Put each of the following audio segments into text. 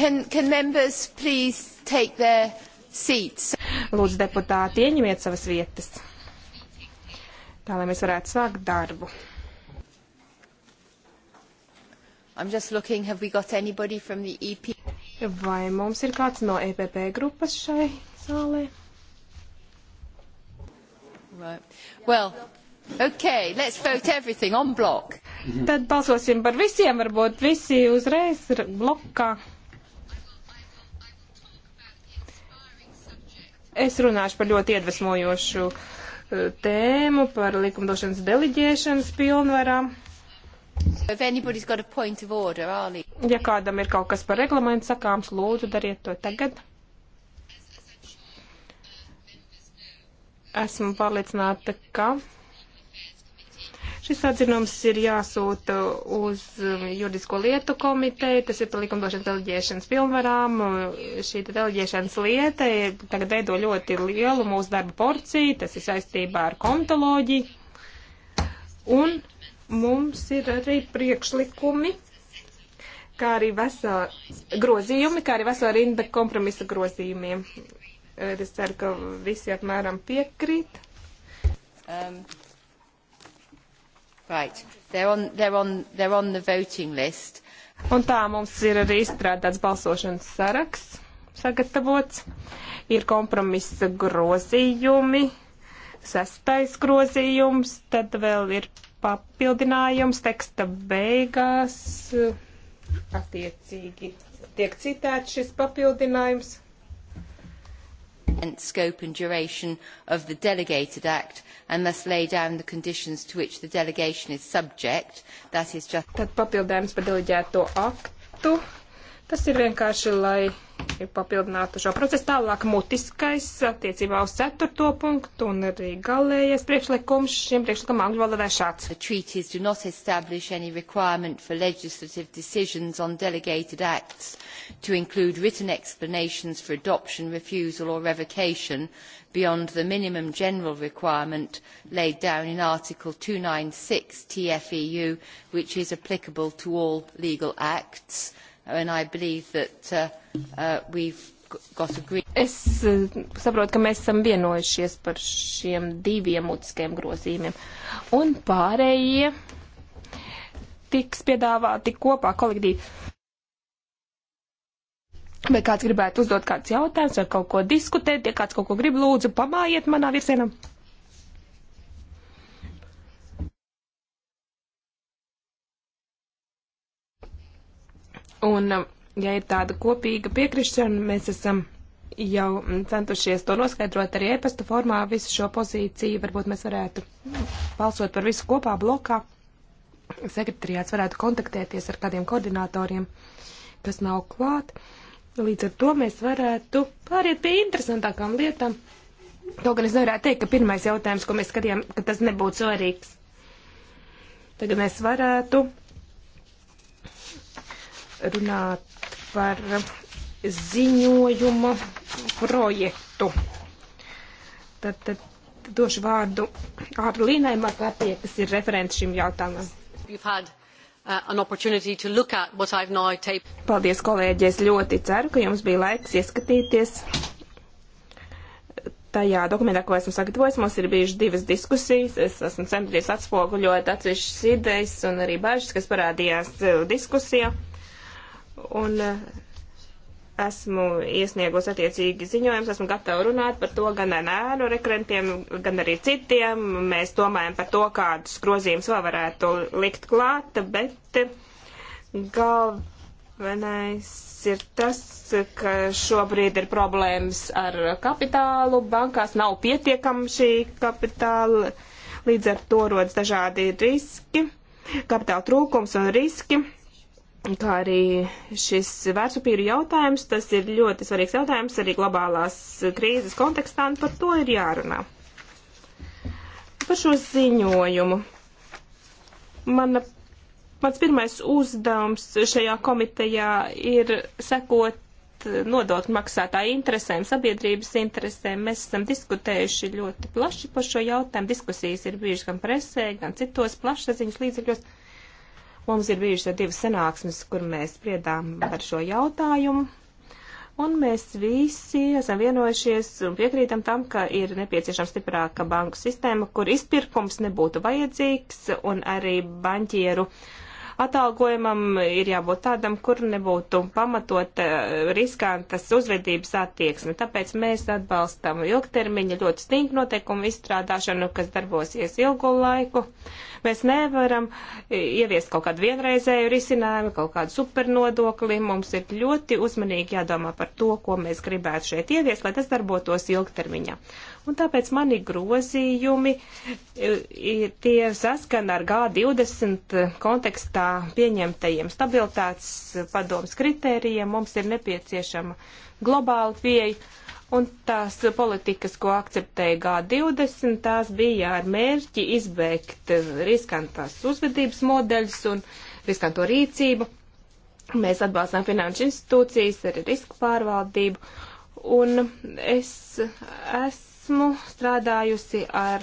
Can, can members please take their seats? Lūdzu, deputāti, ieņemiet savas vietas, tā lai mēs varētu sākt darbu. I'm just looking, have we got anybody from the EP? Vai mums ir kāds no EPP grupas šai zālē? Right. Well, okay, let's vote everything on block. Tad balsosim par visiem, varbūt visi uzreiz blokā. Es runāšu par ļoti iedvesmojošu e, tēmu, par likumdošanas deliģēšanas pilnvarām. Order, ja kādam ir kaut kas par reglamentu sakāms, lūdzu, dariet to tagad. Esmu pārliecināta, ka Šis atzinums ir jāsūta uz um, juridisko lietu komiteju, tas ir par likumdošanas deleģēšanas pilnvarām. Uh, šī deleģēšanas lieta eh, tagad veido ļoti lielu mūsu darba porciju, tas ir saistībā ar komitoloģiju. Un mums ir arī priekšlikumi, kā arī vesā grozījumi, kā arī vesā rinda kompromisa grozījumiem. Uh, es ceru, ka visi apmēram piekrīt. Um. Right. They're on, they're on, they're on the voting list. Un tā mums ir arī izstrādāts balsošanas saraksts sagatavots. Ir kompromisa grozījumi, sestais grozījums, tad vēl ir papildinājums teksta beigās. Attiecīgi tiek citēts šis papildinājums scope and duration of the delegated act and must lay down the conditions to which the delegation is subject. That is just... Tad papildinājums par deleģēto aktu. Tas ir vienkārši, lai ir papildināta šo procesu. Tālāk mutiskais attiecībā uz ceturto punktu un arī galējais priekšlikums šim priekšlikumam angļu valodā šāds. Treaties do not establish any requirement for legislative decisions on delegated acts to include written explanations for adoption, refusal or revocation beyond the minimum general requirement laid down in Article 296 TFEU, which is applicable to all legal acts and I believe that uh, uh, we've got agreed. Es uh, saprotu, ka mēs esam vienojušies par šiem diviem mutiskiem grozījumiem. Un pārējie tiks piedāvāti kopā kolektīvi. Vai kāds gribētu uzdot kāds jautājums vai kaut ko diskutēt, ja kāds kaut ko grib, lūdzu, pamājiet manā virsienā. Un, um, ja ir tāda kopīga piekrišana, mēs esam jau mm, centušies to noskaidrot arī e-pasta formā, visu šo pozīciju. Varbūt mēs varētu mm, balsot par visu kopā blokā. Sekretariāts varētu kontaktēties ar kādiem koordinatoriem, kas nav klāt. Līdz ar to mēs varētu pāriet pie interesantākām lietām. Kaut gan es nevarētu teikt, ka pirmais jautājums, ko mēs skatījām, ka tas nebūtu svarīgs. Tagad mēs varētu runāt par ziņojumu projektu. Tad, tad došu vārdu Arlīnai Makatie, kas ir referents šim jautājumam. Uh, Paldies, kolēģi. Es ļoti ceru, ka jums bija laiks ieskatīties tajā dokumentā, ko esmu sagatavojis. Mums ir bijušas divas diskusijas. Es esmu centies atspoguļot atsevišķas idejas un arī bažas, kas parādījās uh, diskusijā un eh, esmu iesniegus attiecīgi ziņojums, esmu gatava runāt par to gan ar ēnu rekrentiem, gan arī citiem. Mēs domājam par to, kādus grozījumus vēl varētu likt klāt, bet galvenais ir tas, ka šobrīd ir problēmas ar kapitālu, bankās nav pietiekama šī kapitāla, līdz ar to rodas dažādi riski, kapitāla trūkums un riski kā arī šis vērtspapīru jautājums, tas ir ļoti svarīgs jautājums arī globālās krīzes kontekstā, un par to ir jārunā. Par šo ziņojumu. Mana, mans pirmais uzdevums šajā komitejā ir sekot nodokļu maksātāju interesēm, sabiedrības interesēm. Mēs esam diskutējuši ļoti plaši par šo jautājumu. Diskusijas ir bijušas gan presē, gan citos plašsaziņas līdzekļos. Uh, Mums ir bijušas divas sanāksmes, kur mēs spriedām par šo jautājumu. Un mēs visi esam vienojušies un piekrītam tam, ka ir nepieciešama stiprāka banku sistēma, kur izpirkums nebūtu vajadzīgs un arī banķieru uh, Atalgojumam ir jābūt tādam, kur nebūtu pamatot eh, riskantas uzvedības attieksme. Tāpēc mēs atbalstam ilgtermiņa ļoti stingru noteikumu izstrādāšanu, kas darbosies ilgu laiku. Mēs nevaram eh, ieviest kaut kādu vienreizēju risinājumu, kaut kādu supernodokli. Mums ir ļoti uzmanīgi jādomā par to, ko mēs gribētu šeit ieviest, lai tas darbotos ilgtermiņā. Un tāpēc mani grozījumi e, tie saskan ar G20 kontekstā pieņemtajiem stabilitātes padomas kritērijiem. Mums ir nepieciešama globāla pieeja. Un tās politikas, ko akceptēja G20, tās bija ar mērķi izbeigt riskantās uzvedības modeļus un riskanto rīcību. Mēs atbalstām finanšu institūcijas ar risku pārvaldību. Un es esmu esmu strādājusi ar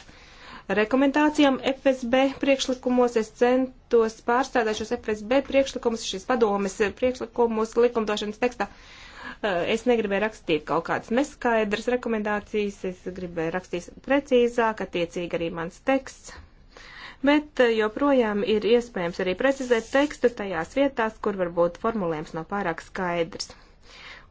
rekomendācijām FSB priekšlikumos. Es centos pārstrādāt šos FSB priekšlikumus, šīs padomes priekšlikumus likumdošanas tekstā. Eh, es negribēju rakstīt kaut kādas neskaidras rekomendācijas, es gribēju rakstīt precīzāk, attiecīgi arī mans teksts. Bet eh, joprojām ir iespējams arī precizēt tekstu tajās vietās, kur varbūt formulējums nav pārāk skaidrs.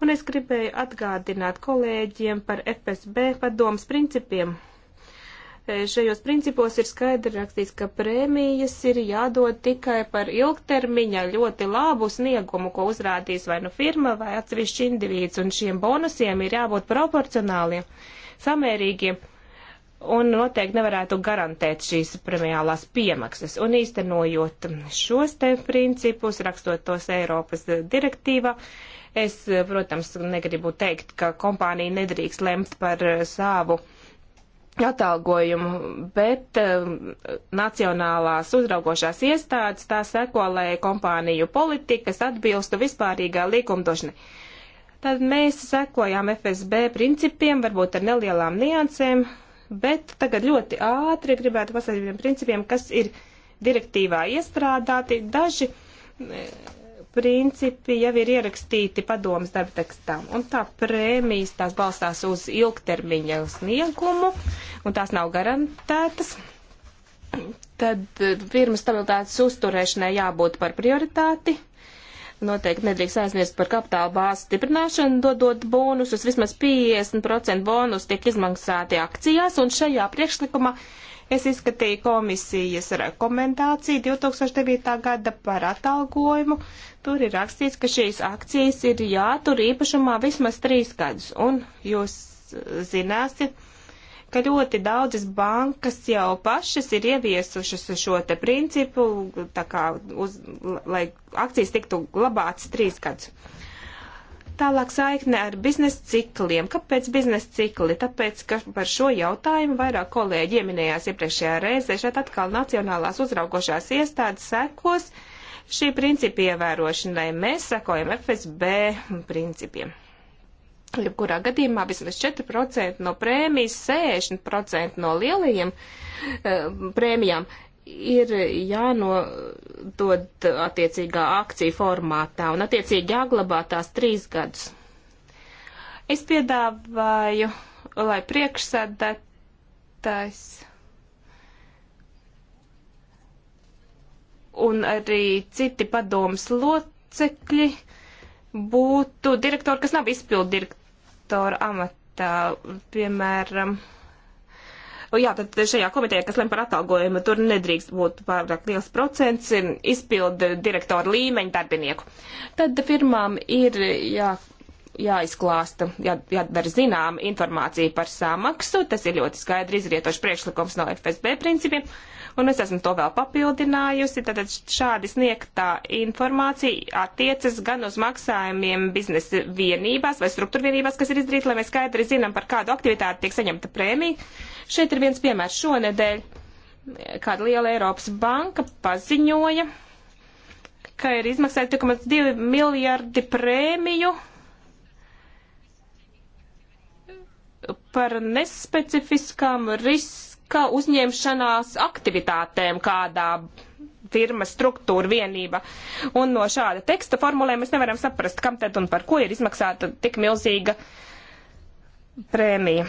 Un es gribēju atgādināt kolēģiem par FSB padomas principiem. E, šajos principos ir skaidri rakstīts, ka prēmijas ir jādod tikai par ilgtermiņa ļoti labu sniegumu, ko uzrādīs vai nu firma vai atsevišķi individs, un šiem bonusiem ir jābūt proporcionāliem, samērīgiem un noteikti nevarētu garantēt šīs premiālās piemaksas. Un īstenojot šos te principus, rakstot tos Eiropas direktīvā, Es, eh, protams, negribu teikt, ka kompānija nedrīkst lemt par eh, savu atalgojumu, bet eh, nacionālās uzraugošās iestādes tā seko, lai kompāniju politikas atbilstu vispārīgā likumdošanai. Tad mēs sekojām FSB principiem, varbūt ar nelielām niansēm, bet tagad ļoti ātri gribētu pasakīt par principiem, kas ir direktīvā iestrādāti. Daži principi jau ir ierakstīti padomas darba tekstā. Un tā prēmijas tās balstās uz ilgtermiņa sniegumu, un tās nav garantētas. Tad firmas eh, stabilitātes uzturēšanai jābūt par prioritāti. Noteikti nedrīkst aizmirst par kapitāla bāzes stiprināšanu, dodot bonusus. Vismaz 50% bonus tiek izmaksāti akcijās, un šajā priekšlikumā uh, Es izskatīju komisijas rekomendāciju 2009. gada par atalgojumu. Tur ir rakstīts, ka šīs akcijas ir jātur īpašumā vismaz trīs gadus. Un jūs zināsiet, ka ļoti daudzas bankas jau pašas ir ieviesušas šo te principu, tā kā, uz, lai akcijas tiktu glabātas trīs gadus. Tālāk saikne ar biznesa cikliem. Kāpēc biznesa cikli? Tāpēc, ka par šo jautājumu vairāk kolēģi ieminējās iepriekšējā reizē. Šeit atkal nacionālās uzraugošās iestādes sekos šī principa ievērošanai. Mēs sekojam FSB principiem. Jebkurā gadījumā vismaz 4% no prēmijas, 60% no lielajiem uh, prēmijām uh, ir jānodod attiecīgā akciju formātā un attiecīgi jāglabā tās trīs gadus. Es piedāvāju, lai priekšsēdētājs un arī citi padomas locekļi būtu direktori, kas nav izpildu direktora amatā, piemēram, um, jā, tad šajā komitejā, kas lem par atalgojumu, tur nedrīkst būt pārāk liels procents izpildu direktoru līmeņu darbinieku. Tad firmām ir jā, jāizklāsta, jā, jādara zinām informācija par samaksu, tas ir ļoti skaidri izrietoši priekšlikums no FSB principiem. Uh, un es esmu to vēl papildinājusi. Tātad šādi sniegtā informācija attiecas gan uz maksājumiem biznesa vienībās vai struktūrvienībās, kas ir izdarīti, lai mēs skaidri zinām, par kādu aktivitāti tiek saņemta prēmija. Šeit ir viens piemērs šonedēļ. Kāda liela Eiropas banka paziņoja, ka ir izmaksāti 2,2 miljardi prēmiju par nespecifiskām risinājumu ka uzņemšanās aktivitātēm kādā firmas struktūra vienība. Un no šāda teksta formulē mēs nevaram saprast, kam tad un par ko ir izmaksāta tik milzīga prēmija.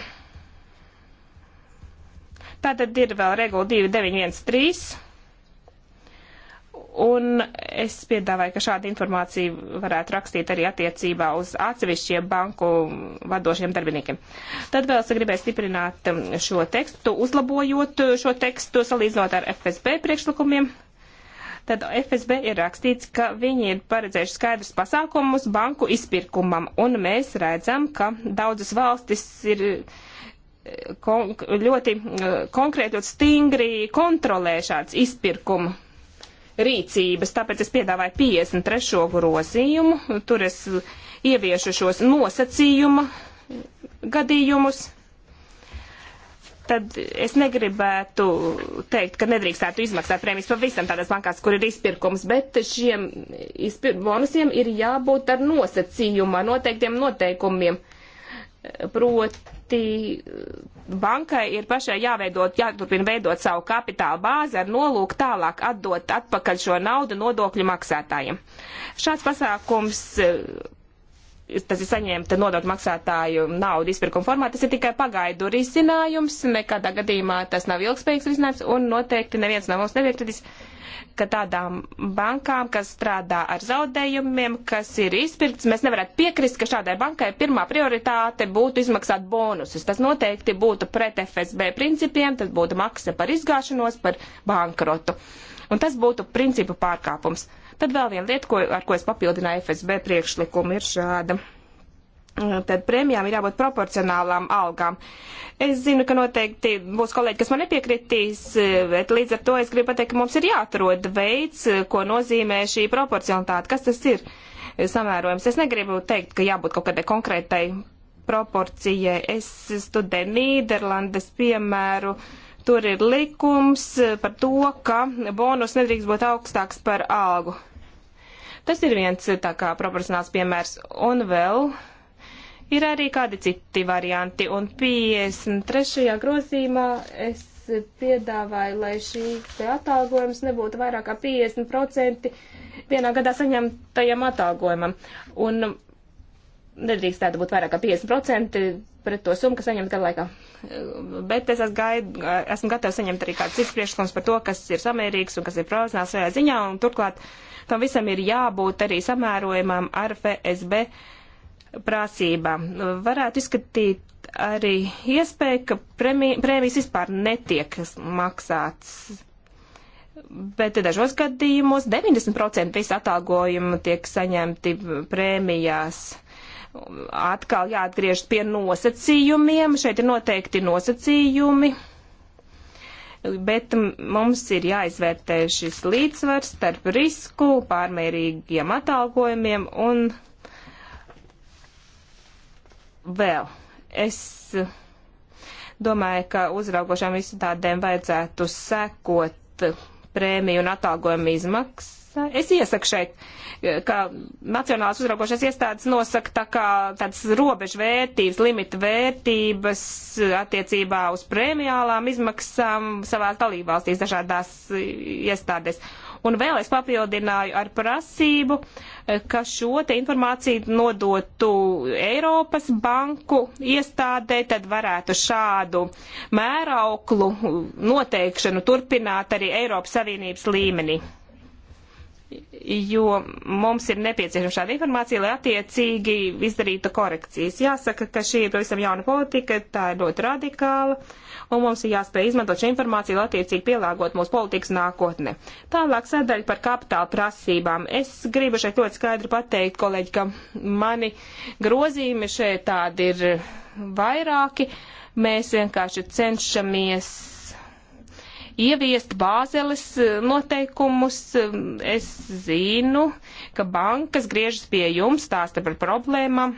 Tātad ir vēl regula 2913 Un es piedāvāju, ka šāda informācija varētu rakstīt arī attiecībā uz atsevišķiem banku vadošiem darbiniekiem. Tad vēl es gribēju stiprināt um, šo tekstu, uzlabojot uh, šo tekstu, salīdzinot ar FSB priekšlikumiem. Tad FSB ir rakstīts, ka viņi ir paredzējuši skaidrus pasākumus banku izpirkumam, un mēs redzam, ka daudzas valstis ir uh, kon ļoti uh, konkrēti, ļoti stingri kontrolē šāds izpirkumu rīcības, tāpēc es piedāvāju 53. grozījumu, tur es ieviešu šos nosacījuma gadījumus. Tad es negribētu teikt, ka nedrīkstētu izmaksāt prēmijas pavisam tādās bankās, kur ir izpirkums, bet šiem izpir bonusiem ir jābūt ar nosacījumā, noteiktiem noteikumiem. Proti, proti eh, bankai ir pašai jāveidot, jāturpina veidot savu kapitāla bāzi ar nolūku tālāk atdot atpakaļ šo naudu nodokļu maksātājiem. Šāds pasākums, eh, tas ir saņemta nodokļu maksātāju naudu izpirkuma formā, tas ir tikai pagaidu risinājums, nekādā gadījumā tas nav ilgspējīgs risinājums un noteikti neviens no mums neviekritīs. No ka tādām bankām, kas strādā ar zaudējumiem, kas ir izpirkts, mēs nevarētu piekrist, ka šādai bankai pirmā prioritāte būtu izmaksāt bonusus. Tas noteikti būtu pret FSB principiem, tas būtu maksa par izgāšanos, par bankrotu. Un tas būtu principu pārkāpums. Tad vēl viena lieta, ko, ar ko es papildināju FSB priekšlikumu, ir šāda. Mm, tad prēmijām ir jābūt proporcionālām algām. Es zinu, ka noteikti būs kolēģi, kas man nepiekritīs, bet līdz ar to es gribu pateikt, ka mums ir jāatrod veids, ko nozīmē šī proporcionalitāte. Kas tas ir? Samērojums. Es negribu teikt, ka jābūt kaut kādai konkrētai proporcijai. Es studēju Nīderlandes piemēru. Tur ir likums par to, ka bonus nedrīkst būt augstāks par algu. Tas ir viens tā kā proporcionāls piemērs. Un vēl Ir arī kādi citi varianti, un 53. grozījumā es piedāvāju, lai šī te atalgojums nebūtu vairāk kā 50% vienā gadā saņemtajam atalgojumam. Un nedrīkst tāda būt vairāk kā 50% pret to summu, kas saņemta gadu laikā. Bet es esmu, gaidu, esmu gatavs saņemt arī kāds cits priekšlikums par to, kas ir samērīgs un kas ir profesionāls šajā ziņā, un turklāt tam visam ir jābūt arī samērojumam ar FSB. Uh, prasībām. Varētu izskatīt arī iespēju, ka prēmijas vispār netiek maksāts. Bet dažos gadījumos 90% visa atalgojuma tiek saņemti prēmijās. Atkal jāatgriežas pie nosacījumiem. Šeit ir noteikti nosacījumi. Bet mums ir jāizvērtē šis līdzsvars starp risku, pārmērīgiem atalgojumiem un uh, vēl. Es eh, domāju, ka uzraugošām izstādēm vajadzētu sekot prēmiju un atalgojumu izmaksā. Es iesaku šeit, eh, ka Nacionālās uzraugošās iestādes nosaka tā kā tādas robežu vērtības, limita vērtības eh, attiecībā uz prēmijālām izmaksām savās dalībvalstīs dažādās iestādēs. Uh, Un vēl es papildināju ar prasību, eh, ka šo te informāciju nodotu Eiropas banku iestādē, tad varētu šādu mērauklu noteikšanu turpināt arī Eiropas Savienības līmenī jo mums ir nepieciešama šāda informācija, lai attiecīgi izdarītu korekcijas. Jāsaka, ka šī ir pavisam jauna politika, tā ir ļoti radikāla. Uh, un mums ir jāspēj izmantot šo informāciju, lai attiecīgi pielāgot mūsu politikas nākotne. Tālāk sadaļa par kapitāla prasībām. Es gribu šeit ļoti skaidri pateikt, kolēģi, ka mani grozījumi šeit tādi ir vairāki. Mēs vienkārši cenšamies ieviest bāzeles noteikumus. Es zinu, ka bankas griežas pie jums, stāsta par problēmām.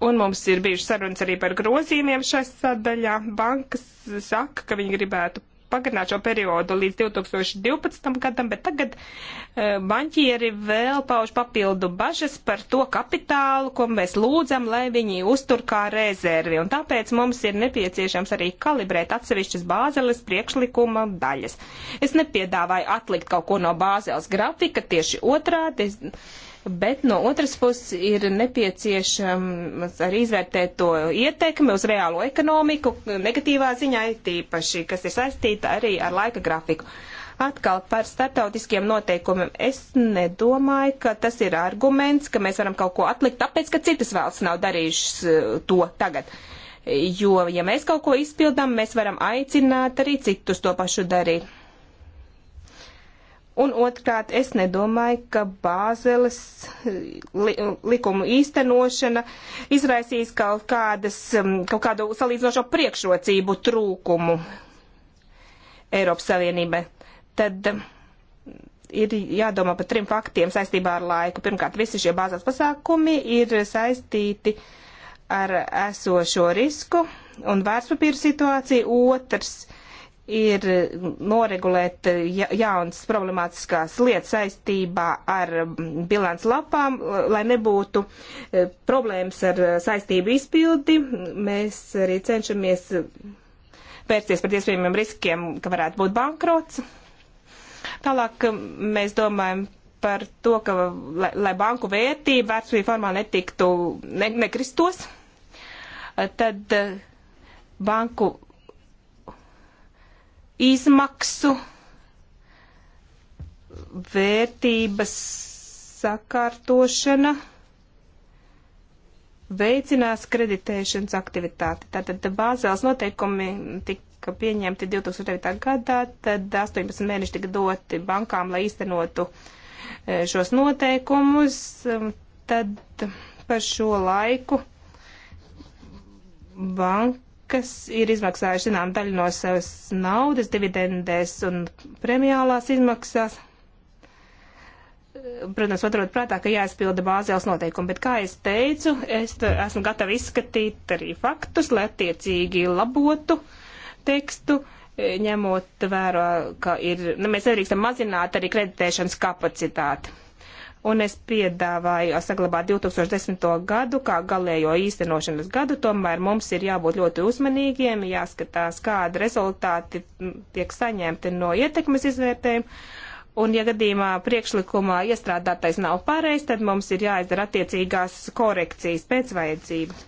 Un mums ir bijušas sarunas arī par grozījumiem šai sadaļā. Bankas saka, ka viņi gribētu pagarināt šo periodu līdz 2012. gadam, bet tagad e, banķieri vēl pauž papildu bažas par to kapitālu, ko mēs lūdzam, lai viņi uztur kā rezervi. Un tāpēc mums ir nepieciešams arī kalibrēt atsevišķas bāzeles priekšlikuma daļas. Es nepiedāvāju atlikt kaut ko no bāzeles grafika, tieši otrādi. Es, bet no otras puses ir nepieciešams arī izvērtēt to ietekmi uz reālo ekonomiku, negatīvā ziņā tīpaši, kas ir saistīta arī ar laika grafiku. Atkal par startautiskiem noteikumiem. Es nedomāju, ka tas ir arguments, ka mēs varam kaut ko atlikt, tāpēc, ka citas valsts nav darījušas eh, to tagad. Jo, ja mēs kaut ko izpildām, mēs varam aicināt arī citus to pašu darīt Un otrkārt, es nedomāju, ka Bāzeles eh, li, eh, likumu īstenošana izraisīs kaut, kādas, mm, kaut kādu salīdzinošo priekšrocību trūkumu Eiropas Savienībai. Tad mm, ir jādomā par trim faktiem saistībā ar laiku. Pirmkārt, visi šie bāzes pasākumi ir saistīti ar esošo risku un vērtspapīru situāciju. Otrs ir noregulēt jaunas problemātiskās lietas saistībā ar bilants lapām, lai nebūtu eh, problēmas ar eh, saistību izpildi. Mēs arī cenšamies pērsties par iespējamiem riskiem, ka varētu būt bankrots. Tālāk eh, mēs domājam par to, ka, lai, lai banku vērtība vērtspapīra formā netiktu, ne, nekristos, tad banku izmaksu vērtības sakārtošana veicinās kreditēšanas aktivitāti. Tātad Bāzēlas noteikumi tika pieņemti 2009. gadā, tad 18 mēneši tika doti bankām, lai īstenotu e, šos noteikumus. Tad par šo laiku banka kas ir izmaksājuši, zinām, daļu no savas naudas, dividendēs un premiālās izmaksās. Protams, paturot prātā, ka jāizpilda bāzēls noteikumi, bet, kā es teicu, es esmu gatava izskatīt arī faktus, lai attiecīgi labotu tekstu, ņemot vērā, ka ir, nu, mēs nedrīkstam mazināt arī kreditēšanas kapacitāti un es piedāvāju saglabāt 2010. gadu kā galējo īstenošanas gadu, tomēr mums ir jābūt ļoti uzmanīgiem, jāskatās, kāda rezultāti tiek saņemti no ietekmes izvērtējuma. Un, ja gadījumā priekšlikumā iestrādātais nav pareizs, tad mums ir jāizdara attiecīgās korekcijas pēc vajadzību.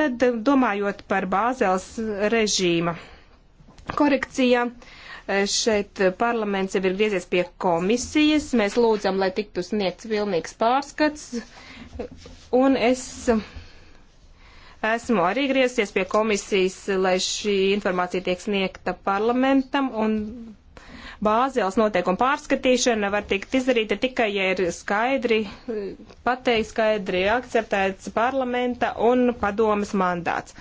Tad, domājot par bāzels režīma korekcijām, uh, Eh, šeit eh, parlaments jau ir griezies pie komisijas. Mēs lūdzam, lai tiktu sniegts pilnīgs pārskats. Un es esmu arī griezies pie komisijas, lai šī informācija tiek sniegta parlamentam. Un bāzēls noteikuma pārskatīšana var tikt izdarīta tikai, ja ir skaidri pateikt, skaidri akceptēts parlamenta un padomas mandāts.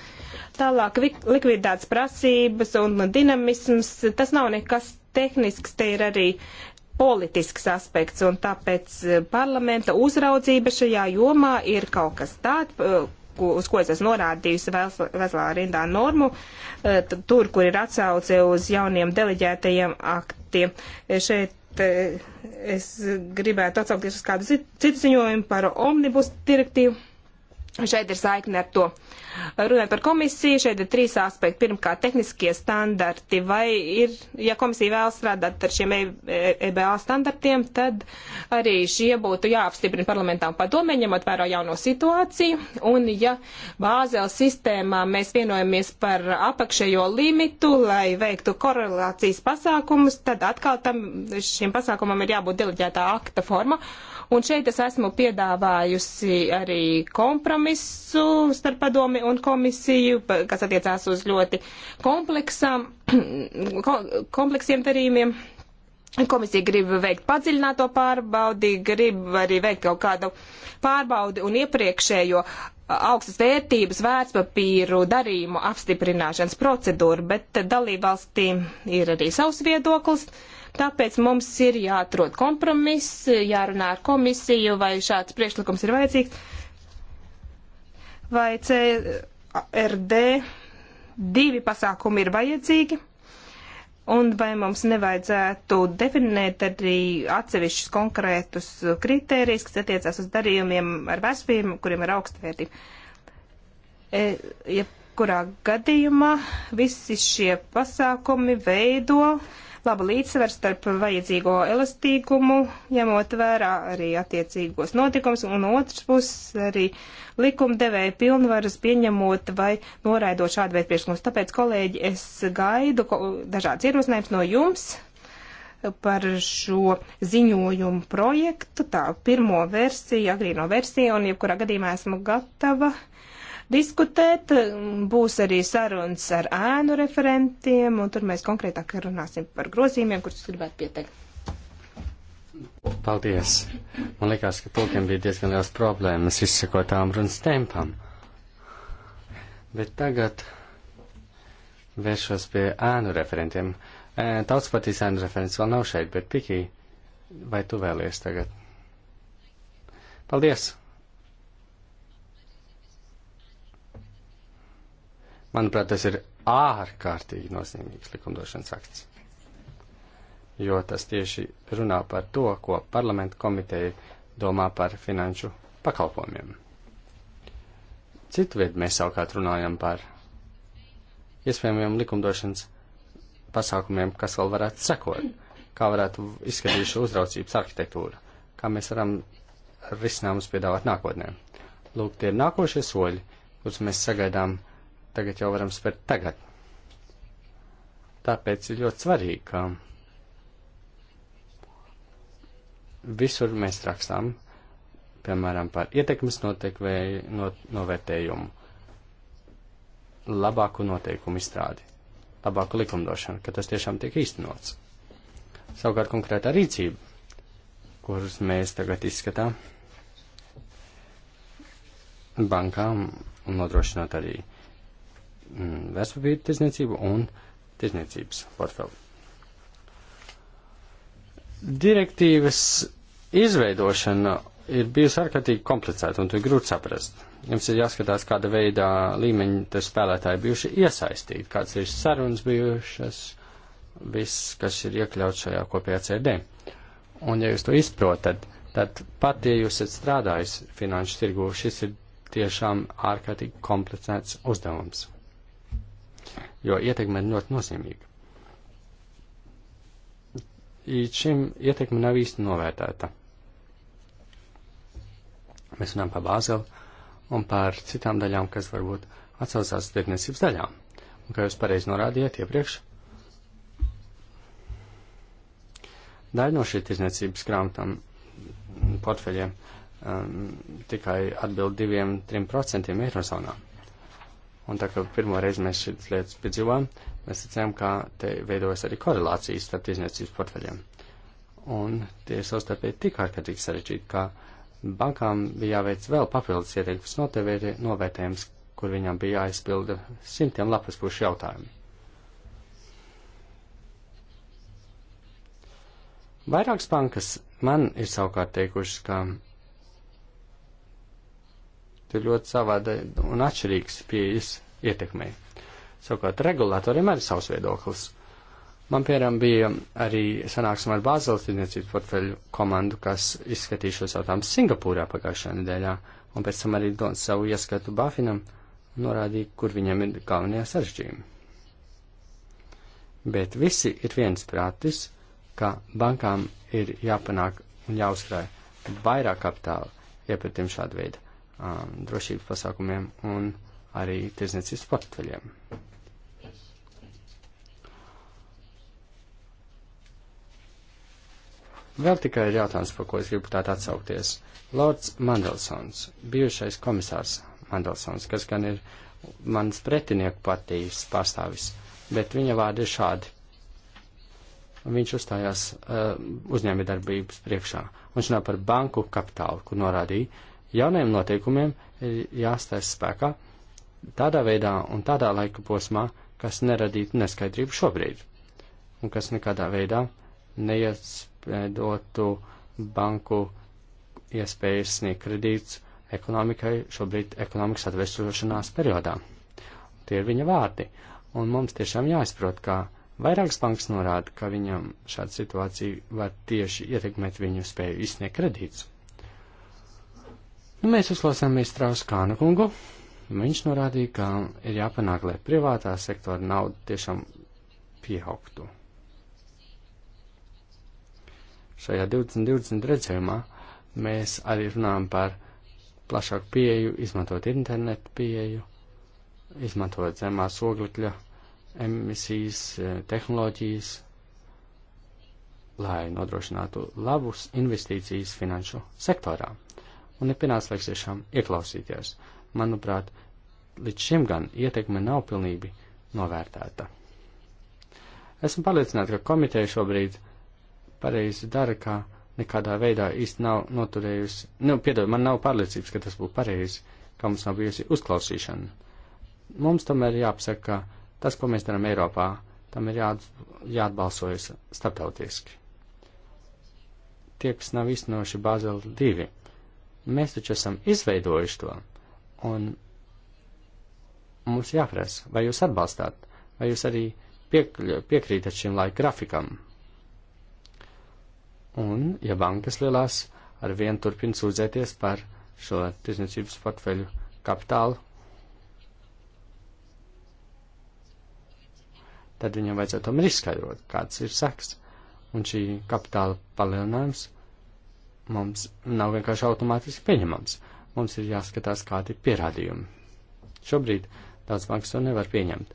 Tālāk likviditātes prasības un dinamisms, tas nav nekas tehnisks, te ir arī politisks aspekts, un tāpēc eh, parlamenta uzraudzība šajā jomā ir kaut kas tāds, eh, ko, uz ko es esmu norādījusi veselā rindā normu, eh, tur, kur ir atsauce uz jauniem deleģētajiem aktiem. Eh, šeit eh, es gribētu atsaukties uz kādu citu ziņojumu par omnibus direktīvu. Šeit ir saikne ar to. Runājot par komisiju, šeit ir trīs aspekti. Pirmkārt, tehniskie standarti. Vai ir, ja komisija vēl strādāt ar šiem EBA e standartiem, tad arī šie būtu jāapstiprina parlamentā un padomē, ņemot vērā jauno situāciju. Un ja Bāzela sistēmā mēs vienojamies par apakšējo limitu, lai veiktu korelācijas pasākumus, tad atkal tam šiem pasākumam ir jābūt deleģētā akta forma. Uh, Un šeit es esmu piedāvājusi arī kompromisu starp padomi un komisiju, kas attiecās uz ļoti kompleksām, kompleksiem darījumiem. Komisija grib veikt padziļināto pārbaudi, grib arī veikt kaut kādu pārbaudi un iepriekšējo augstas vērtības vērtspapīru darījumu apstiprināšanas procedūru, bet dalībvalstīm ir arī savs viedoklis. Uh, Tāpēc mums ir jāatrod kompromiss, jārunā ar komisiju, vai šāds priekšlikums ir vajadzīgs, vai CRD divi pasākumi ir vajadzīgi. Un vai mums nevajadzētu definēt arī atsevišķus konkrētus kritērijus, kas attiecās uz darījumiem ar vērtspējumiem, kuriem ir augsta vērtība? E, ja kurā gadījumā visi šie pasākumi veido laba līdzsvera starp vajadzīgo elastīgumu, ņemot vērā arī attiecīgos notikums, un otrs puses arī likumdevēja pilnvaras pieņemot vai noraidot šādu veidu priekšlikumus. Tāpēc, kolēģi, es gaidu dažādas ierosinājumus no jums par šo ziņojumu projektu, tā pirmo versiju, agrīno versiju, un jebkurā gadījumā esmu gatava uh, diskutēt. Būs arī sarunas ar ēnu referentiem, un tur mēs konkrētāk runāsim par grozījumiem, kurus gribētu pieteikt. Paldies! Man liekas, ka tūkiem bija diezgan liels problēmas izsakotām runas tempam. Bet tagad vēršos pie ēnu referentiem. Tautas partijas ēnu referents vēl nav šeit, bet Piki, vai tu vēlies tagad? Paldies! Manuprāt, tas ir ārkārtīgi nozīmīgs likumdošanas akts, jo tas tieši runā par to, ko parlamenta komiteja domā par finanšu pakalpojumiem. Citu vietu mēs savukārt runājam par iespējamiem likumdošanas pasākumiem, kas vēl varētu sekot, kā varētu izskatīt šo uzraucības arhitektūru, kā mēs varam risinājumus piedāvāt nākotnē. Lūk, tie ir nākošie soļi, kurus mēs sagaidām tagad jau varam spērt tagad. Tāpēc ir ļoti svarīgi, ka visur mēs rakstām, piemēram, par ietekmes no, novērtējumu, labāku noteikumu izstrādi, labāku likumdošanu, ka tas tiešām tiek īstenots. Savukārt konkrētā rīcība, kurus mēs tagad izskatām, bankām un nodrošināt arī uh, Mm, vērtspapīra tirzniecību un tirzniecības portfeli. Direktīvas izveidošana ir bijusi ārkārtīgi komplicēta un to ir grūti saprast. Jums ir jāskatās, kāda veida līmeņa te spēlētāji bijuši iesaistīti, kādas ir sarunas bijušas, viss, kas ir iekļauts šajā kopējā CD. Un ja jūs to izprotat, tad pat, ja jūs esat strādājis finanšu tirgu, šis ir tiešām ārkārtīgi komplicēts uzdevums jo ietekme ir ļoti nozīmīga. Līdz šim ietekme nav īsti novērtēta. Mēs runājam par Bāzeli un par citām daļām, kas varbūt atsaucās tirdzniecības daļām. Un kā jūs pareizi norādījāt iepriekš, daļa no šī tirdzniecības grāmatām portfeļiem um, tikai atbild 2-3% eirozonām. Un tā kā pirmo reizi mēs šīs lietas piedzīvām, mēs redzējām, ka te veidojas arī korelācijas starp tiesniecības portfeļiem. Un tie savstarpēji tik ārkārtīgi sarežģīti, ka bankām bija jāveic vēl papildus ieteikums novērtējums, kur viņām bija jāizpilda simtiem lapas pušu jautājumu. Vairākas bankas man ir savukārt teikušas, ka Tur ļoti savāda un atšķirīgs pieejas ietekmē. Savukārt regulātoriem arī savs viedoklis. Man, piemēram, bija arī sanāksme ar Bāzeles tirdzniecības portfeļu komandu, kas izskatīja šos jautājumus Singapūrā pagājušajā nedēļā, un pēc tam arī dod savu ieskatu Bafinam, norādīja, kur viņam ir galvenie sarežģījumi. Bet visi ir viens prātis, ka bankām ir jāpanāk un jāuzkrāj vairāk kapitāla iepratiem šādu veidu um, drošības pasākumiem un arī tirzniecības portfeļiem. Vēl tikai ir jautājums, par ko es gribu tādā atsaukties. Lords Mandelsons, bijušais komisārs Mandelsons, kas gan ir mans pretinieku partijas pārstāvis, bet viņa vārdi ir šādi. Viņš uzstājās uh, uzņēmējdarbības priekšā. Viņš runā par banku kapitālu, kur norādīja, jauniem noteikumiem ir jāstājas spēkā tādā veidā un tādā laika posmā, kas neradītu neskaidrību šobrīd, un kas nekādā veidā neiespēdotu banku iespējas sniegt kredītus ekonomikai šobrīd ekonomikas atvesošanās periodā. Tie ir viņa vārdi, un mums tiešām jāizprot, ka vairākas bankas norāda, ka viņam šāda situācija var tieši ietekmēt viņu spēju izsniegt kredītus. Mēs uzklausām Strausu Kānu kungu. Viņš norādīja, ka ir jāpanāk, lai privātā sektora nauda tiešām pieaugtu. Šajā 2020 redzējumā mēs arī runājam par plašāku pieeju, izmantot internetu pieeju, izmantot zemās oglekļa emisijas, eh, tehnoloģijas, lai nodrošinātu labus investīcijas finanšu sektorā un ir pienācis laiks tiešām ieklausīties. Manuprāt, līdz šim gan ietekme nav pilnīgi novērtēta. Esmu pārliecināta, ka komiteja šobrīd pareizi dara, ka nekādā veidā īsti nav noturējusi, nu, piedod, man nav pārliecības, ka tas būtu pareizi, ka mums nav bijusi uzklausīšana. Mums tomēr jāpasaka, ka tas, ko mēs darām Eiropā, tam ir jā, jāatbalsojas starptautiski. Tie, kas nav īstenoši Bāzeli 2, Mēs taču esam izveidojuši to, un mums jāprasa, vai jūs atbalstāt, vai jūs arī piekļu, piekrītat šim laika grafikam. Un, ja bankas lielās ar vienu turpina sūdzēties par šo tirsniecības portfeļu kapitālu, tad viņam vajadzētu tomēr izskaidrot, kāds ir seks. Un šī kapitāla palielinājums mums nav vienkārši automātiski pieņemams. Mums ir jāskatās, kādi ir pierādījumi. Šobrīd tāds banks to nevar pieņemt.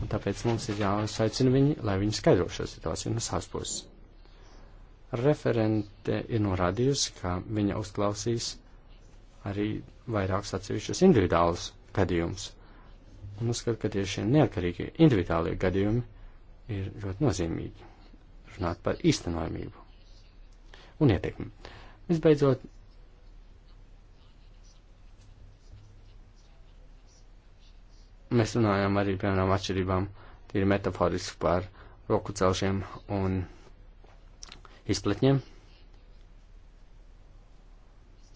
Un tāpēc mums ir jāsaicina viņi, lai viņi skaidro šo situāciju no savas puses. Referente ir norādījusi, ka viņa uzklausīs arī vairākus atsevišķus individuālus gadījumus. Un uzskat, ka tieši šie neatkarīgie individuālie gadījumi ir ļoti nozīmīgi. Runāt par īstenojamību un ietekmi. Visbeidzot, mēs runājām arī piemēram atšķirībām, tīri metaforiski par roku celšiem un izpletņiem.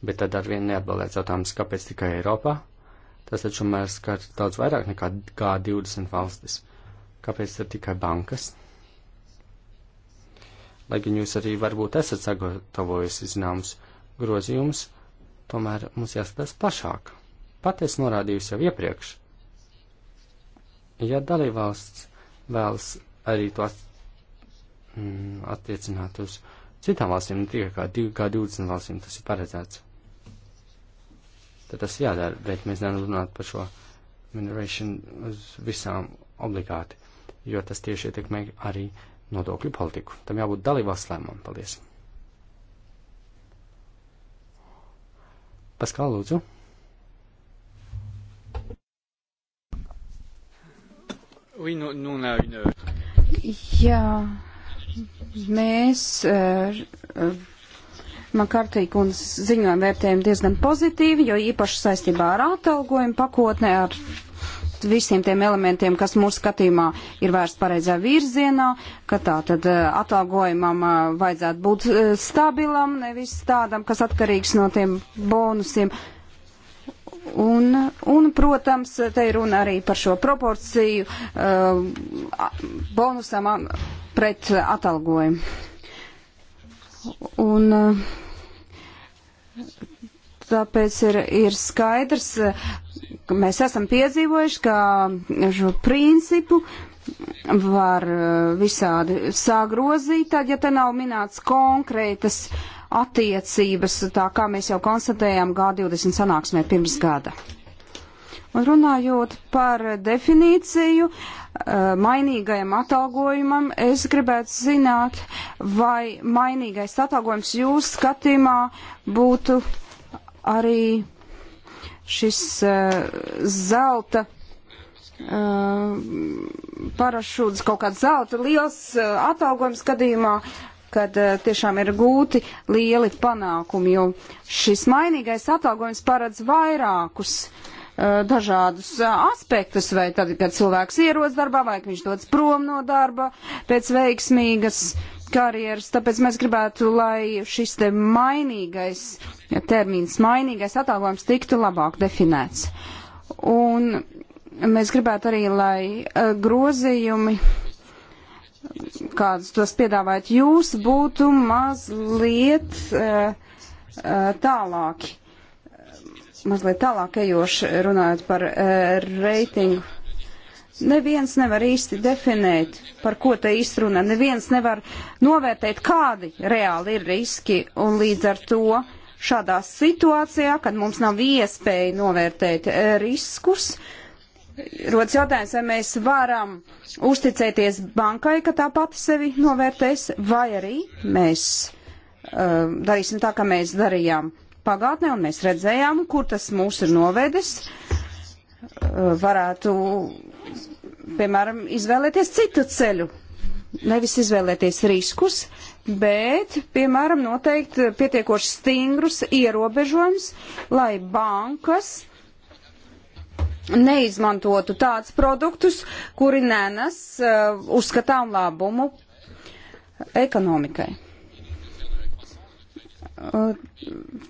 Bet tad ar vienu neatbildēts jautājums, kāpēc tikai Eiropā? Tas taču mēs skar daudz vairāk nekā G20 valstis. Kāpēc tad tikai bankas? lai gan jūs arī varbūt esat sagatavojusi zināms grozījums, tomēr mums jāskatās plašāk. Pat es norādījusi jau iepriekš. Ja dalībvalsts vēlas arī to at, mm, attiecināt uz citām valstīm, ne tikai kā, kā 20 valstīm tas ir paredzēts, tad tas jādara, bet mēs nevaram runāt par šo minerēšanu uz visām obligāti, jo tas tieši ietekmē arī uh, nodokļu politiku. Tam jābūt dalībās lēmumam. Paldies! Paskal, lūdzu! Oui, nous, nous, on a une... Jā, mēs, eh, man kārtīgi un ziņojam vērtējam diezgan pozitīvi, jo īpaši saistībā ar atalgojumu pakotnē, ar piekrist visiem tiem elementiem, kas mūsu skatījumā ir vērsts pareizā virzienā, ka tā tad eh, atalgojumam eh, vajadzētu būt eh, stabilam, nevis tādam, kas atkarīgs no tiem bonusiem. Un, un, protams, te ir runa arī par šo proporciju bonusam pret atalgojumu. Un, Tāpēc ir, ir skaidrs, ka mēs esam piedzīvojuši, ka šo principu var eh, visādi sāgrozīt, tad, ja te nav minēts konkrētas attiecības, tā kā mēs jau konstatējām G20 sanāksmē pirms gada. Un runājot par definīciju eh, mainīgajam atalgojumam, es gribētu zināt, vai mainīgais atalgojums jūsu skatījumā būtu arī šis uh, zelta uh, parašūts, kaut kāds zelta liels uh, atalgojums gadījumā, kad uh, tiešām ir gūti lieli panākumi, jo šis mainīgais atalgojums paredz vairākus uh, dažādus uh, aspektus, vai tad, kad cilvēks ierodas darbā, vai viņš dodas prom no darba pēc veiksmīgas uh, karjeras, tāpēc mēs gribētu, lai šis te mainīgais termins, mainīgais atalgojums tiktu labāk definēts. Un mēs gribētu arī, lai eh, grozījumi, kādus tos piedāvājat jūs, būtu mazliet eh, eh, tālāki, mazliet tālāk ejoši runājot par reitingu neviens nevar īsti definēt, par ko te īstruna. Neviens nevar novērtēt, kādi reāli ir riski, un līdz ar to šādā situācijā, kad mums nav iespēja novērtēt eh, riskus, rodas jautājums, vai mēs varam uzticēties bankai, ka tā pati sevi novērtēs, vai arī mēs uh, darīsim tā, kā mēs darījām pagātnē, un mēs redzējām, kur tas mūs ir novedis. Uh, varētu piemēram, izvēlēties citu ceļu. Nevis izvēlēties riskus, bet, piemēram, noteikt pietiekoši stingrus ierobežojums, lai bankas neizmantotu tādus produktus, kuri nenes uh, uzskatām labumu ekonomikai. Uh,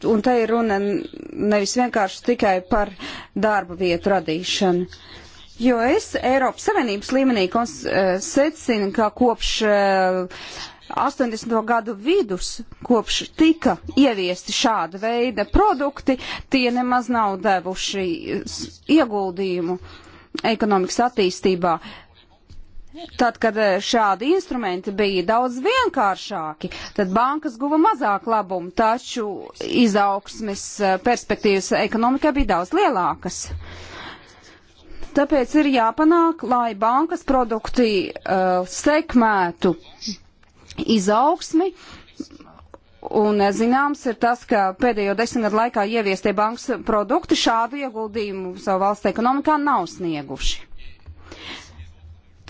un te ir runa nevis vienkārši tikai par darba vietu radīšanu. Uh, Jo es Eiropas Savienības līmenī eh, secinu, ka kopš 80. Eh, gadu vidus, kopš tika ieviesti šāda veida produkti, tie nemaz nav devuši eh, ieguldījumu ekonomikas attīstībā. Tad, kad šādi instrumenti bija daudz vienkāršāki, tad bankas guva mazāk labumu, taču izaugsmes perspektīvas ekonomikai bija daudz lielākas. Uh, Tāpēc ir jāpanāk, lai bankas produkti uh, sekmētu izaugsmi. Un eh, zināms ir tas, ka pēdējo desmitgadu laikā ieviestie bankas produkti šādu ieguldījumu savu valsts ekonomikā nav snieguši.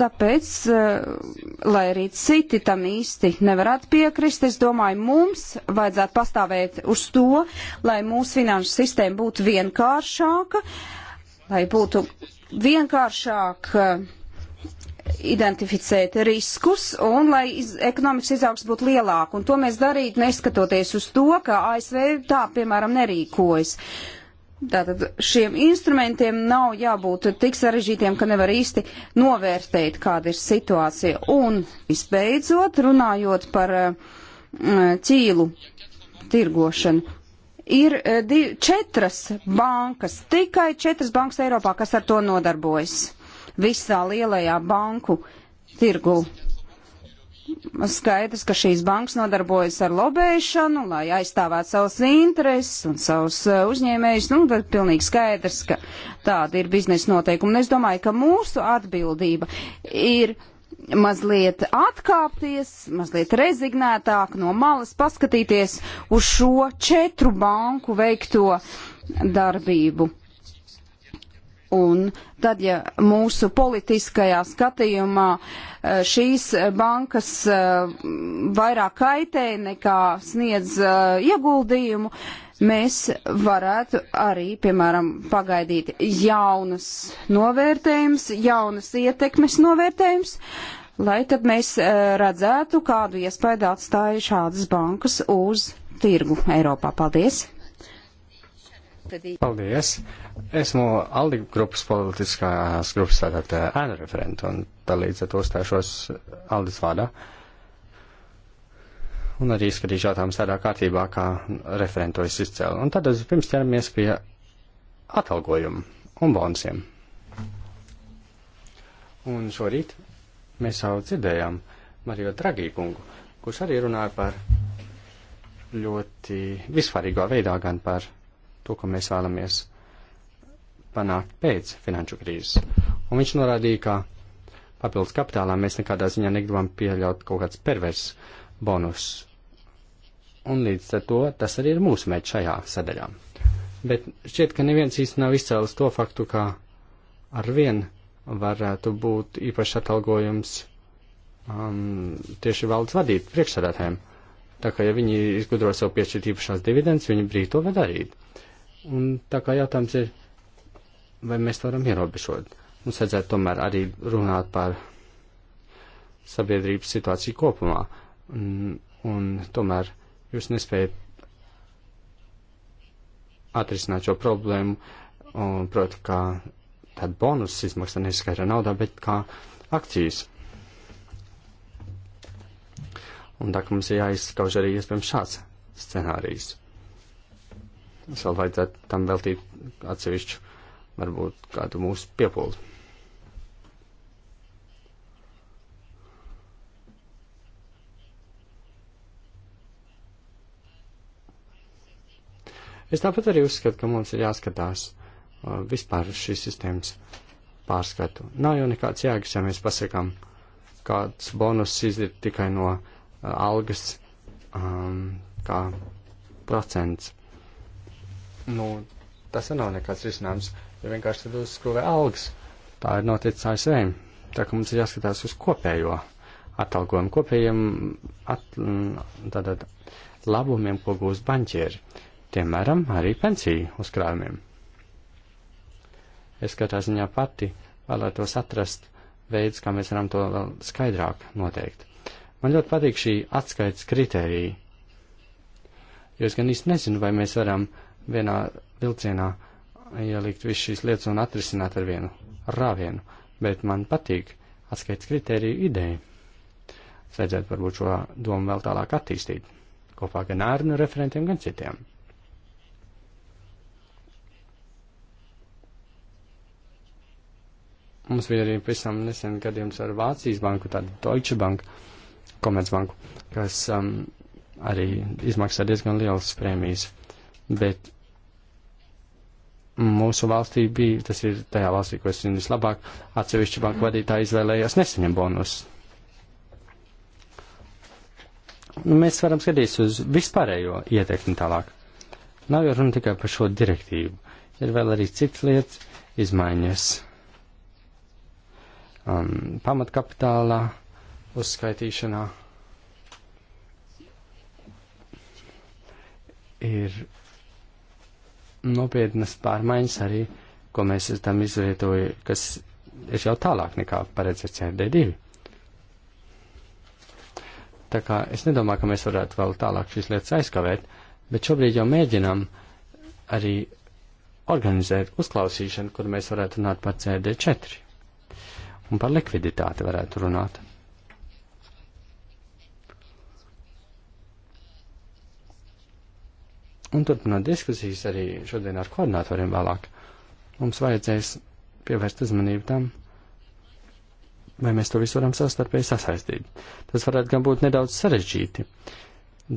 Tāpēc, eh, lai arī citi tam īsti nevarētu piekrist, es domāju, mums vajadzētu pastāvēt uz to, lai mūsu finanšu sistēma būtu vienkāršāka, lai būtu vienkāršāk eh, identificēt riskus un lai iz, ekonomikas izaugs būtu lielāka. Un to mēs darītu neskatoties uz to, ka ASV tā, piemēram, nerīkojas. Tātad šiem instrumentiem nav jābūt tik sarežģītiem, ka nevar īsti novērtēt, kāda ir situācija. Un visbeidzot, runājot par ķīlu eh, tirgošanu, ir e, div, četras bankas, tikai četras bankas Eiropā, kas ar to nodarbojas visā lielajā banku tirgu. Skaidrs, ka šīs bankas nodarbojas ar lobēšanu, lai aizstāvētu savus intereses un savus e, uzņēmējus. Nu, tad pilnīgi skaidrs, ka tāda ir biznesa noteikuma. Un es domāju, ka mūsu atbildība ir mazliet atkāpties, mazliet rezignētāk no malas paskatīties uz šo četru banku veikto darbību. Un tad, ja mūsu politiskajā skatījumā eh, šīs bankas eh, vairāk kaitē nekā sniedz eh, ieguldījumu, uh, mēs varētu arī, piemēram, pagaidīt jaunas novērtējums, jaunas ietekmes novērtējums, lai tad mēs eh, redzētu, kādu iespēju atstāja šādas bankas uz tirgu Eiropā. Paldies! Paldies! Esmu Aldi grupas politiskās grupas tātad ēnu referenta un tā līdz ar to stāšos Aldis vārdā. Uh, un arī izskatīšu jautājumus tādā kārtībā, kā referento es izcēlu. Un tad pirms ķeramies pie atalgojuma un bonusiem. Un šorīt mēs jau dzirdējām Mario Dragī kungu, kurš arī runāja par ļoti vispārīgā veidā gan par to, ko mēs vēlamies panākt pēc finanšu krīzes. Un viņš norādīja, ka papildus kapitālā mēs nekādā ziņā negribam pieļaut kaut kāds pervers bonus Un līdz ar to tas arī ir mūsu mērķis šajā sadaļā. Bet šķiet, ka neviens īsti nav izcēlis to faktu, ka ar vien varētu būt īpaši atalgojums um, tieši valdes vadīt priekšsādātājiem. Tā kā ja viņi izgudro sev piešķirt īpašās dividendes, viņi brīvi to var darīt. Un tā kā jautājums ir, vai mēs to varam ierobežot. Mums vajadzētu tomēr arī runāt par sabiedrības situāciju kopumā. Un, un tomēr jūs nespējat atrisināt šo problēmu, un, proti, kā tāda bonus izmaksa neskaitā naudā, bet kā akcijas. Un tā, ka mums ir jāizskauž arī iespējams šāds scenārijs. Es vēl vajadzētu tam veltīt atsevišķu, varbūt kādu mūsu piepūli. Es tāpat arī uzskatu, ka mums ir jāskatās uh, vispār šīs sistēmas pārskatu. Nav jau nekāds jēgas, ja mēs pasakām, kāds bonus izdir tikai no uh, algas um, kā procents. Nu, tas nav nekāds risinājums, ja vienkārši tad uzskrūvē algas. Tā ir noticis ASV. Tā ka mums ir jāskatās uz kopējo atalgojumu, kopējiem at, mm, tātad, labumiem, ko gūst banķieri piemēram, arī pensiju uzkrājumiem. Es katrā ziņā pati vēlētos atrast veids, kā mēs varam to vēl skaidrāk noteikt. Man ļoti patīk šī atskaites kritērija, jo es gan īsti nezinu, vai mēs varam vienā vilcienā ielikt visu šīs lietas un atrisināt ar vienu rāvienu, bet man patīk atskaites kritēriju ideja. Es vajadzētu varbūt šo domu vēl tālāk attīstīt, kopā gan ārnu referentiem, gan citiem. Mums bija arī pavisam nesen gadījums ar Vācijas banku, tādu Deutsche Bank, Komercbanku, kas um, arī izmaksā diezgan lielas prēmijas. Bet mūsu valstī bija, tas ir tajā valstī, ko es zinu vislabāk, atsevišķi banku vadītāji izvēlējās nesaņem bonus. Nu, mēs varam skatīties uz vispārējo ietekmi tālāk. Nav jau runa tikai par šo direktīvu. Ir vēl arī citas lietas, izmaiņas um, pamatkapitālā uzskaitīšanā ir nopietnas pārmaiņas arī, ko mēs esam izvietojuši, kas ir jau tālāk nekā paredzēts CRD2. Tā kā es nedomāju, ka mēs varētu vēl tālāk šīs lietas aizkavēt, bet šobrīd jau mēģinām arī organizēt uzklausīšanu, kur mēs varētu runāt par CD4. Un par likviditāti varētu runāt. Un turpināt diskusijas arī šodien ar koordinatoriem vēlāk. Mums vajadzēs pievērst uzmanību tam, vai mēs to visu varam savstarpēji sasaistīt. Tas varētu gan būt nedaudz sarežģīti.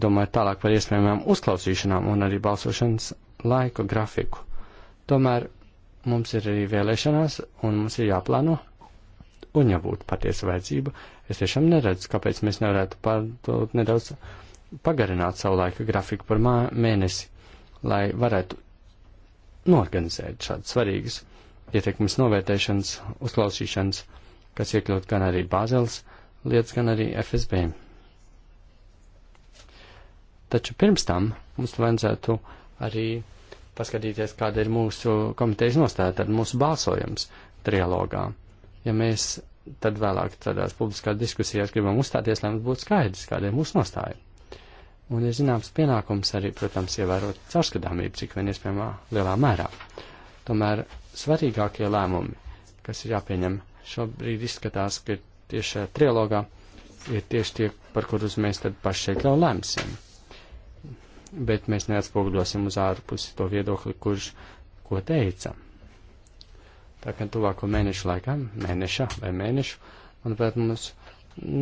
Domāju tālāk par iespējamām uzklausīšanām un arī balsošanas laiku grafiku. Tomēr mums ir arī vēlēšanās, un mums ir jāplāno, atbalstu, un ja būtu patiesa vajadzība, es tiešām neredzu, kāpēc mēs nevarētu pārdot nedaudz pagarināt savu laika grafiku par mēnesi, lai varētu norganizēt šādas svarīgas ietekmes novērtēšanas, uzklausīšanas, kas iekļaut gan arī Bāzeles lietas, gan arī FSB. Taču pirms tam mums vajadzētu arī paskatīties, kāda ir mūsu komitejas nostāja, tad mūsu balsojums trialogā ja mēs tad vēlāk tādās publiskās diskusijās gribam uzstāties, lai mums būtu skaidrs, kāda ir mūsu nostāja. Un ir zināms pienākums arī, protams, ievērot caurskatāmību, cik vien iespējamā lielā mērā. Tomēr svarīgākie lēmumi, kas ir jāpieņem šobrīd, izskatās, ka ir tieši šajā trilogā, ir tieši tie, par kurus mēs tad paši šeit jau lemsim. Bet mēs neatspoguļosim uz ārpusi to viedokli, kurš ko teica. Tā kā tuvāko mēnešu laikā, mēneša vai mēnešu, manuprāt, mums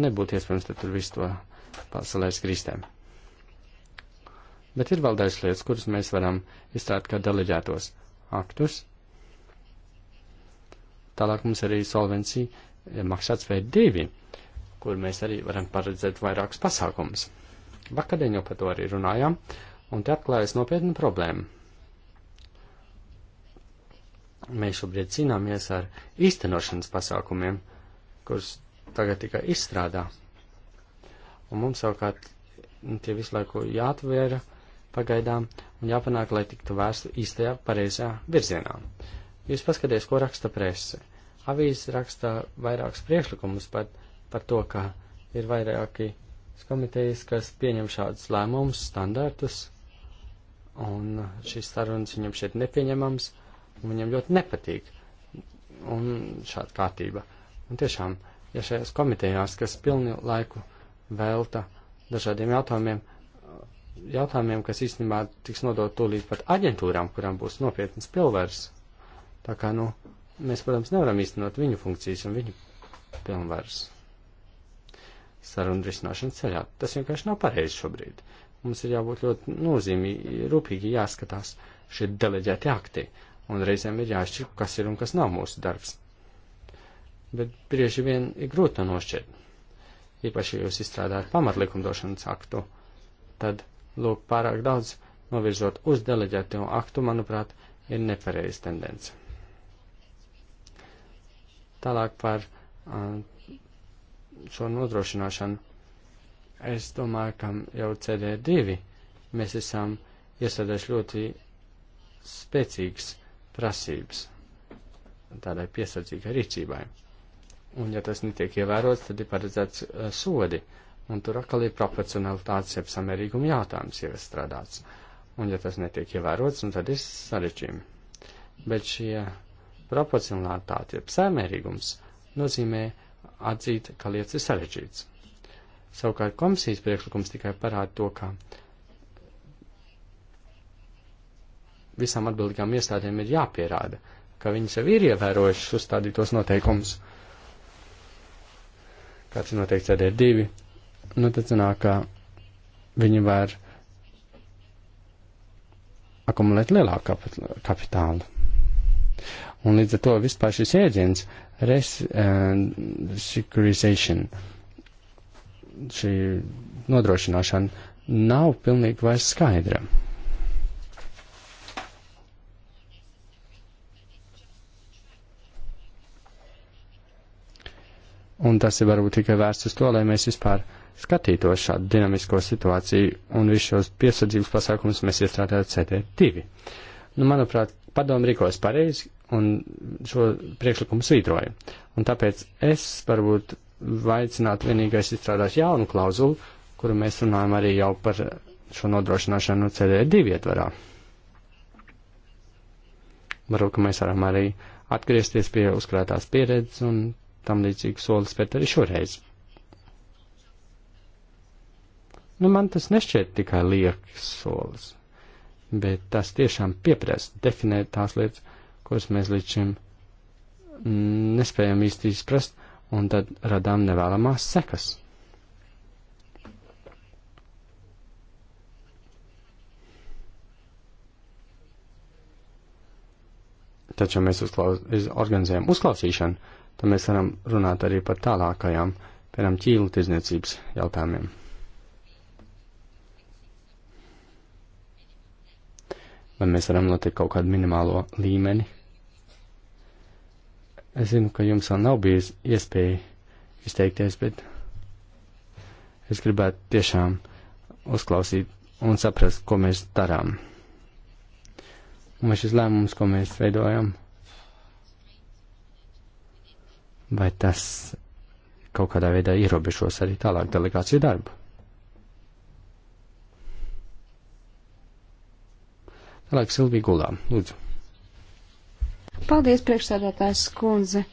nebūtu iespējams tur visu to pasalēst kristēm. Bet ir vēl dažas lietas, kuras mēs varam izstrādāt kā deleģētos aktus. Tālāk mums arī solvencija maksāts vai divi, kur mēs arī varam paredzēt vairākus pasākumus. Vakardien jau par to arī runājām, un te atklājas nopietna problēma Mēs šobrīd cīnāmies ar īstenošanas pasākumiem, kurus tagad tikai izstrādā. Un mums savukārt nu, tie visu laiku jāatvēra pagaidām un jāpanāk, lai tiktu vērstu īstajā pareizajā virzienā. Jūs paskaties, ko raksta prese. Avīzes raksta vairākus priekšlikumus par, par to, ka ir vairāki komitejas, kas pieņem šādus lēmumus, standartus, un šīs sarunas viņam šeit nepieņemams un viņiem ļoti nepatīk. Un šāda kārtība. Un tiešām, ja šajās komitejās, kas pilnu laiku velta dažādiem jautājumiem, jautājumiem, kas īstenībā tiks nodot tūlīt pat aģentūrām, kurām būs nopietnas pilnvaras, tā kā, nu, mēs, protams, nevaram īstenot viņu funkcijas un viņu pilnvaras sarunu risināšanas ceļā. Tas vienkārši nav pareizi šobrīd. Mums ir jābūt ļoti nozīmīgi, rūpīgi jāskatās šie deleģēti akti un reizēm ir jāšķir, kas ir un kas nav mūsu darbs. Bet bieži vien ir grūti to nošķirt. Īpaši, ja jūs izstrādājat pamatlikumdošanas aktu, tad, lūk, pārāk daudz novirzot uz deleģēto aktu, manuprāt, ir nepareiz tendence. Tālāk par uh, šo nodrošināšanu. Es domāju, ka jau CD2 mēs esam iesādējuši ļoti spēcīgs prasības tādai piesardzīgai rīcībai. Un, ja tas netiek ievērots, tad ir paredzēts uh, sodi. Un tur atkal ir proporcionalitātes jeb samērīguma jautājums iestrādāts. Un, ja tas netiek ievērots, tad ir sarežģījumi. Bet šie proporcionalitāte jeb samērīgums nozīmē atzīt, ka lietas ir sarežģītas. Savukārt komisijas priekšlikums tikai parāda to, ka visām atbildīgām iestādēm ir jāpierāda, ka viņi sev ir ievērojuši uzstādītos noteikumus. Kāds ir noteikts CD2, nu tad sanāk, ka viņi var akumulēt lielāku kapitālu. Un līdz ar to vispār šis jēdziens res, uh, eh, securization, šī nodrošināšana nav pilnīgi vairs skaidra. Un tas ir varbūt tikai vērsts uz to, lai mēs vispār skatītos šādu dinamisko situāciju un visus šos piesardzības pasākumus mēs iestrādājam CT2. Nu, manuprāt, padomu rīkojas pareizi un šo priekšlikumu svītroja. Un tāpēc es varbūt vaicinātu vienīgais izstrādāt jaunu klauzulu, kuru mēs runājam arī jau par šo nodrošināšanu CD2 ietvarā. Varbūt, ka mēs varam arī atgriezties pie uzkrātās pieredzes un tam līdzīgu soli spērt arī šoreiz. Nu, man tas nešķiet tikai liekas solis, bet tas tiešām pieprasa definēt tās lietas, kuras mēs līdz šim nespējam īsti izprast, un tad radām nevēlamās sekas. Taču mēs uzklaus, organizējam uzklausīšanu, tad mēs varam runāt arī par tālākajām, piemēram, ķīlu tirzniecības jautājumiem. Vai mēs varam noteikt kaut kādu minimālo līmeni? Es zinu, ka jums vēl nav bijis iespēja izteikties, bet es gribētu tiešām uzklausīt un saprast, ko mēs darām. Un vai šis lēmums, ko mēs veidojam, Vai tas kaut kādā veidā ierobežos arī tālāk delegāciju darbu? Tālāk Silvija Gulā, lūdzu. Paldies, priekšsēdētājs kundze.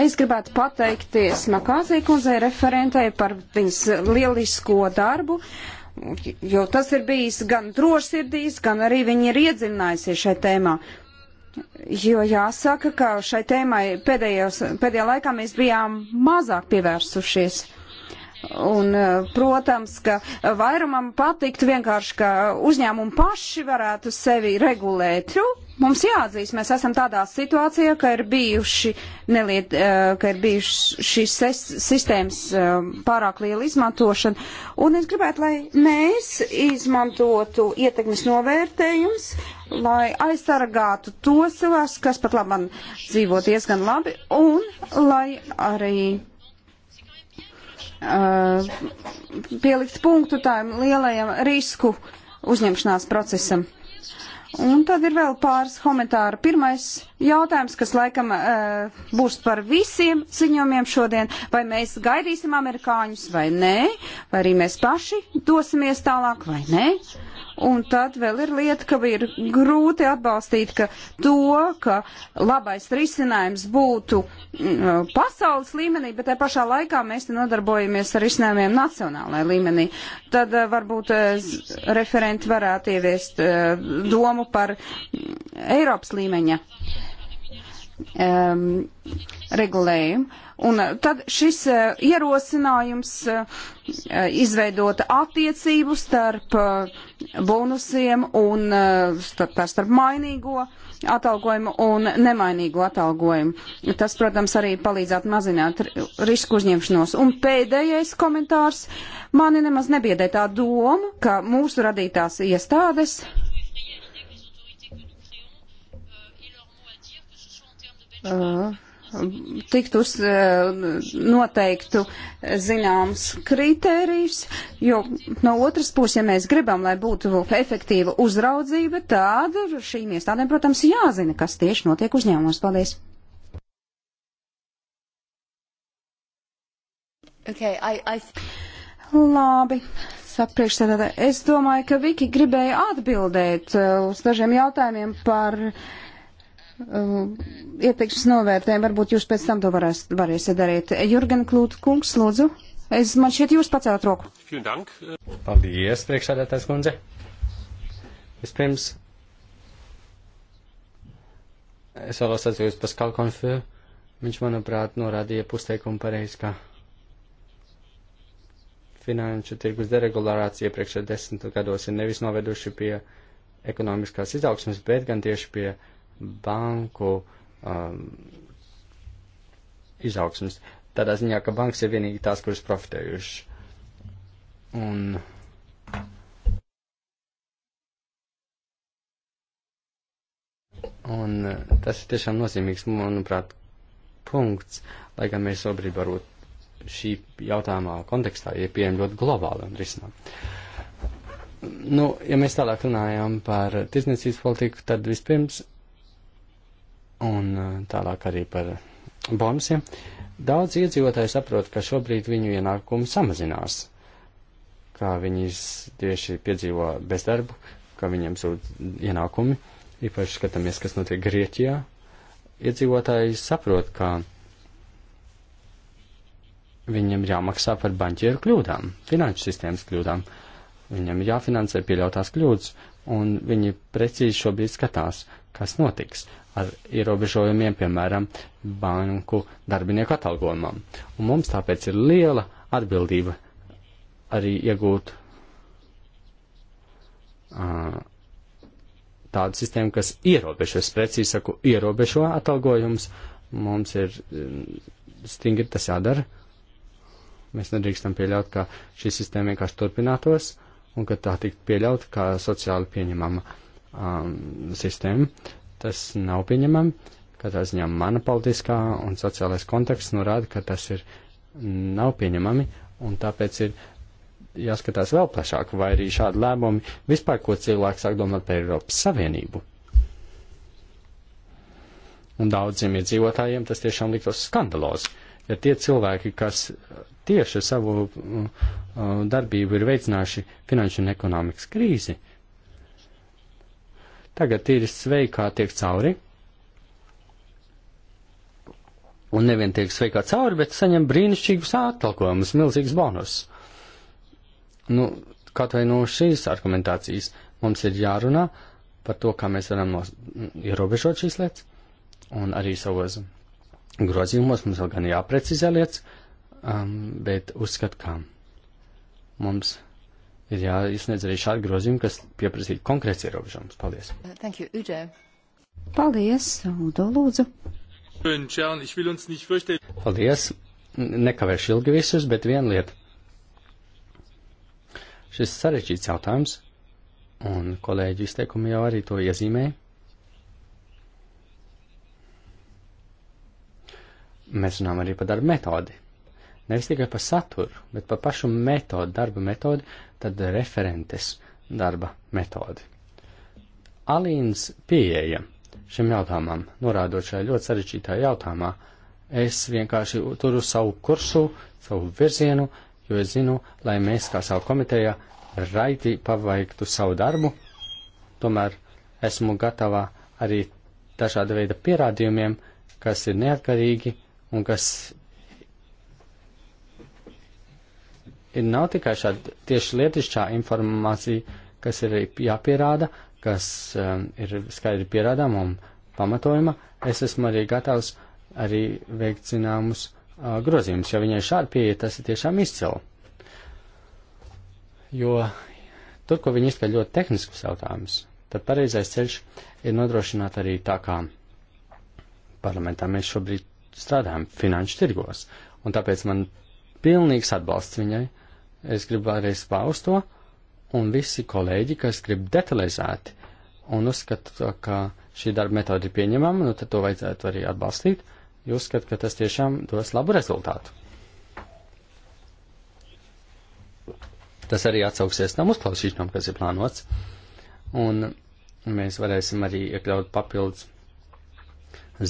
Es gribētu pateikties Makāzī kundzei referentai par viņas lielisko darbu, jo tas ir bijis gan drošsirdīs, gan arī viņi ir iedzinājusies šai tēmā. Jo jāsaka, ka šai tēmai pēdējos, pēdējā laikā mēs bijām mazāk pievērsušies. Un, eh, protams, ka vairumam patiktu vienkārši, ka uzņēmumi paši varētu sevi regulēt. Nu, Mums jāatzīst, mēs esam tādā situācijā, ka ir bijuši neliet, eh, ka ir bijuši šīs sistēmas eh, pārāk liela izmantošana, un es gribētu, lai mēs izmantotu ietekmes novērtējums, lai aizsargātu tos cilvēkus, kas pat labam dzīvo diezgan labi, un lai arī uh, pielikt punktu tām lielajam risku uzņemšanās procesam. Uh, Un tad ir vēl pāris komentāri. Pirmais jautājums, kas laikam uh, būs par visiem ziņojumiem šodien, vai mēs gaidīsim amerikāņus vai nē, vai arī mēs paši dosimies tālāk vai nē. Un tad vēl ir lieta, ka ir grūti atbalstīt ka to, ka labais risinājums būtu mm, pasaules līmenī, bet te pašā laikā mēs te nodarbojamies ar risinājumiem nacionālajā līmenī. Tad varbūt referenti varētu ieviest domu par mm, Eiropas līmeņa um, regulējumu. Un uh, tad šis uh, ierosinājums uh, uh, izveidot attiecību starp uh, bonusiem un uh, starp, starp mainīgo atalgojumu un nemainīgo atalgojumu. Tas, protams, arī palīdzētu mazināt risku uzņemšanos. Un pēdējais komentārs mani nemaz nebiedē tā doma, ka mūsu radītās iestādes uh, Uh, tiktu uz uh, noteiktu zināms kriterijus, jo no otras puses, ja mēs gribam, lai būtu efektīva uzraudzība, tad šīm iestādēm, protams, jāzina, kas tieši notiek uzņēmumos. Paldies! Okay, I, I... Labi, saka priekšsēdētāji. Es domāju, ka Viki gribēja atbildēt uh, uz dažiem jautājumiem par uh, Uh, ietekmes novērtējumu. Varbūt jūs pēc tam to varēs, varēsiet darīt. Jurgen Klūta kungs, lūdzu. Es, man šķiet, jūs pacēlat roku. Paldies, priekšsēdētājs kundze. Vispirms, es vēlos atzīst Paskal Konfu. Viņš, manuprāt, norādīja pusteikumu pareizi, ka finanšu tirgus deregulārācija iepriekšējā desmit gados ir nevis noveduši pie ekonomiskās izaugsmas, bet gan tieši pie uh, banku um, izaugsmas. Tādā ziņā, ka bankas ir vienīgi tās, kuras profitējušas. Un Un uh, tas ir tiešām nozīmīgs, manuprāt, punkts, lai gan mēs šobrīd varbūt šī jautājumā kontekstā iepieņem ļoti globāli un risinām. Nu, ja mēs tālāk runājam par tirsniecības politiku, tad vispirms un uh, tālāk arī par bonusiem. Daudz iedzīvotāji saprot, ka šobrīd viņu ienākumi samazinās, kā viņi tieši piedzīvo bezdarbu, ka viņiem zūd ienākumi. Īpaši skatāmies, kas notiek Grieķijā. Iedzīvotāji saprot, ka viņiem jāmaksā par banķieru kļūdām, finanšu sistēmas kļūdām. Viņam jāfinansē pieļautās kļūdas, un viņi precīzi šobrīd skatās, kas notiks ar ierobežojumiem, piemēram, banku darbinieku atalgojumam. Un mums tāpēc ir liela atbildība arī iegūt uh, tādu sistēmu, kas ierobežo, es precīzi saku, ierobežo atalgojums. Mums ir stingri tas jādara. Mēs nedrīkstam pieļaut, ka šī sistēma vienkārši turpinātos un ka tā tiktu pieļaut kā sociāli pieņemama um, sistēma. Tas nav pieņemami. Katrā ziņā mana politiskā un sociālais konteksts norāda, nu ka tas ir nav pieņemami, un tāpēc ir jāskatās vēl plašāk, vai arī šādi lēmumi vispār, ko cilvēks sāk domāt par Eiropas Savienību. Un daudziem iedzīvotājiem tas tiešām liktos skandalos, ja tie cilvēki, kas tieši savu uh, darbību ir veicinājuši finanšu un ekonomikas krīzi, Tagad ir sveikā tiek cauri. Un nevien tiek sveikā cauri, bet saņem brīnišķīgus atalgojumus, milzīgs bonus. Nu, kaut vai no šīs argumentācijas mums ir jārunā par to, kā mēs varam nos, ierobežot šīs lietas. Un arī savos grozījumos mums vēl gan jāprecizē lietas, um, bet uzskat, kā mums ir jāizsniedz arī šādi grozījumi, kas pieprasītu konkrēts ierobežojums. Paldies! Thank you, Udo. Paldies, Udo lūdzu! Paldies! Nekavēšu ilgi visus, bet viena lieta. Šis sarežģīts jautājums, un kolēģi izteikumi jau arī to iezīmēja. Mēs runājam arī par darba metodi. Nevis tikai par saturu, bet par pašu metodu, darba metodi, tad referentes darba metodi. Alīns pieeja šim jautājumam, norādot šajā ļoti sarežģītā jautājumā, es vienkārši turu savu kursu, savu virzienu, jo es zinu, lai mēs kā savu komiteja raiti paveiktu savu darbu, tomēr esmu gatava arī dažāda veida pierādījumiem, kas ir neatkarīgi un kas ir nav tikai šāda tieši lietišķā informācija, kas ir jāpierāda, kas um, ir skaidri pierādām un pamatojuma. Es esmu arī gatavs arī veikt zināmus uh, grozījumus, jo viņai šāda pieeja tas ir tiešām izcila. Jo tur, ko viņi izskaļ ļoti tehniskus jautājumus, tad pareizais ceļš ir nodrošināt arī tā kā parlamentā mēs šobrīd strādājam finanšu tirgos, un tāpēc man pilnīgs atbalsts viņai, uh, Es gribu vēlreiz paust to, un visi kolēģi, kas grib detalizēti un uzskata, ka šī darba metode ir pieņemama, nu tad to vajadzētu arī atbalstīt, jo uzskata, ka tas tiešām dos labu rezultātu. Tas arī atsauksies tam uzklausīšanām, kas ir plānots, un mēs varēsim arī iekļaut papildus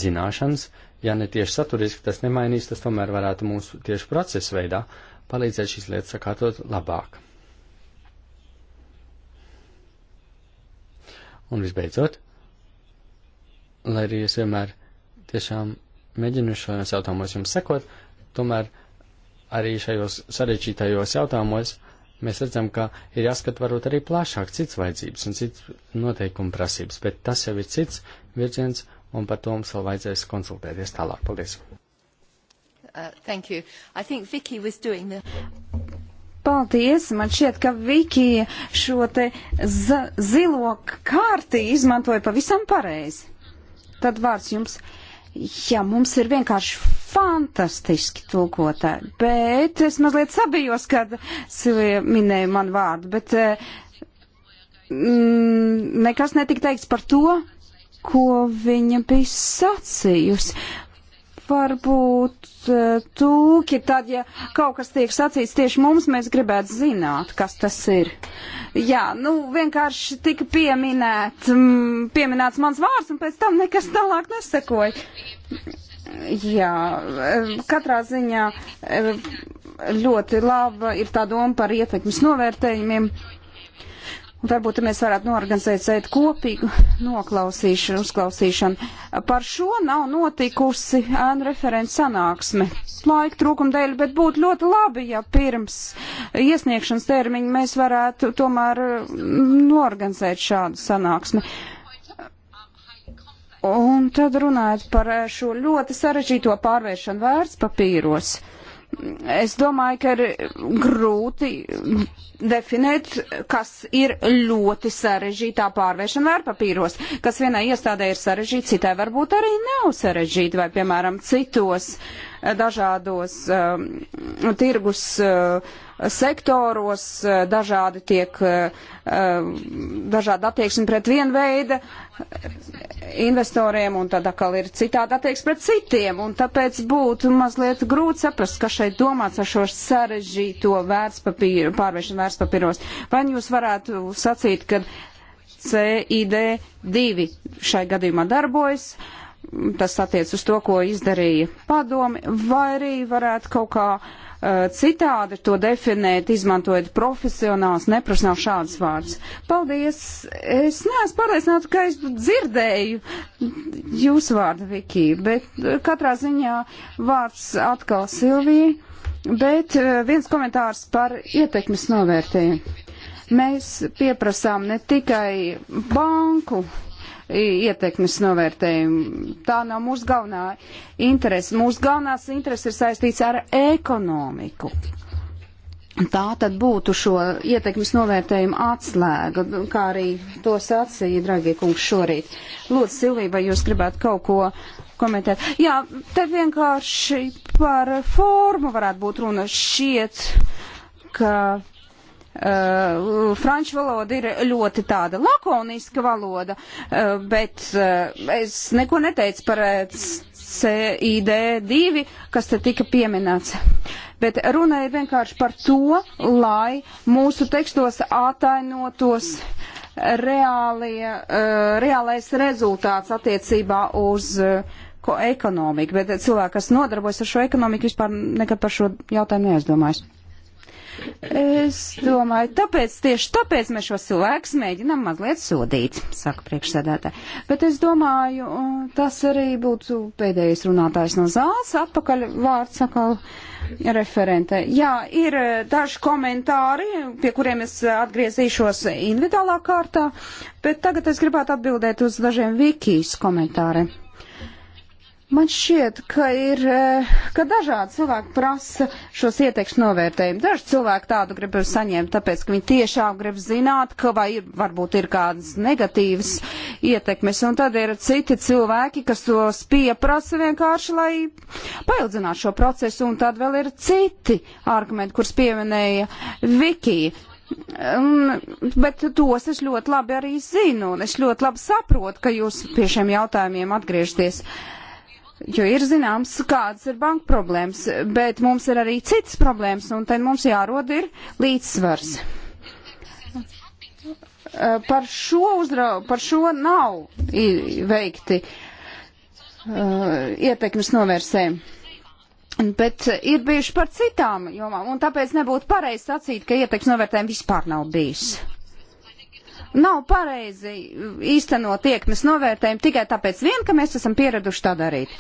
zināšanas, ja ne tieši saturiski tas nemainīs, tas tomēr varētu mūsu tieši procesa veidā palīdzēt šīs lietas sakārtot labāk. Un visbeidzot, lai arī es vienmēr tiešām mēģinu šajos jautājumos jums sekot, tomēr arī šajos sarežģītajos jautājumos mēs redzam, ka ir jāskat varbūt arī plašāk cits vajadzības un cits noteikuma prasības, bet tas jau ir cits virziens, un par to mums vēl vajadzēs konsultēties tālāk. Paldies! Uh, thank you. I think Vicky was doing the... Paldies! Man šķiet, ka Vikija šo te zilo kārti izmantoja pavisam pareizi. Tad vārds jums. Jā, mums ir vienkārši fantastiski tulkotāji, bet es mazliet sabijos, kad Silvija minēja man vārdu, bet eh, mm, nekas netika teikts par to, ko viņa bija sacījusi. Varbūt e, tūki, tad, ja kaut kas tiek sacīts tieši mums, mēs gribētu zināt, kas tas ir. Jā, nu vienkārši tika pieminēt, pieminēts mans vārds, un pēc tam nekas tālāk nesekoja. Jā, e, katrā ziņā e, ļoti laba ir tā doma par ietekmes novērtējumiem. Un varbūt mēs varētu norganizēt sēt kopīgu noklausīšanu, uzklausīšanu. Par šo nav notikusi ēnu referents sanāksme. Laika trūkuma dēļ, bet būtu ļoti labi, ja pirms iesniegšanas termiņa mēs varētu tomēr mm, norganizēt šādu sanāksmi. Un tad runājot par šo ļoti sarežģīto pārvēršanu vērts papīros. Uh, Es domāju, ka ir grūti definēt, kas ir ļoti sarežģītā pārvēršana vērtpapīros, kas vienai iestādē ir sarežģīta, citai varbūt arī nav sarežģīta, vai, piemēram, citos uh, dažādos um, tirgus uh, sektoros, uh, dažādi tiek, uh, um, dažādi attieksmi pret vienu veidu investoriem, un tad atkal ir citādi attieksmi pret citiem, un tāpēc būtu mazliet grūti saprast, kas šeit domāts ar šo sarežģīto vērtspapīru, pārvēršanu vērtspapīros. Vai nu jūs varētu sacīt, ka CID2 šai gadījumā darbojas? Uh, tas attiec uz to, ko izdarīja padomi, vai arī varētu kaut kā uh, citādi to definēt, izmantojot profesionāls, neprasnāv šāds vārds. Paldies! Es neesmu pārliecināta, ka es dzirdēju jūsu vārdu, Viki, bet uh, katrā ziņā vārds atkal Silvija, bet uh, viens komentārs par ietekmes novērtējumu. Mēs pieprasām ne tikai banku ietekmes novērtējumu. Tā nav mūsu galvenā interese. Mūsu galvenās interese ir saistīts ar ekonomiku. Tā tad būtu šo ietekmes novērtējumu atslēga, kā arī to sacīja, dragie kungs, šorīt. Lūdzu, Silvija, vai jūs gribētu kaut ko komentēt? Jā, te vienkārši par formu varētu būt runa. Šiet, ka Uh, franču valoda ir ļoti tāda lakoniska valoda, uh, bet uh, es neko neteicu par uh, CID2, kas te tika pieminēts. Bet runa ir vienkārši par to, lai mūsu tekstos atainotos reālie, uh, reālais rezultāts attiecībā uz uh, ekonomiku, bet cilvēki, kas nodarbojas ar šo ekonomiku, vispār nekad par šo jautājumu neaizdomājas. Es domāju, tāpēc tieši tāpēc mēs šos cilvēkus mēģinām mazliet sodīt, saka priekšsēdētāji. Bet es domāju, tas arī būtu pēdējais runātājs no zāles, atpakaļ vārds atkal referente. Jā, ir eh, daži komentāri, pie kuriem es eh, atgriezīšos individuālā kārtā, bet tagad es gribētu atbildēt uz dažiem Vikijas komentāriem. Man šķiet, ka ir, eh, ka dažādi cilvēki prasa šos ieteikšu novērtējumu. Daži cilvēki tādu grib saņemt, tāpēc, ka viņi tiešām grib zināt, ka vai ir, varbūt ir kādas negatīvas ietekmes, un tad ir citi cilvēki, kas tos pieprasa vienkārši, lai paildzinātu šo procesu, un tad vēl ir citi argumenti, kurus pieminēja Vikija. Un, bet tos es ļoti labi arī zinu, un es ļoti labi saprotu, ka jūs pie šiem jautājumiem atgriežaties. Uh, Jo ir zināms, kādas ir banka problēmas, bet mums ir arī citas problēmas, un te mums jārod ir līdzsvars. Eh, par šo, uzra, par šo nav veikti uh, ietekmes novērsēm. Bet ir bijuši par citām jomām, un tāpēc nebūtu pareizi sacīt, ka ietekmes novērtējumi vispār nav bijusi. Nav pareizi īstenot iekmes novērtējumu tikai tāpēc vien, ka mēs esam pieraduši tā darīt.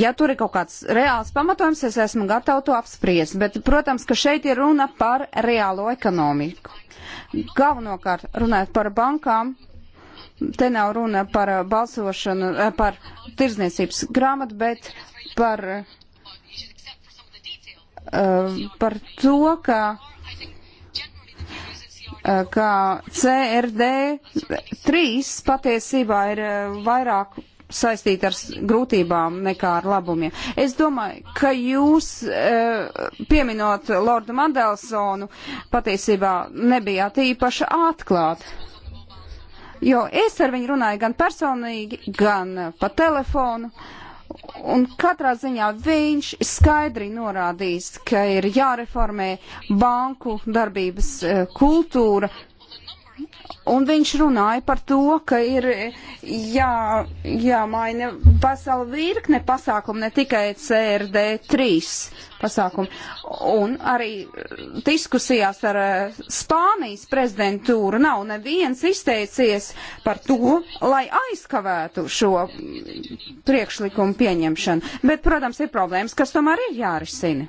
Ja tur ir kaut kāds reāls pamatojums, es esmu gatava to apspriest, bet, protams, ka šeit ir runa par reālo ekonomiku. Galvenokārt runājot par bankām, te nav runa par balsošanu, eh, par tirzniecības grāmatu, bet par, eh, par to, ka Eh, ka CRD3 patiesībā ir eh, vairāk saistīta ar grūtībām nekā ar labumiem. Es domāju, ka jūs, eh, pieminot Lordu Mandelsonu, patiesībā nebijāt īpaši atklāti. Jo es ar viņu runāju gan personīgi, gan pa telefonu. Uh, Un katrā ziņā viņš skaidri norādījis, ka ir jāreformē banku darbības eh, kultūra, Un viņš runāja par to, ka ir jā, jāmaina vesela virkne pasākumu, ne tikai CRD3 pasākumu. Un arī diskusijās ar eh, Spānijas prezidentūru nav neviens izteicies par to, lai aizkavētu šo priekšlikumu pieņemšanu. Bet, protams, ir problēmas, kas tomēr ir jārisina.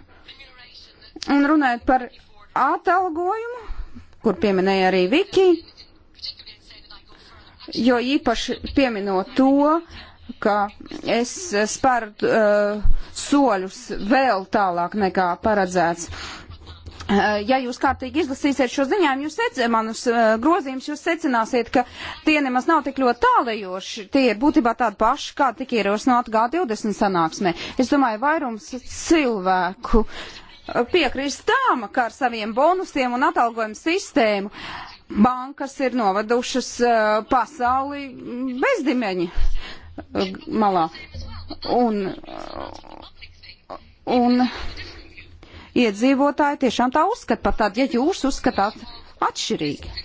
Un runājot par atalgojumu, kur pieminēja arī Viki, jo īpaši pieminot to, ka es spēru uh, soļus vēl tālāk nekā paredzēts. Uh, ja jūs kārtīgi izlasīsiet šo ziņojumu, jūs secināt, manus uh, grozījumus, jūs secināsiet, ka tie nemaz nav tik ļoti tālajoši. Tie ir būtībā tādi paši, kā tik ierosināt G20 sanāksmē. Es domāju, vairums cilvēku uh, piekrīst tām, ka ar saviem bonusiem un atalgojumu sistēmu bankas ir novadušas uh, pasauli bezdimeņi uh, malā. Un, uh, un iedzīvotāji tiešām tā uzskata, pat tad, ja jūs uzskatāt atšķirīgi.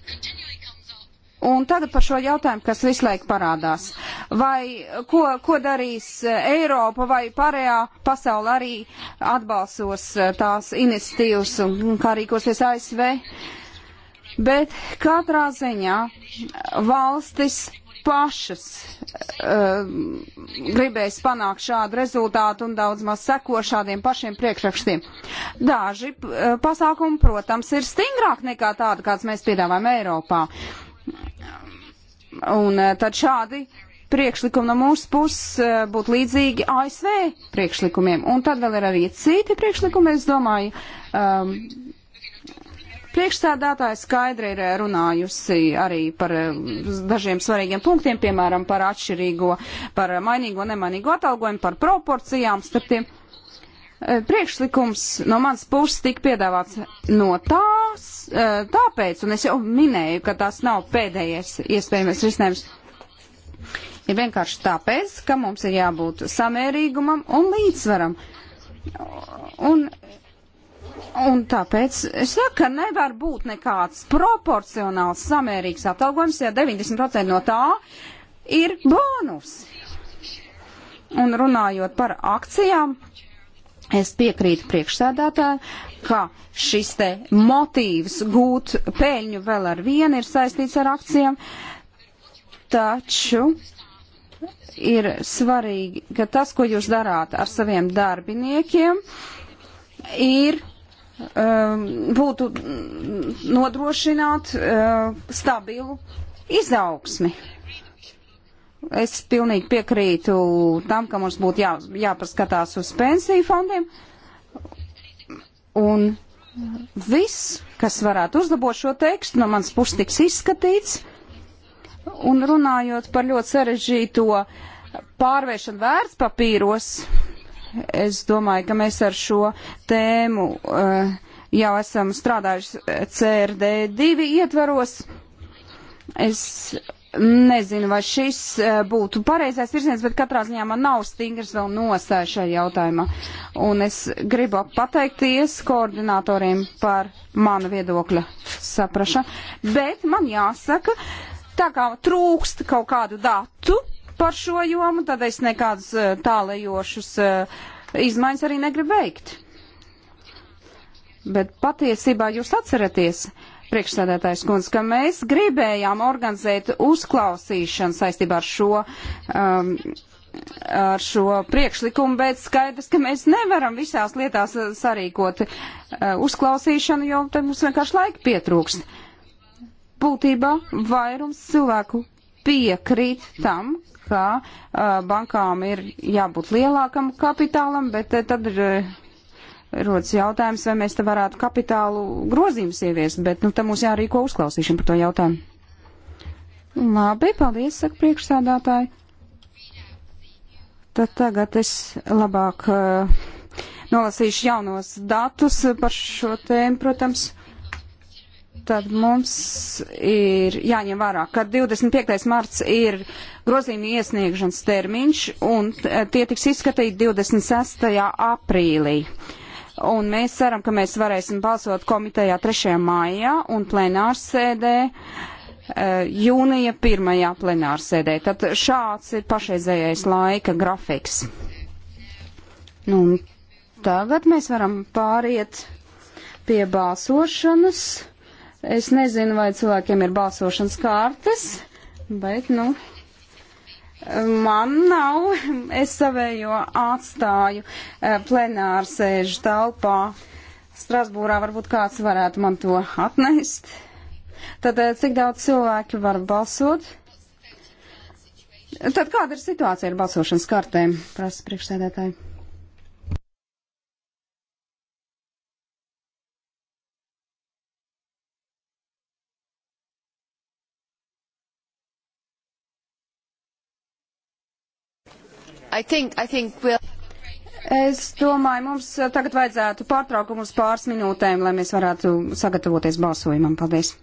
Un tagad par šo jautājumu, kas visu laiku parādās. Vai ko, ko darīs eh, Eiropa vai pārējā pasaule arī atbalsos eh, tās iniciatīvas un kā rīkosies ASV? Bet katrā ziņā valstis pašas uh, gribēs panākt šādu rezultātu un daudz maz seko šādiem pašiem priekšrakstiem. Daži uh, pasākumi, protams, ir stingrāk nekā tādi, kāds mēs piedāvājam Eiropā. Uh, Un eh, tad šādi priekšlikumi no mūsu puses eh, būtu līdzīgi ASV priekšlikumiem. Un tad vēl ir arī citi priekšlikumi, es domāju. Um, ehm, Priekšstādātāja skaidri ir eh, runājusi arī par dažiem svarīgiem punktiem, piemēram, par atšķirīgo, par mainīgo, nemainīgo atalgojumu, par proporcijām starp tiem. Uh, Eh, priekšlikums no manas puses tika piedāvāts no tās, eh, tāpēc, un es jau minēju, ka tas nav pēdējais iespējamais risinājums, ir vienkārši tāpēc, ka mums ir jābūt samērīgumam un līdzsvaram. Un, un tāpēc es saku, ka nevar būt nekāds proporcionāls samērīgs atalgojums, ja 90% no tā ir bonus. Un runājot par akcijām, Es piekrītu priekšsēdētāju, ka šis te motīvs gūt peļņu vēl ar vienu ir saistīts ar akcijām, taču ir svarīgi, ka tas, ko jūs darāt ar saviem darbiniekiem, ir um, būtu nodrošināt uh, stabilu izaugsmi. Es pilnīgi piekrītu tam, ka mums būtu jā, jāpaskatās uz pensiju fondiem. Un viss, kas varētu uzlabot šo tekstu, no manas puses tiks izskatīts. Un runājot par ļoti sarežģīto pārvēršanu vērtspapīros, es domāju, ka mēs ar šo tēmu uh, jau esam strādājuši CRD2 ietvaros. Es Nezinu, vai šis e, būtu pareizais virziens, bet katrā ziņā man nav stingrs vēl nostāja šajā jautājumā. Un es gribu pateikties koordinatoriem par mana viedokļa saprašanu, bet man jāsaka, tā kā trūkst kaut kādu datu par šo jomu, tad es nekādus e, tālējošus e, izmaiņas arī negribu veikt. Bet patiesībā jūs atceraties, uh, priekšsēdētājs kundze, ka mēs gribējām organizēt uzklausīšanu saistībā ar šo. Um, ar šo priekšlikumu, bet skaidrs, ka mēs nevaram visās lietās uh, sarīkot uh, uzklausīšanu, jo tad mums vienkārši laika pietrūkst. Būtībā vairums cilvēku piekrīt tam, ka uh, bankām ir jābūt lielākam kapitālam, bet uh, tad ir. Uh, rodas jautājums, vai mēs te varētu kapitālu grozījumus ieviest, bet nu, tam mums jārīko uzklausīšana par to jautājumu. Labi, paldies, saka priekšsādātāji. Tad tagad es labāk uh, nolasīšu jaunos datus par šo tēmu, protams. Tad mums ir jāņem vērā, ka 25. marts ir grozījuma iesniegšanas termiņš, un eh, tie tiks izskatīti 26. aprīlī. Uh, Un mēs ceram, ka mēs varēsim balsot komitejā 3. maijā un plenārsēdē eh, jūnija 1. plenārsēdē. Tad šāds ir pašreizējais laika grafiks. Nu, tagad mēs varam pāriet pie balsošanas. Es nezinu, vai cilvēkiem ir balsošanas kārtas, bet, nu, Man nav, es savējo atstāju e, plenāru sēžu telpā. Strasbūrā varbūt kāds varētu man to atnest. Tad e, cik daudz cilvēki var balsot? Tad kāda ir situācija ar balsošanas kartēm, prasa priekšsēdētāji? I think, I think we'll... Es domāju, mums eh, tagad vajadzētu pārtraukumu uz pāris minūtēm, lai mēs varētu sagatavoties balsojumam. Paldies!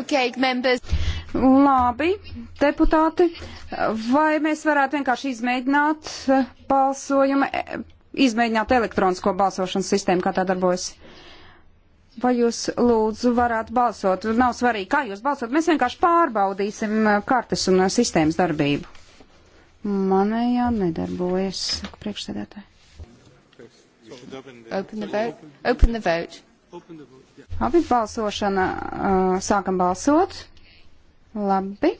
Okay, members. Labi, deputāti, vai mēs varētu vienkārši izmēģināt eh, balsojumu, eh, izmēģināt elektronisko balsošanas sistēmu, kā tā darbojas? Vai jūs lūdzu varētu balsot? Nav svarīgi, kā jūs balsot, mēs vienkārši pārbaudīsim eh, kartes un sistēmas darbību. Manējā nedarbojas priekšsēdētāji. Open the vote. Open the vote. Open the vote. Labi, balsošana. Uh, sākam balsot. Labi.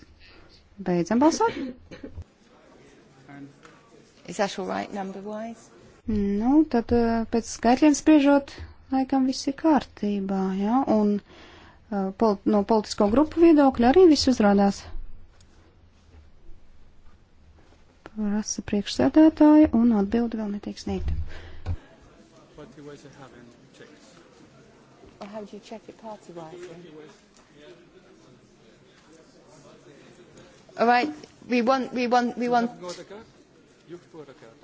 Beidzam balsot. Is that all right number wise? Nu, tad uh, pēc skaitļiem spriežot, laikam viss ir kārtībā, jā, ja? un uh, pol no politisko grupu viedokļa arī viss uzrādās. Prasa priekšsēdētāja un atbildi vēl netiek sniegta. What do you have in Or how do you check it party-wise? All right, we want, we want, we want.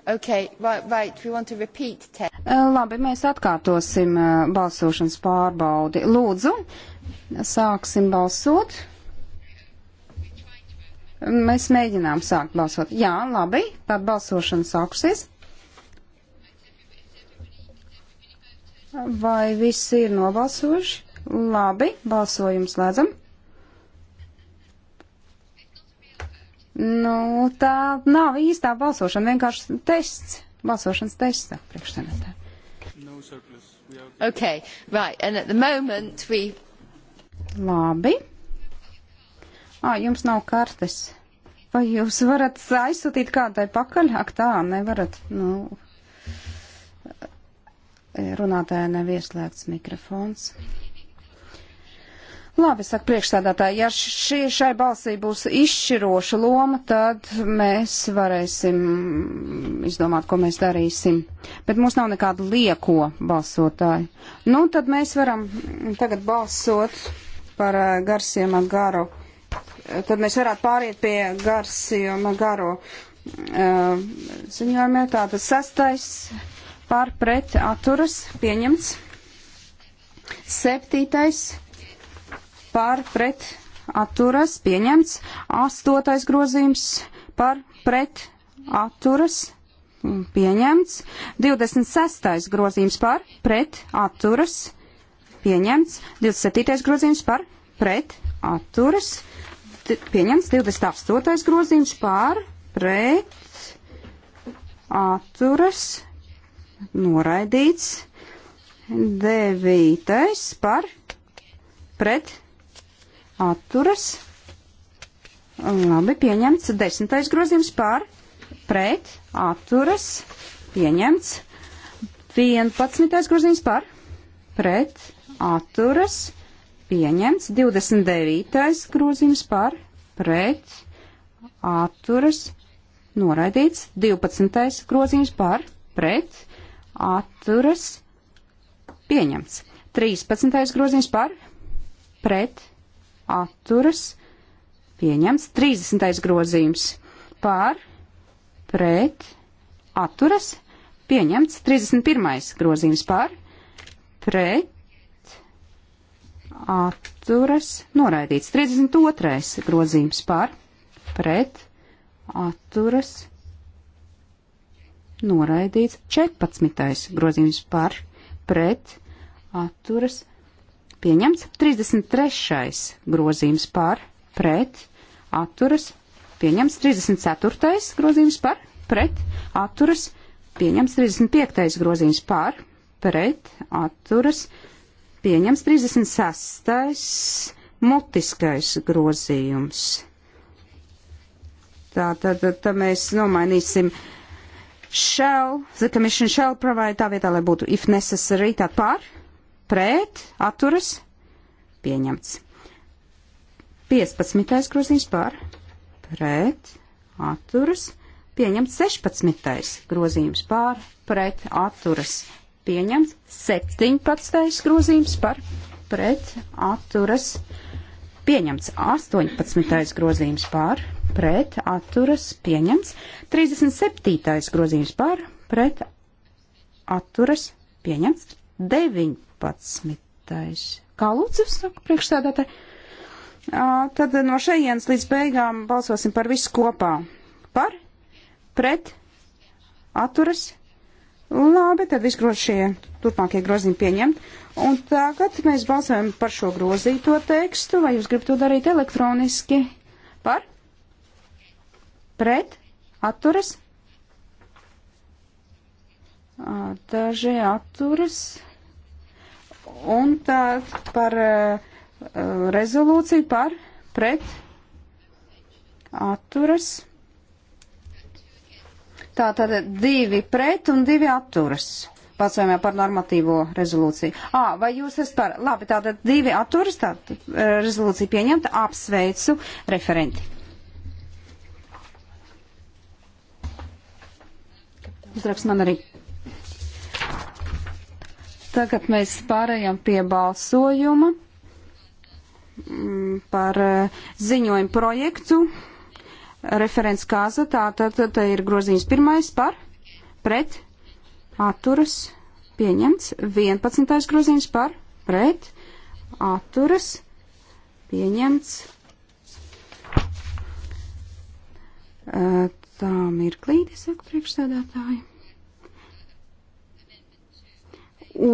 Okay, right, right, we want to repeat test. Uh, labi, mēs atkārtosim uh, balsošanas pārbaudi. Lūdzu, sāksim balsot. Mēs mēģinām sākt balsot. Jā, labi, tad balsošana sāksies. Vai visi ir nobalsojuši? Labi, balsojums lēdzam. Nu, tā nav īstā balsošana, vienkārši tests, balsošanas tests, saka priekšsēdētāji. No okay, right, and at the moment we... Labi. Ā, jums nav kartes. Vai jūs varat aizsūtīt kādai pakaļ? Ak tā, nevarat, nu, Runātāja nav ieslēgts mikrofons. Labi, saka priekšstādātāji, ja šī, šai balsī būs izšķiroša loma, tad mēs varēsim izdomāt, ko mēs darīsim. Bet mums nav nekāda lieko balsotāja. Nu, tad mēs varam tagad balsot par eh, Garsiem Agaro. Tad mēs varētu pāriet pie Garsiem Agaro uh, eh, ziņojumiem. Tātad sastais par pret atturas pieņemts. Septītais par pret atturas pieņemts. Astotais grozījums par pret atturas pieņemts. 26. grozījums par pret atturas pieņemts. 27. grozījums par pret atturas pieņemts. 28. grozījums par pret atturas pieņemts noraidīts. Devītais par pret atturas. Labi, pieņemts. Desmitais grozījums par pret atturas. Pieņemts. Vienpadsmitais grozījums par pret atturas. Pieņemts. Divdesmit devītais grozījums par pret atturas. Noraidīts. Divpadsmitais grozījums par pret atturas atturas pieņemts. 13. grozījums par pret atturas pieņemts. 30. grozījums par pret atturas pieņemts. 31. grozījums par pret atturas noraidīts. 32. grozījums par pret atturas pieņemts noraidīts 14. grozījums par pret atturas pieņemts 33. grozījums par pret atturas pieņemts 34. grozījums par pret atturas pieņemts 35. grozījums par pret atturas pieņemts 36. mutiskais grozījums. Tātad tā, tā mēs nomainīsim uh, shall, the commission shall provide tā vietā, lai būtu if necessary, tad par, pret, atturas, pieņemts. 15. grozījums par, pret, atturas, pieņemts 16. grozījums par, pret, atturas, pieņemts 17. grozījums par, pret, atturas, pieņemts pieņemts 18. grozījums pār, pret, atturas, pieņemts 37. grozījums pār, pret, atturas, pieņemts 19. Kā lūdzu, saka priekšstādātāji? Tad no šejienes līdz beigām balsosim par visu kopā. Par, pret, atturas, pieņemts Labi, tad viss šie turpmākie grozījumi pieņemt. Un tagad mēs balsojam par šo grozīto tekstu, vai jūs gribat to darīt elektroniski? Par? Pret? Atturas? Daži atturas. Un tad par rezolūciju par? Pret? Atturas? Tā tad divi pret un divi atturas. Balsojumā par normatīvo rezolūciju. Ā, vai jūs esat par? Labi, tātad divi atturas, tātad e, rezolūcija pieņemta. Apsveicu referenti. Uzraks man arī. Tagad mēs pārējām pie balsojuma mm, par e, ziņojumu projektu referents kāza, tā tad tā, tā, tā ir grozījums pirmais par, pret, atturas, pieņemts, 11. grozījums par, pret, atturas, pieņemts. Tā mirklīte, saka priekšstādātāji.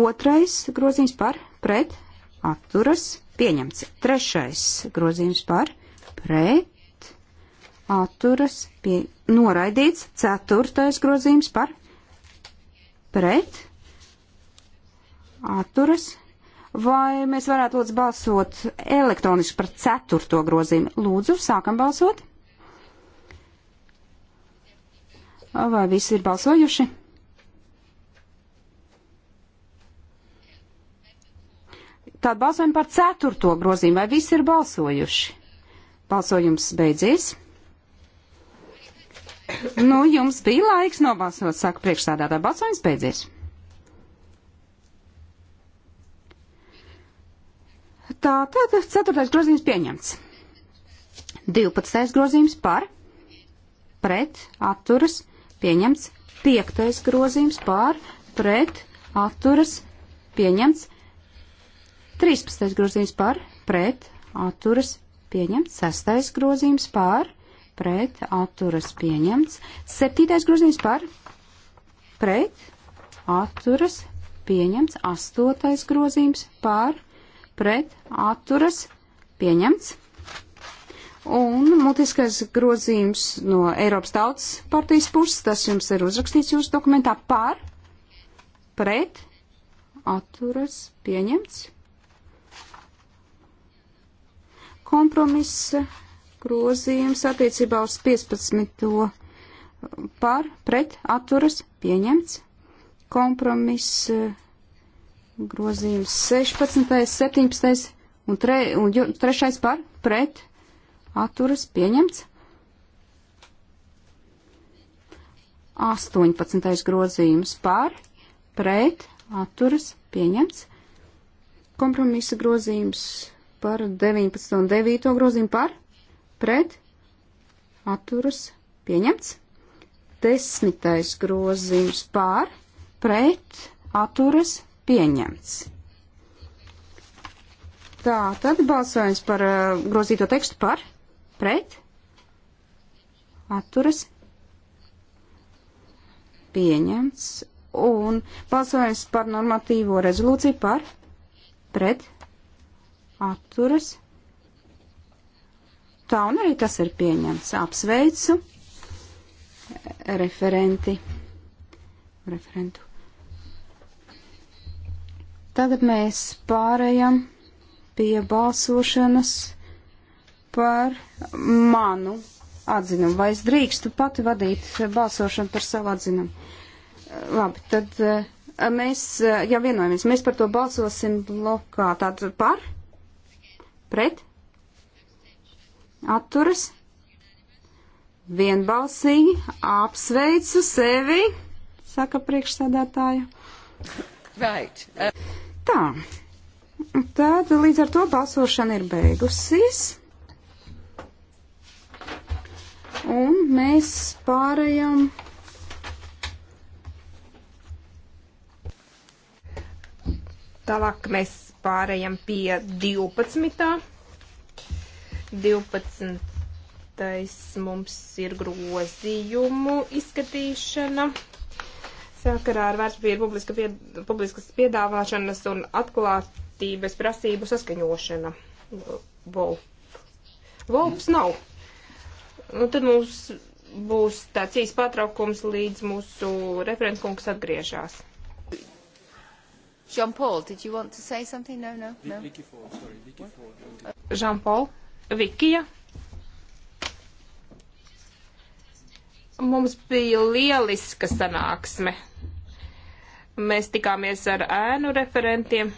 Otrais grozījums par, pret, atturas, pieņemts. Trešais grozījums par, pret, atturas pie noraidīts. Ceturtais grozījums par pret atturas. Vai mēs varētu lūdzu balsot elektroniski par ceturto grozījumu? Lūdzu, sākam balsot. Vai visi ir balsojuši? Tad balsojam par ceturto grozījumu. Vai visi ir balsojuši? Balsojums beidzies. Nu, jums bija laiks nobalsot, saka priekšstādātā. Balsojums beidzies. Tā tad ceturtais grozījums pieņemts. 12. grozījums par, pret, atturas, pieņemts. 5. grozījums par, pret, atturas, pieņemts. 13. grozījums par, pret, atturas, pieņemts. 6. grozījums par, pret, atturas pieņemts. Septītais grozījums par, pret, atturas pieņemts. Astotais grozījums par, pret, atturas pieņemts. Un mutiskais grozījums no Eiropas tautas partijas puses, tas jums ir uzrakstīts jūsu dokumentā par, pret, atturas pieņemts. Kompromiss grozījums attiecībā uz 15. par pret atturas pieņemts. Kompromiss eh, grozījums 16., 17. un, tre, un 3. par pret atturas pieņemts. 18. grozījums par pret atturas pieņemts. Kompromisa grozījums par 19. un 9. grozījumu par pret atturas pieņemts. Desmitais grozījums pār pret atturas pieņemts. Tā, tad balsojums par uh, grozīto tekstu par pret atturas pieņemts un balsojums par normatīvo rezolūciju par pret atturas pieņemts Tā un arī tas ir pieņemts. Apsveicu referenti. Referentu. Tagad mēs pārējam pie balsošanas par manu atzinumu. Vai es drīkstu pati vadīt balsošanu par savu atzinumu? Labi, tad eh, mēs eh, jau vienojamies. Mēs par to balsosim blokā. Tātad par? Pret? atturas vienbalsīgi apsveicu sevi, saka priekšsēdētāja. Right. Uh... Tā. Tad līdz ar to balsošana ir beigusies. Un mēs pārējām. Tālāk mēs pārējām pie 12. 12. mums ir grozījumu izskatīšana sakarā ar vērtspapīru publiska pied, publiskas piedāvāšanas un atklātības prasību saskaņošana. Volp. Volps nav. Nu, tad mums būs tāds īsts pārtraukums, līdz mūsu referentkungs atgriežas. Jean-Paul, did you want to say something? No, no, no. Vicky Ford, sorry, Vicky Ford. Jean-Paul? Vikija. Mums bija lieliska sanāksme. Mēs tikāmies ar ēnu referentiem.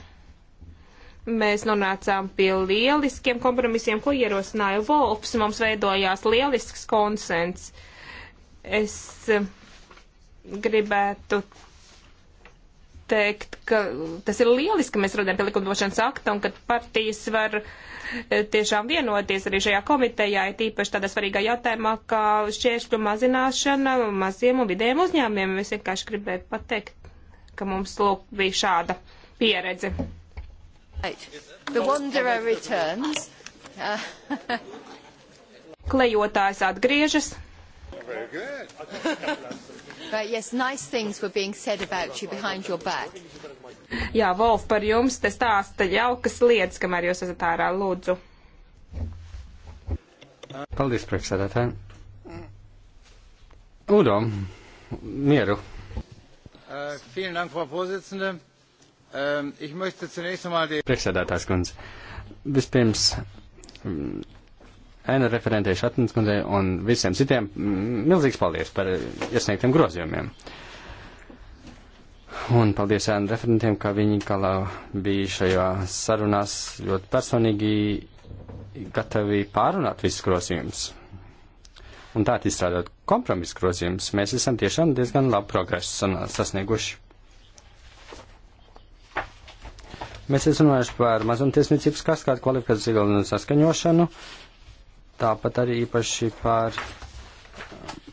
Mēs nonācām pie lieliskiem kompromisiem, ko ierosināja Volps. Mums veidojās lielisks konsens. Es gribētu teikt, ka tas ir lieliski, ka mēs rodam pie likumdošanas akta un ka partijas var e, tiešām vienoties arī šajā komitejā, ir tīpaši tādā svarīgā jautājumā, kā šķēršļu mazināšana maziem un vidējiem uzņēmumiem. Es vienkārši gribēju pateikt, ka mums lūk bija šāda pieredze. Klejotājs atgriežas. Very good. But yes, nice things were being said about you behind your back. Jā, Wolf, par jums te stāsta jaukas lietas, kamēr jūs esat ārā. Lūdzu. Paldies, priekšsēdētāji. Udo, mieru. Uh, vielen Dank, Frau Vorsitzende. Uh, ich möchte zunächst einmal die... Priekšsēdētājs kundze. Vispirms, mm, Ēna referentei Šatnes kundzei un visiem citiem milzīgs paldies par iesniegtiem grozījumiem. Un paldies ēnu referentiem, ka viņi kalā bija šajā sarunās ļoti personīgi gatavi pārunāt visus grozījumus. Un tā izstrādāt kompromisu grozījumus, mēs esam tiešām diezgan labu progresu sasnieguši. Mēs esam runājuši par mazumtiesniecības kaskādu kvalifikāciju un saskaņošanu, uh, tāpat arī īpaši par um,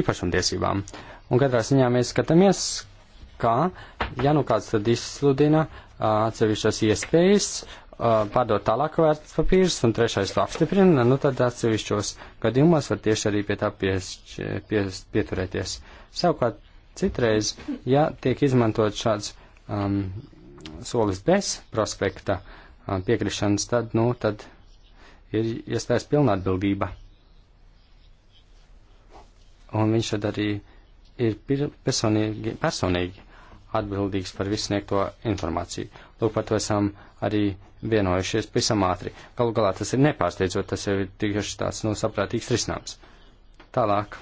īpašumtiesībām. Un katrā ziņā mēs skatāmies, kā, ja nu kāds tad izsludina uh, atsevišķas iespējas uh, pārdot tālāk vērts papīrs un trešais to apstiprina, nu tad atsevišķos gadījumos var tieši arī pie tā pies, pies, pieturēties. Savukārt, citreiz, ja tiek izmantot šāds um, solis bez prospekta piekrišanas, tad, nu, tad ir iestājas pilnā atbildība. Un viņš tad arī ir personīgi, personīgi atbildīgs par visu sniegto informāciju. Lūk, par to esam arī vienojušies pavisam ātri. Galu galā tas ir nepārsteidzot, tas jau ir tieši tāds, nu, saprātīgs risinājums. Tālāk.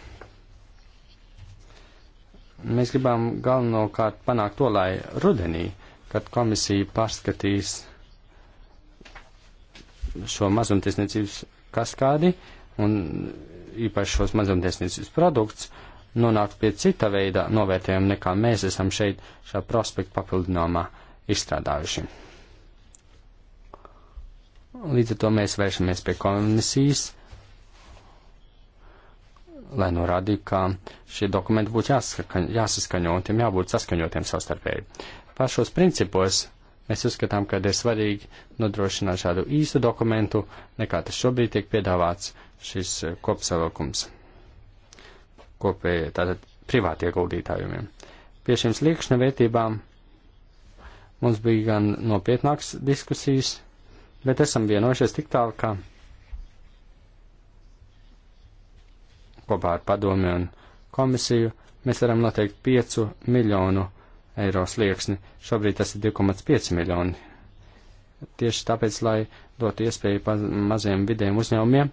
Mēs gribam galvenokārt panākt to, lai rudenī uh, kad komisija pārskatīs šo mazumtiesniecības kaskādi un īpaši šos mazumtiesniecības produktus, nonāk pie cita veida novērtējuma nekā mēs esam šeit šā prospekta papildinājumā izstrādājuši. Līdz ar to mēs vēršamies pie komisijas, lai norādītu, ka šie dokumenti būtu jāsaskaņo un tiem jābūt saskaņotiem savstarpēji. Pašos principos mēs uzskatām, ka ir svarīgi nodrošināt šādu īstu dokumentu, nekā tas šobrīd tiek piedāvāts šis eh, kopsavilkums kopēji tātad privāti ieguldītājumiem. Pie šiem sliekšņa vērtībām mums bija gan nopietnāks diskusijas, bet esam vienojušies tik tālu, ka kopā ar padomi un komisiju mēs varam noteikt 5 miljonu eiro slieksni. Šobrīd tas ir 2,5 miljoni. Tieši tāpēc, lai dotu iespēju maziem vidiem uzņēmumiem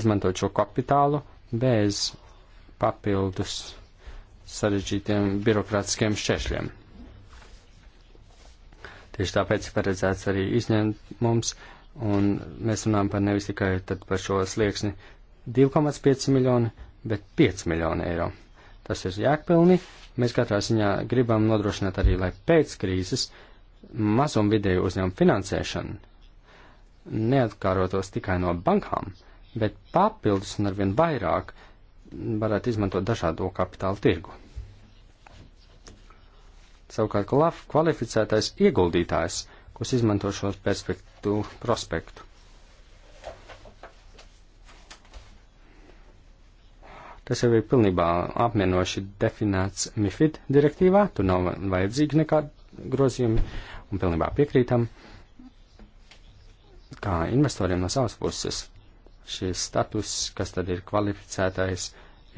izmantot šo kapitālu bez papildus sarežģītiem birokrātiskiem šķēršļiem. Tieši tāpēc ir paredzēts arī izņēmums, un mēs runājam par nevis tikai par šo slieksni 2,5 miljonu, bet 5 miljonu eiro. Tas ir jēgpilni. Mēs katrā ziņā gribam nodrošināt arī, lai pēc krīzes mazo un vidēju uzņēmumu finansēšana neatkārotos tikai no bankām, bet papildus un arvien vairāk varētu izmantot dažādo kapitālu tirgu. Savukārt kvalificētais ieguldītājs, kurš izmanto šo perspektu, prospektu, Tas jau ir pilnībā apmienoši definēts MIFID direktīvā, tur nav vajadzīgi nekādi grozījumi un pilnībā piekrītam. Kā investoriem no savas puses šis status, kas tad ir kvalificētais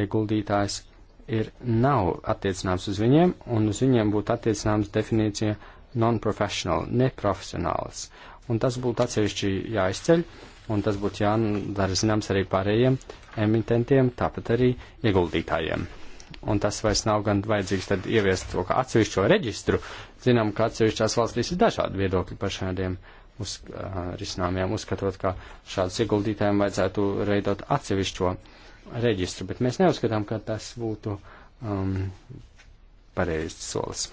ieguldītājs, ir nav attiecināms uz viņiem, un uz viņiem būtu attiecināms definīcija non-professional, neprofesionāls. Un tas būtu atsevišķi jāizceļ. Uh, un tas būtu jādara zināms arī pārējiem emitentiem, tāpat arī ieguldītājiem. Un tas vairs nav gan vajadzīgs tad ieviest to kā atsevišķo reģistru. Zinām, ka atsevišķās valstīs ir dažādi viedokļi par šādiem uz, uh, risinājumiem, uzskatot, ka šādus ieguldītājiem vajadzētu veidot atsevišķo reģistru, bet mēs neuzskatām, ka tas būtu um, pareizs solis.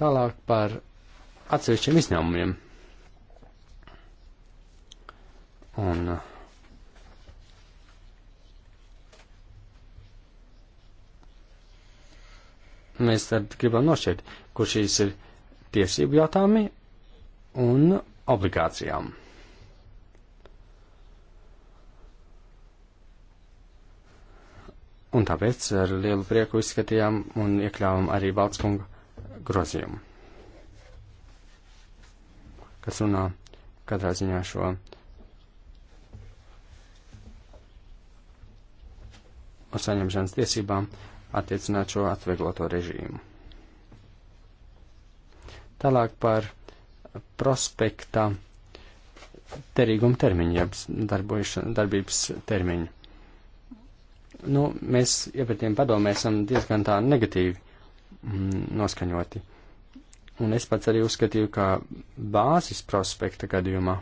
Tālāk par atsevišķiem izņēmumiem. Un uh, mēs tad gribam nošķirt, kur šīs ir tiesību jautājumi un obligācijām. Un tāpēc ar lielu prieku izskatījām un iekļāvām arī Baltskunga grozījumu, kas runā katrā ziņā šo uz saņemšanas tiesībām attiecināt šo atviegloto režīmu. Tālāk par prospekta derīguma termiņu, jeb darbības termiņu. Nu, mēs iepratiem padomē esam diezgan tā negatīvi mm, noskaņoti. Un es pats arī uzskatīju, ka bāzes prospekta gadījumā,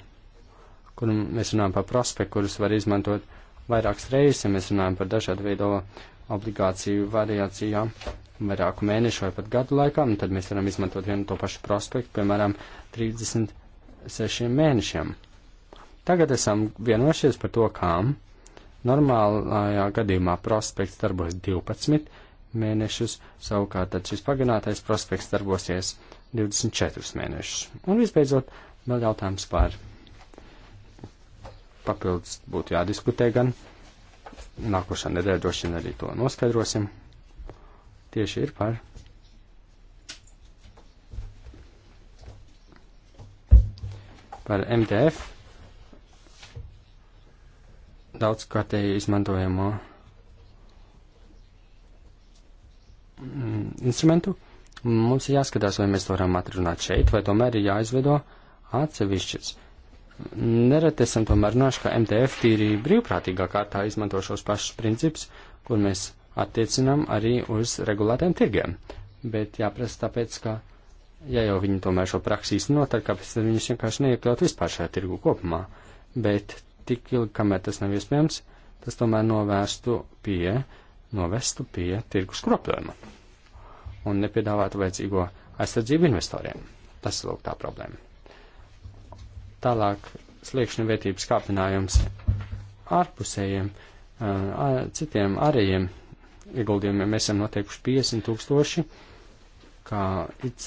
kur mēs runājam par prospektu, kurus var izmantot vairākas reizes, ja mēs runājam par dažādu veidu obligāciju variācijām, vairāku mēnešu vai pat gadu laikā, un nu, tad mēs varam izmantot vienu to pašu prospektu, piemēram, 36 mēnešiem. Tagad esam vienojušies par to, kām normālajā gadījumā prospekts darbojas 12 mēnešus, savukārt tad šis pagarinātais prospekts darbosies 24 mēnešus. Un visbeidzot, vēl jautājums par papildus būtu jādiskutē gan. Nākošā nedēļa droši vien arī to noskaidrosim. Tieši ir par. Par MTF daudzkārtēji izmantojamo mm, instrumentu. Mums ir jāskatās, vai mēs to varam atrunāt šeit, vai tomēr ir jāizveido atsevišķis Nereti esam pamarinājuši, ka MTF tīri brīvprātīgā kārtā izmanto šos pašus principus, kur mēs attiecinām arī uz regulētiem tirgiem. Bet jāprasa tāpēc, ka, ja jau viņi tomēr šo praksi īstenot, tad kāpēc tad viņus vienkārši neiekļaut vispār šajā tirgu kopumā? Bet tik ilgi, kamēr tas nav iespējams, tas tomēr novērstu pie, novestu pie tirgus kropļojuma un nepiedāvātu vajadzīgo aizsardzību investoriem. Tas ir lūk tā problēma. Tālāk sliekšņu vērtības kāpinājums ārpusējiem, citiem arējiem ieguldījumiem mēs esam noteikuši 50 tūkstoši kā IC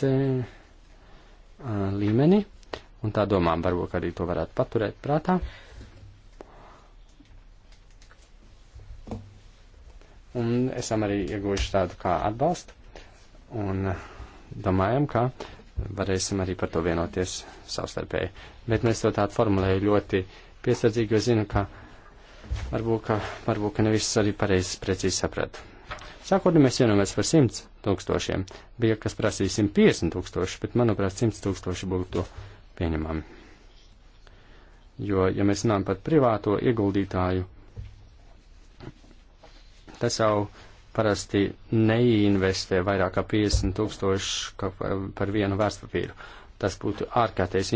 līmeni, un tā domām varbūt arī to varētu paturēt prātā. Un esam arī ieguvuši tādu kā atbalstu, un domājam, ka varēsim arī par to vienoties savstarpēji bet nu es to tādu formulēju ļoti piesardzīgi, jo zinu, ka varbūt, ka, varbūt, ka nevis arī pareizi precīzi sapratu. Sākotnēji mēs vienojamies par 100 tūkstošiem, bija, kas prasīja 150 tūkstoši, bet manuprāt 100 tūkstoši būtu pieņemami. Jo, ja mēs runājam par privāto ieguldītāju, tas jau parasti neinvestē vairāk kā 50 tūkstoši par vienu vērtspapīru. Tas būtu ārkārtējs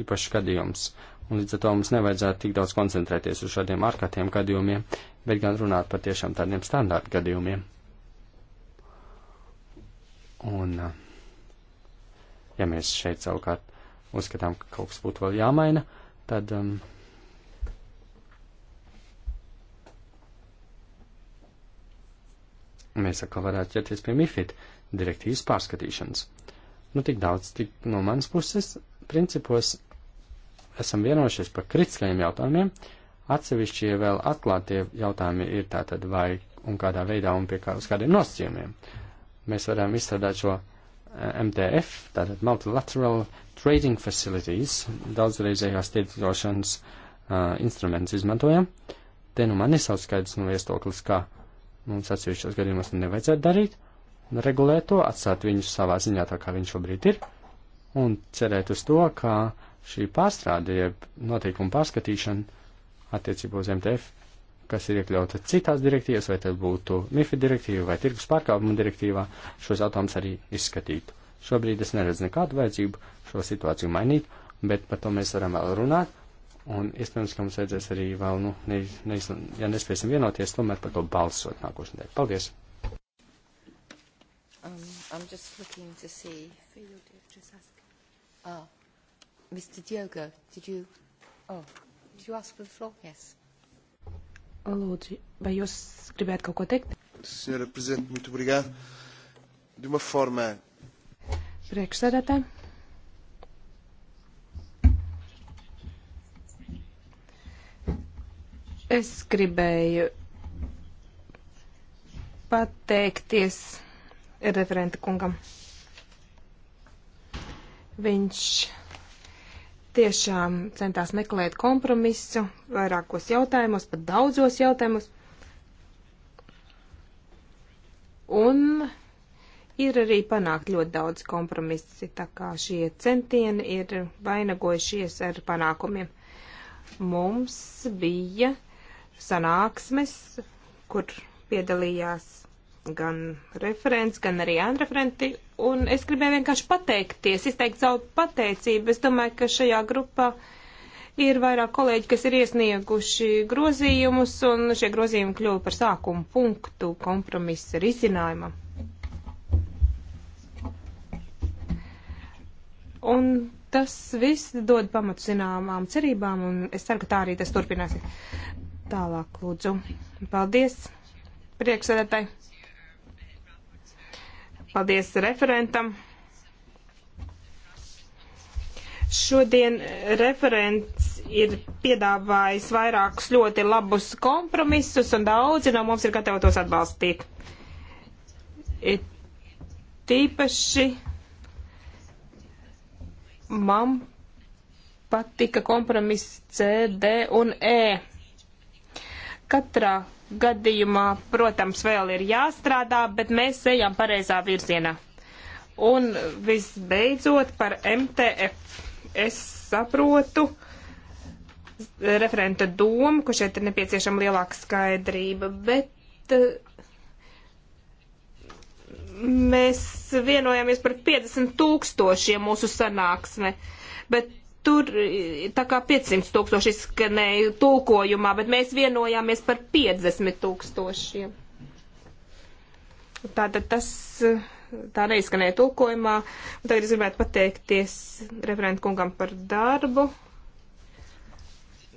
īpašs gadījums. Un līdz ar to mums nevajadzētu tik daudz koncentrēties uz šādiem ārkārtiem gadījumiem, bet gan runāt par tiešām tādiem standārta gadījumiem. Un, ja mēs šeit savukārt uzskatām, ka kaut kas būtu vēl jāmaina, tad. Um, mēs atkal varētu ķerties pie MIFID direktīvas pārskatīšanas. Nu, tik daudz, tik no manas puses, principos esam vienojušies par kritiskajiem jautājumiem. Atsevišķie vēl atklātie jautājumi ir tātad vai un kādā veidā un pie kā, uz kādiem nosacījumiem. Mēs varam izstrādāt šo eh, MTF, tātad Multilateral Trading Facilities, daudzreizējās tirdzniecības uh, instruments izmantojam. Te nu man ir savs skaidrs un viestoklis, kā mums atsevišķos gadījumos nevajadzētu darīt. Uh, regulēt to, atstāt viņus savā ziņā tā, kā viņš šobrīd ir, un cerēt uz to, ka šī pārstrāde, jeb noteikuma pārskatīšana attiecībā uz MTF, kas ir iekļauta citās direktīvas, vai tas būtu MIFI direktīva vai tirgus pārkāpuma direktīvā, šos jautājumus arī izskatītu. Šobrīd es neredzu nekādu vajadzību šo situāciju mainīt, bet par to mēs varam vēl runāt, un iespējams, ka mums vajadzēs arī vēl, nu, ne, ne, ja nespēsim vienoties, tomēr par to balsot nākošanai. Paldies! I'm just looking to see. Ah, Mr. Diogo, did you? Oh, did you ask for the floor? Yes. Oh, Lūdzu, vai jūs gribētu kaut ko teikt? Senhora Presidente, muito obrigado. De uma forma. Priekšsēdētāji. Es gribēju pateikties referenta kungam. Viņš tiešām centās meklēt kompromisu vairākos jautājumos, pat daudzos jautājumos. Un ir arī panākt ļoti daudz kompromisi, tā kā šie centieni ir vainagojušies ar panākumiem. Mums bija sanāksmes, kur piedalījās gan referents, gan arī anreferenti, un es gribēju vienkārši pateikties, izteikt savu pateicību. Es domāju, ka šajā grupā ir vairāk kolēģi, kas ir iesnieguši grozījumus, un šie grozījumi kļuva par sākumu punktu kompromisa risinājumam. Un tas viss dod pamatu zināmām cerībām, un es ceru, ka tā arī tas turpināsies. Tālāk, lūdzu. Paldies, priekšsēdētāji. Paldies referentam. Šodien referents ir piedāvājis vairākus ļoti labus kompromisus, un daudzi no mums ir gatavi tos atbalstīt. Ir tīpaši man patika kompromiss C, D un E. Katrā gadījumā, protams, vēl ir jāstrādā, bet mēs ejam pareizā virzienā. Un visbeidzot par MTF. Es saprotu referenta domu, ka šeit ir nepieciešama lielāka skaidrība, bet eh, mēs vienojamies par 50 tūkstošiem mūsu sanāksme, bet tur eh, tā kā 500 tūkstoši izskanēja tulkojumā, bet mēs vienojāmies par 50 tūkstošiem. Tātad tas eh, tā neizskanēja tulkojumā. Un tagad es gribētu pateikties referentu kungam par darbu.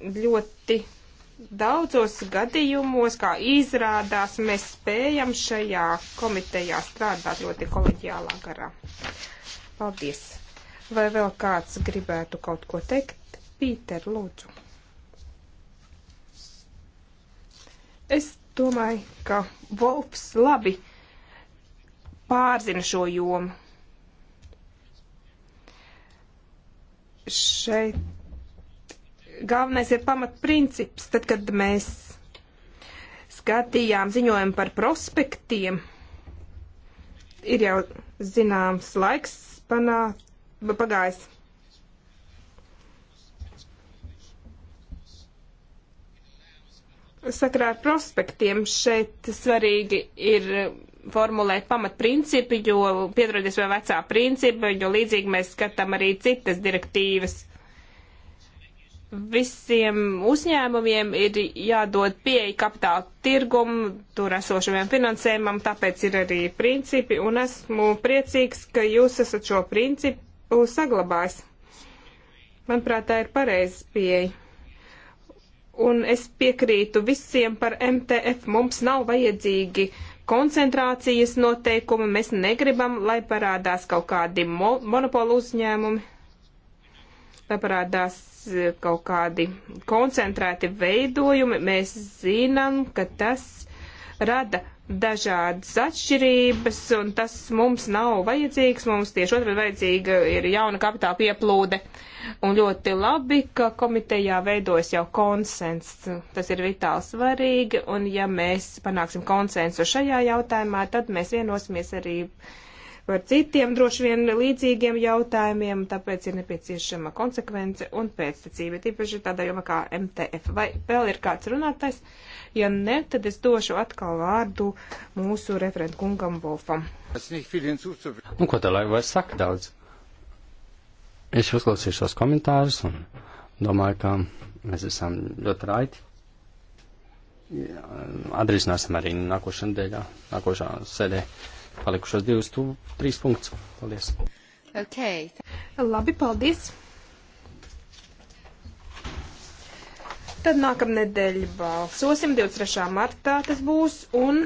Ļoti daudzos gadījumos, kā izrādās, mēs spējam šajā komitejā strādāt ļoti koleģiālā garā. Paldies! Vai vēl kāds gribētu kaut ko teikt? Pīter, lūdzu. Es domāju, ka Volfs labi pārzina šo jomu. Šeit galvenais ir pamatprincips. Tad, kad mēs skatījām ziņojumu par prospektiem, ir jau zināms laiks panākt pagājis. Sakrā ar prospektiem šeit svarīgi ir formulēt pamatprincipi, jo piedarboties vēl vecā principa, jo līdzīgi mēs skatām arī citas direktīvas. Visiem uzņēmumiem ir jādod pieeja kapitāla tirgumu, tur esošajiem finansējumam, tāpēc ir arī principi, un esmu priecīgs, ka jūs esat šo principu saglabās. Manuprāt, tā ir pareizes pieeja. Un es piekrītu visiem par MTF. Mums nav vajadzīgi koncentrācijas noteikumi. Mēs negribam, lai parādās kaut kādi mo monopolu uzņēmumi, lai parādās eh, kaut kādi koncentrēti veidojumi. Mēs zinām, ka tas rada dažādas atšķirības, un tas mums nav vajadzīgs. Mums tieši otrādi vajadzīga ir jauna kapitāla pieplūde. Un ļoti labi, ka komitejā veidojas jau konsens. Tas ir vitāli svarīgi, un ja mēs panāksim konsensu šajā jautājumā, tad mēs vienosimies arī par citiem droši vien līdzīgiem jautājumiem, tāpēc ir nepieciešama konsekvence un pēctecība, tīpaši tādā jomā kā MTF. Vai vēl ir kāds runātais? Uh, Ja ne, tad es došu atkal vārdu mūsu referentu kungam Volfam. Nu, ko te lai vairs saka daudz? Es uzklausīju šos komentārus un domāju, ka mēs esam ļoti raiti. Atrisināsim arī nākošā nedēļā, nākošā sēdē palikušos divus, tu, trīs punktus. Paldies. Okay. Labi, paldies. Tad nākamnedēļ balsosim, 23. martā tas būs, un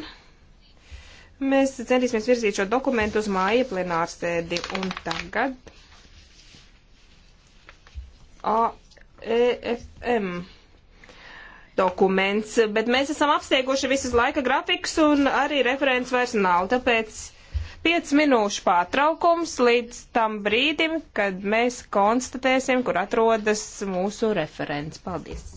mēs centīsimies virzīt šo dokumentu uz māja plenārsēdi. Un tagad AEFM dokuments, bet mēs esam apsteiguši visas laika grafikas un arī referents vairs nav, tāpēc 5 minūšu pārtraukums līdz tam brīdim, kad mēs konstatēsim, kur atrodas mūsu referents. Paldies!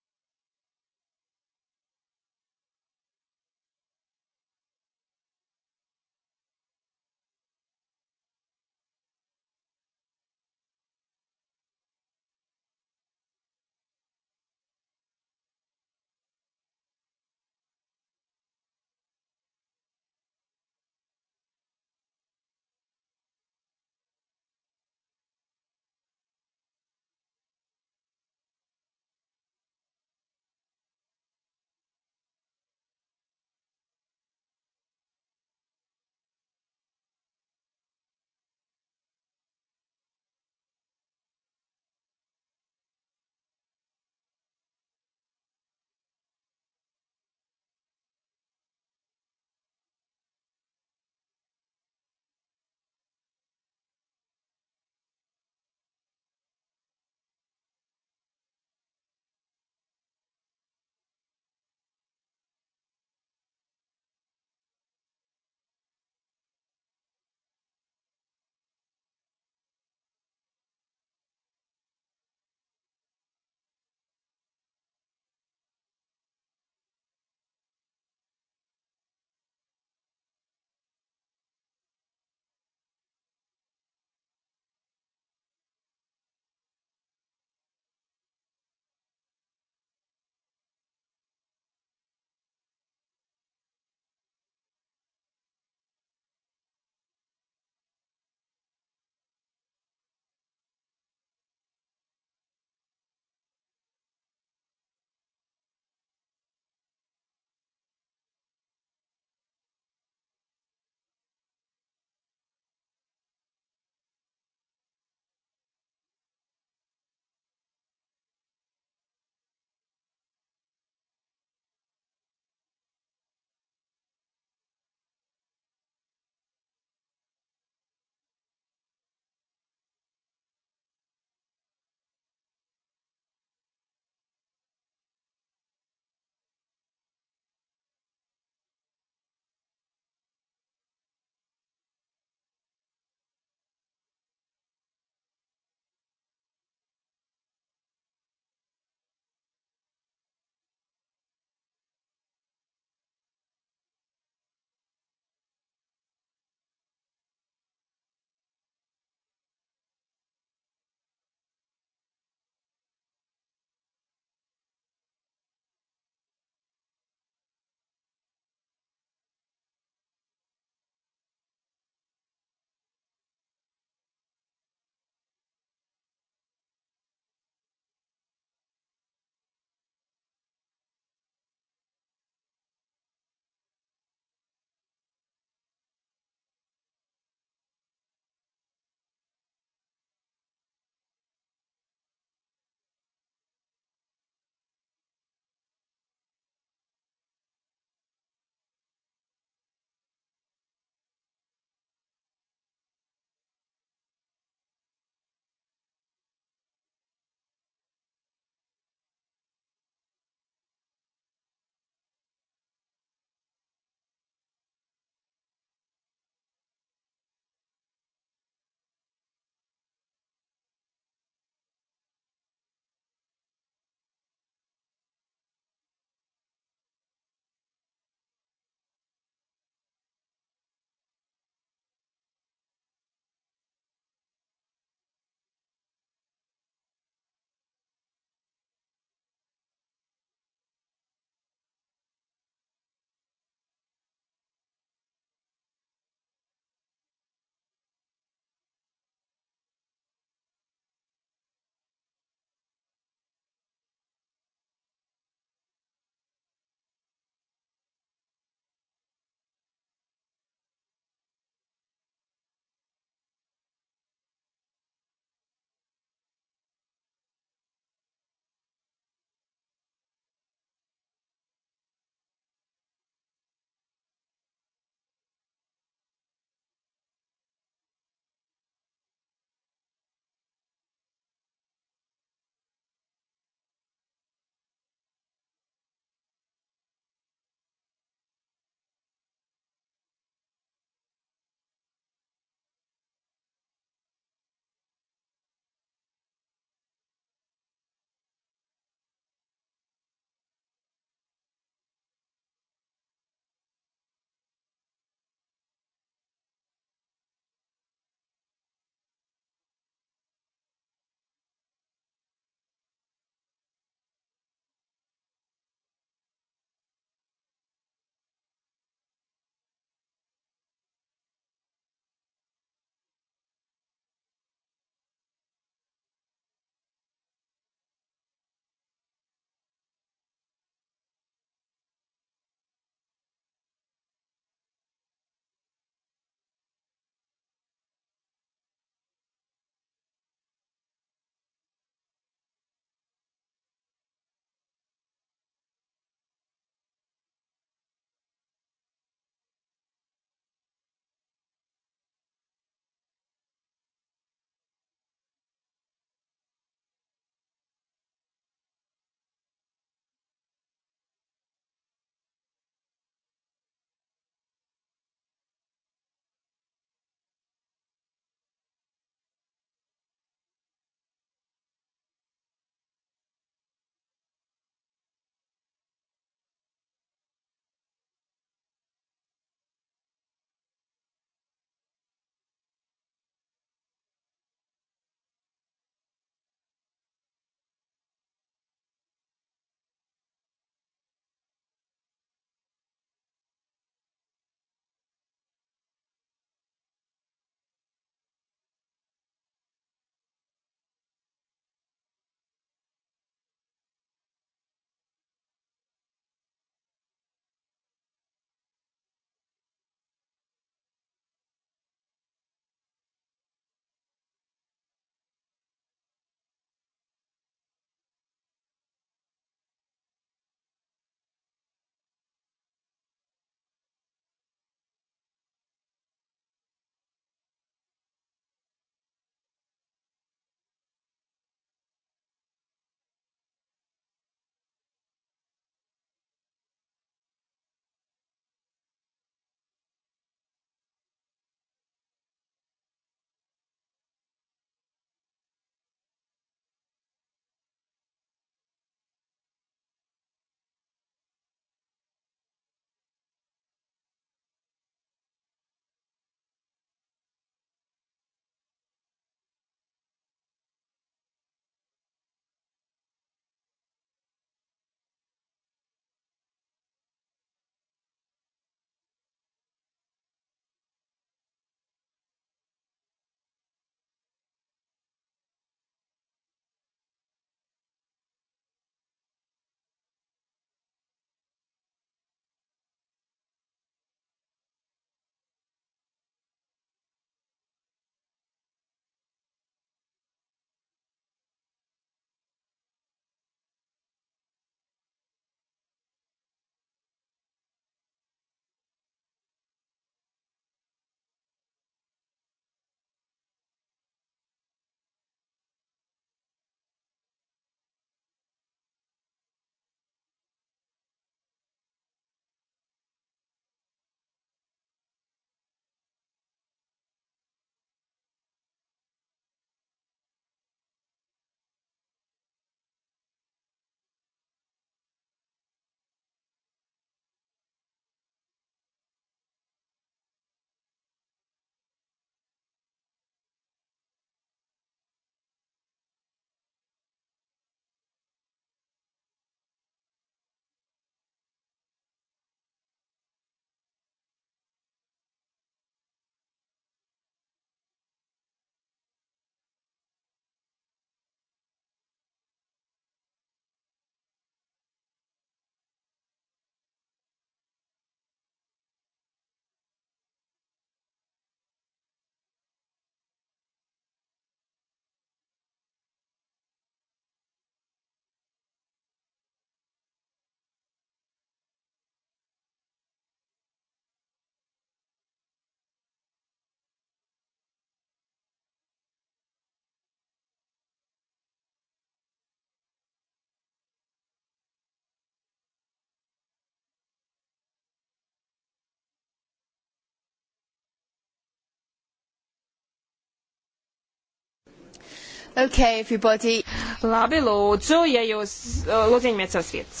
Okay, everybody. Labi, lūdzu, ja jūs uh, lūdzu ņemiet savas vietas.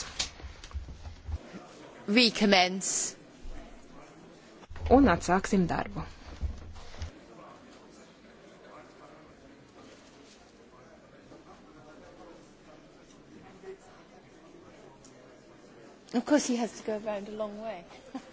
Recommence. Un atsāksim darbu. Of course, he has to go around a long way.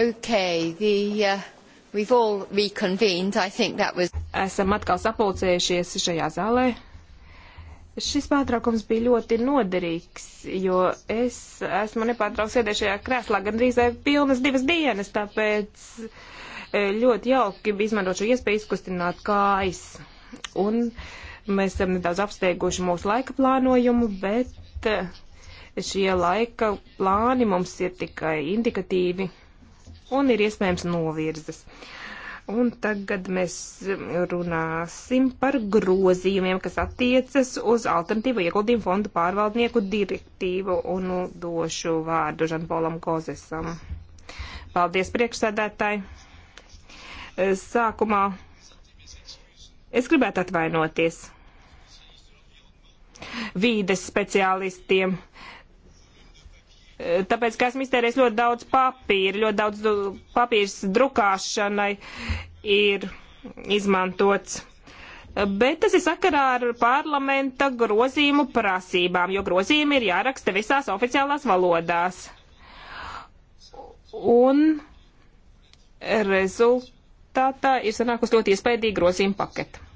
Okay, the, uh, we've all reconvened. I think that was... Esam atkal sapulcējušies šajā zālē. Šis pārtraukums bija ļoti noderīgs, jo es esmu nepārtraukts sēdēju šajā krēslā gandrīz pilnas divas dienas, tāpēc eh, ļoti jauki bija izmantot šo iespēju izkustināt kājas. Un mēs esam nedaudz apsteiguši mūsu laika plānojumu, bet eh, šie laika plāni mums ir tikai indikatīvi un ir iespējams novirzes. Un tagad mēs runāsim par grozījumiem, kas attiecas uz alternatīvo ieguldījumu fondu pārvaldnieku direktīvu un nu došu vārdu Žanpolam Kozesam. Paldies priekšsēdētāji. Sākumā es gribētu atvainoties vīdes speciālistiem tāpēc, ka esmu iztērējis ļoti daudz papīra, ļoti daudz papīrs drukāšanai ir izmantots. Bet tas ir sakarā ar parlamenta grozījumu prasībām, jo grozījumi ir jāraksta visās oficiālās valodās. Un rezultātā ir sanākusi ļoti iespaidīga grozījuma paketa.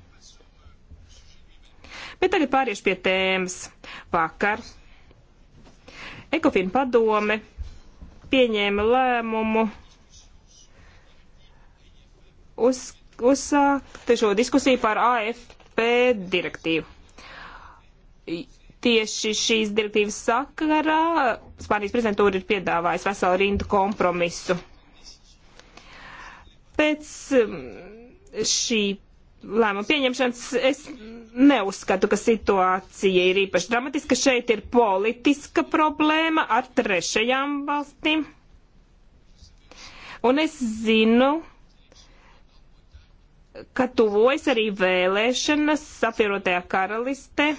Bet tagad pāriešu pie tēmas. Vakar Ekofin padome pieņēma lēmumu uz, uzsākt šo diskusiju par AFP direktīvu. Tieši šīs direktīvas sakarā Spānijas prezidentūra ir piedāvājusi veselu rindu kompromisu. Pēc um, šī lēmumu pieņemšanas, es neuzskatu, ka situācija ir īpaši dramatiska. Šeit ir politiska problēma ar trešajām valstīm. Un es zinu, ka tuvojas arī vēlēšanas apvienotajā karaliste,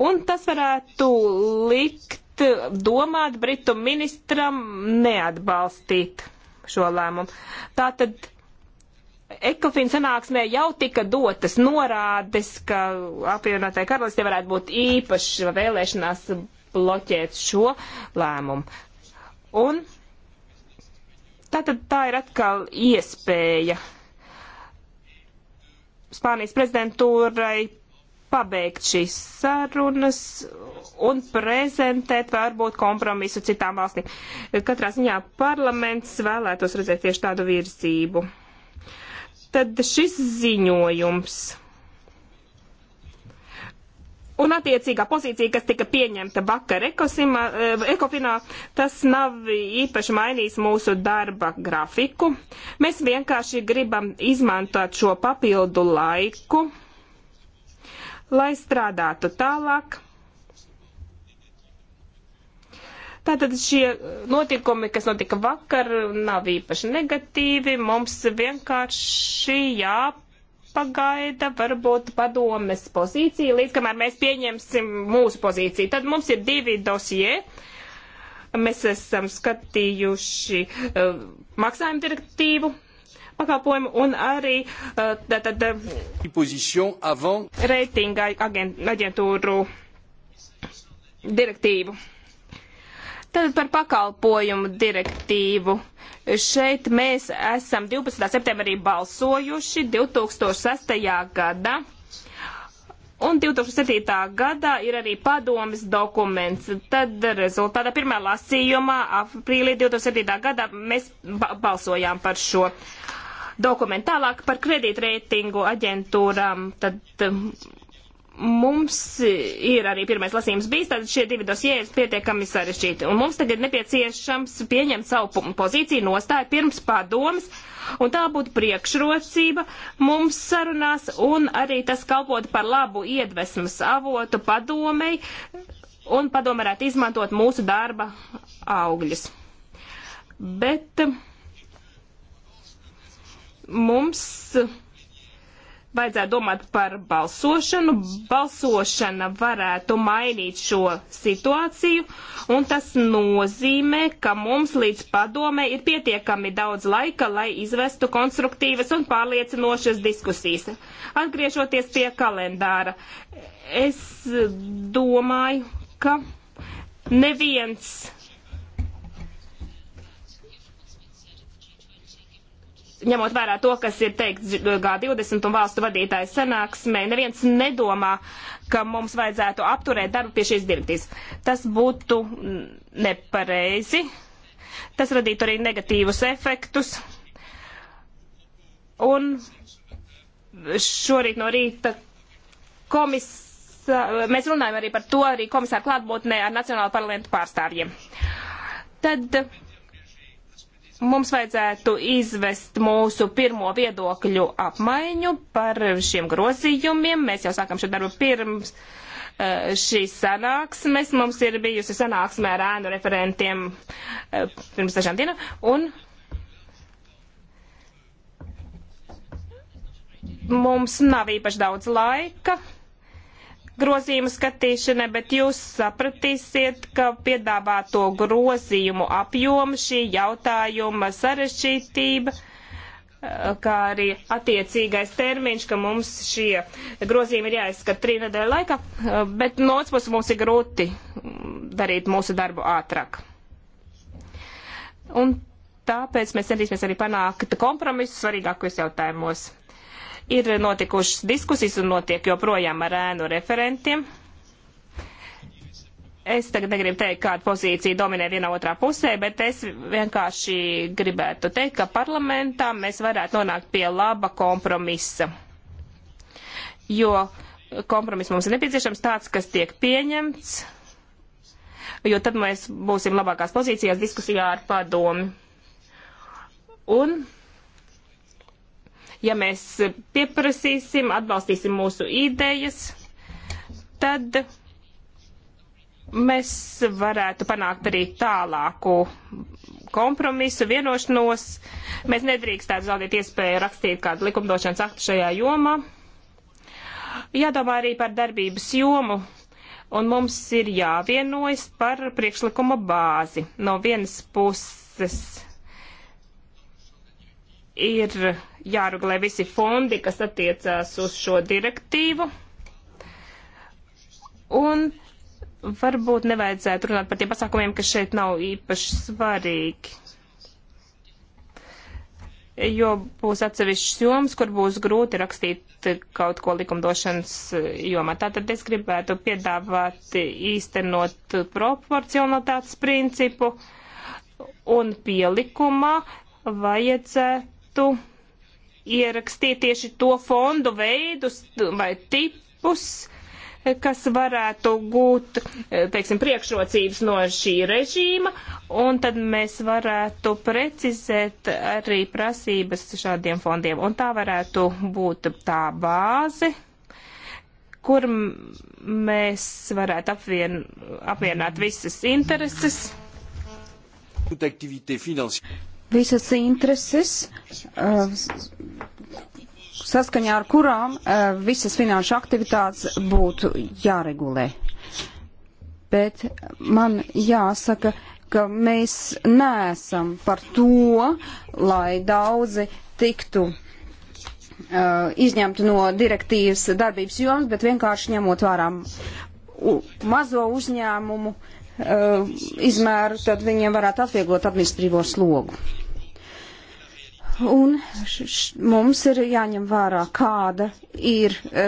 un tas varētu likt domāt Britu ministram neatbalstīt šo lēmumu. Tātad Ekofin sanāksmē jau tika dotas norādes, ka apvienotai karalistē varētu būt īpaša vēlēšanās bloķēt šo lēmumu. Un tātad tā ir atkal iespēja Spānijas prezidentūrai pabeigt šīs sarunas un prezentēt varbūt kompromisu citām valstīm. Katrā ziņā parlaments vēlētos redzēt tieši tādu virzību tad šis ziņojums un attiecīgā pozīcija, kas tika pieņemta vakar ekosimā, eh, ekofinā, tas nav īpaši mainījis mūsu darba grafiku. Mēs vienkārši gribam izmantot šo papildu laiku, lai strādātu tālāk Tātad šie notikumi, kas notika vakar, nav īpaši negatīvi. Mums vienkārši jāpagaida varbūt padomes pozīcija, līdz kamēr mēs pieņemsim mūsu pozīciju. Tad mums ir divi dosie. Mēs esam skatījuši uh, maksājumu direktīvu, pakalpojumu un arī eh, tātad eh, reitinga aģentūru direktīvu. Tad par pakalpojumu direktīvu. Šeit mēs esam 12. septembrī balsojuši 2006. gada. Un 2007. gadā ir arī padomis dokuments. Tad rezultātā pirmā lasījumā aprīlī 2007. gadā mēs ba balsojām par šo dokumentu. Tālāk par kredītreitingu aģentūrām. Tad mums ir arī pirmais lasījums bijis, tad šie divi dosie ir pietiekami sarežģīti. Un mums tagad nepieciešams pieņemt savu pozīciju nostāju pirms padomas, un tā būtu priekšrocība mums sarunās, un arī tas kalpot par labu iedvesmas avotu padomei, un padome varētu izmantot mūsu darba augļus. Bet mums vajadzētu domāt par balsošanu. Balsošana varētu mainīt šo situāciju, un tas nozīmē, ka mums līdz padomē ir pietiekami daudz laika, lai izvestu konstruktīvas un pārliecinošas diskusijas. Atgriežoties pie kalendāra, es domāju, ka neviens ņemot vērā to, kas ir teikts G20 un valstu vadītāju sanāksmē, neviens nedomā, ka mums vajadzētu apturēt darbu pie šīs direktīvas. Tas būtu nepareizi. Tas radītu arī negatīvus efektus. Un šorīt no rīta komisā, mēs runājam arī par to, arī komisāra klātbūtnē ar Nacionālo parlamentu pārstāvjiem. Tad uh, mums vajadzētu izvest mūsu pirmo viedokļu apmaiņu par šiem grozījumiem. Mēs jau sākam šo darbu pirms eh, šīs sanāksmes. Mums ir bijusi sanāksme ar ēnu referentiem eh, pirms dažām dienām. Un mums nav īpaši daudz laika grozījumu skatīšanai, bet jūs sapratīsiet, ka piedāvāto grozījumu apjomu šī jautājuma sarežģītība eh, kā arī attiecīgais termiņš, ka mums šie grozījumi ir jāizskata trīs nedēļu laikā, eh, bet no otras puses mums ir grūti mm, darīt mūsu darbu ātrāk. Un tāpēc mēs centīsimies arī panākt kompromisu svarīgākos jautājumos. Ir notikušas diskusijas un notiek joprojām ar ēnu referentiem. Es tagad negribu teikt, kāda pozīcija dominē vienā otrā pusē, bet es vienkārši gribētu teikt, ka parlamentā mēs varētu nonākt pie laba kompromisa. Jo kompromiss mums ir nepieciešams tāds, kas tiek pieņemts, jo tad mēs būsim labākās pozīcijās diskusijā ar padomi. Un ja mēs pieprasīsim, atbalstīsim mūsu idejas, tad mēs varētu panākt arī tālāku kompromisu, vienošanos. Mēs nedrīkstētu zaudēt iespēju rakstīt kādu likumdošanas aktu šajā jomā. Jādomā arī par darbības jomu, un mums ir jāvienojas par priekšlikuma bāzi. No vienas puses ir jāregulē visi fondi, kas attiecās uz šo direktīvu. Un varbūt nevajadzētu runāt par tiem pasākumiem, kas šeit nav īpaši svarīgi. Jo būs atsevišķas jomas, kur būs grūti rakstīt kaut ko likumdošanas jomā. Tātad es gribētu piedāvāt īstenot proporcionalitātes principu un pielikumā vajadzētu ierakstīt tieši to fondu veidus vai tipus, kas varētu gūt, teiksim, priekšrocības no šī režīma, un tad mēs varētu precizēt arī prasības šādiem fondiem. Un tā varētu būt tā bāze, kur mēs varētu apvien, apvienāt visas intereses visas intereses, uh, saskaņā ar kurām uh, visas finanšu aktivitātes būtu jāregulē. Bet man jāsaka, ka mēs neesam par to, lai daudzi tiktu uh, izņemti no direktīvas darbības jomas, bet vienkārši ņemot vērā mazo uzņēmumu uh, Uh, izmēru, tad viņiem varētu atvieglot administrīvo slogu. Un š, š, mums ir jāņem vērā, kāda ir e,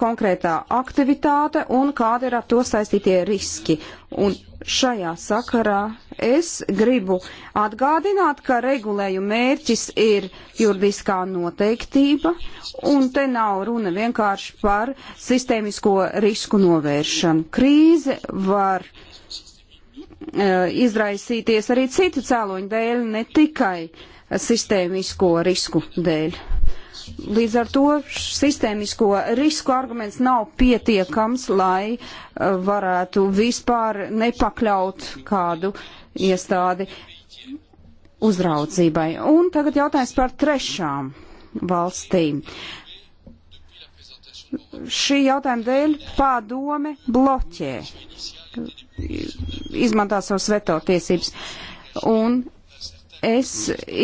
konkrētā aktivitāte un kāda ir ar to saistītie riski. Un šajā sakarā es gribu atgādināt, ka regulēju mērķis ir juridiskā noteiktība, un te nav runa vienkārši par sistēmisko risku novēršanu. Krīze var uh, Eh, izraisīties arī citu cēloņu dēļ, ne tikai sistēmisko risku dēļ. Līdz ar to sistēmisko risku arguments nav pietiekams, lai eh, varētu vispār nepakļaut kādu iestādi uzraudzībai. Un tagad jautājums par trešām valstīm. Šī jautājuma dēļ padome bloķē izmantā savas veto tiesības. Un es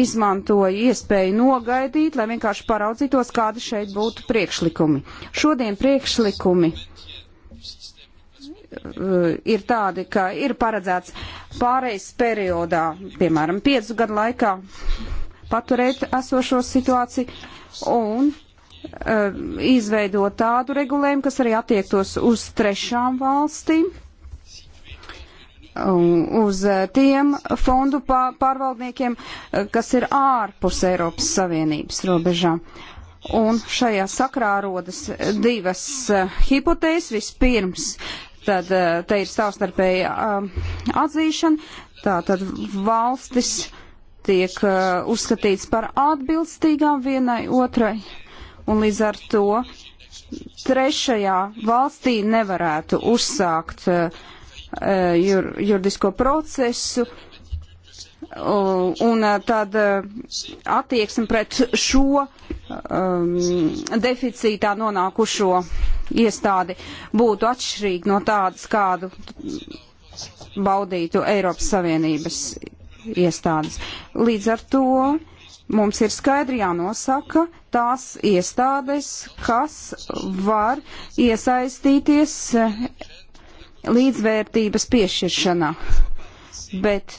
izmantoju iespēju nogaidīt, lai vienkārši paraudzītos, kādi šeit būtu priekšlikumi. Šodien priekšlikumi uh, ir tādi, ka ir paredzēts pārejas periodā, piemēram, piecu gadu laikā paturēt esošo situāciju un uh, izveidot tādu regulējumu, kas arī attiektos uz trešām valstīm Um, uz uh, tiem fondu pārvaldniekiem, uh, kas ir ārpus Eiropas Savienības robežām. Un šajā sakrā rodas divas uh, hipotēzes. Vispirms, tad te ir savstarpēja um, atzīšana, tātad valstis tiek uzskatīts par atbilstīgām vienai otrai, un līdz ar to trešajā valstī nevarētu uzsākt uh, Eh, jur, juridisko procesu. Un eh, tad eh, attieksme pret šo um, deficītā nonākušo iestādi būtu atšķirīga no tādas, kādu baudītu Eiropas Savienības iestādes. Līdz ar to mums ir skaidri jānosaka tās iestādes, kas var iesaistīties līdzvērtības piešķiršanā. Bet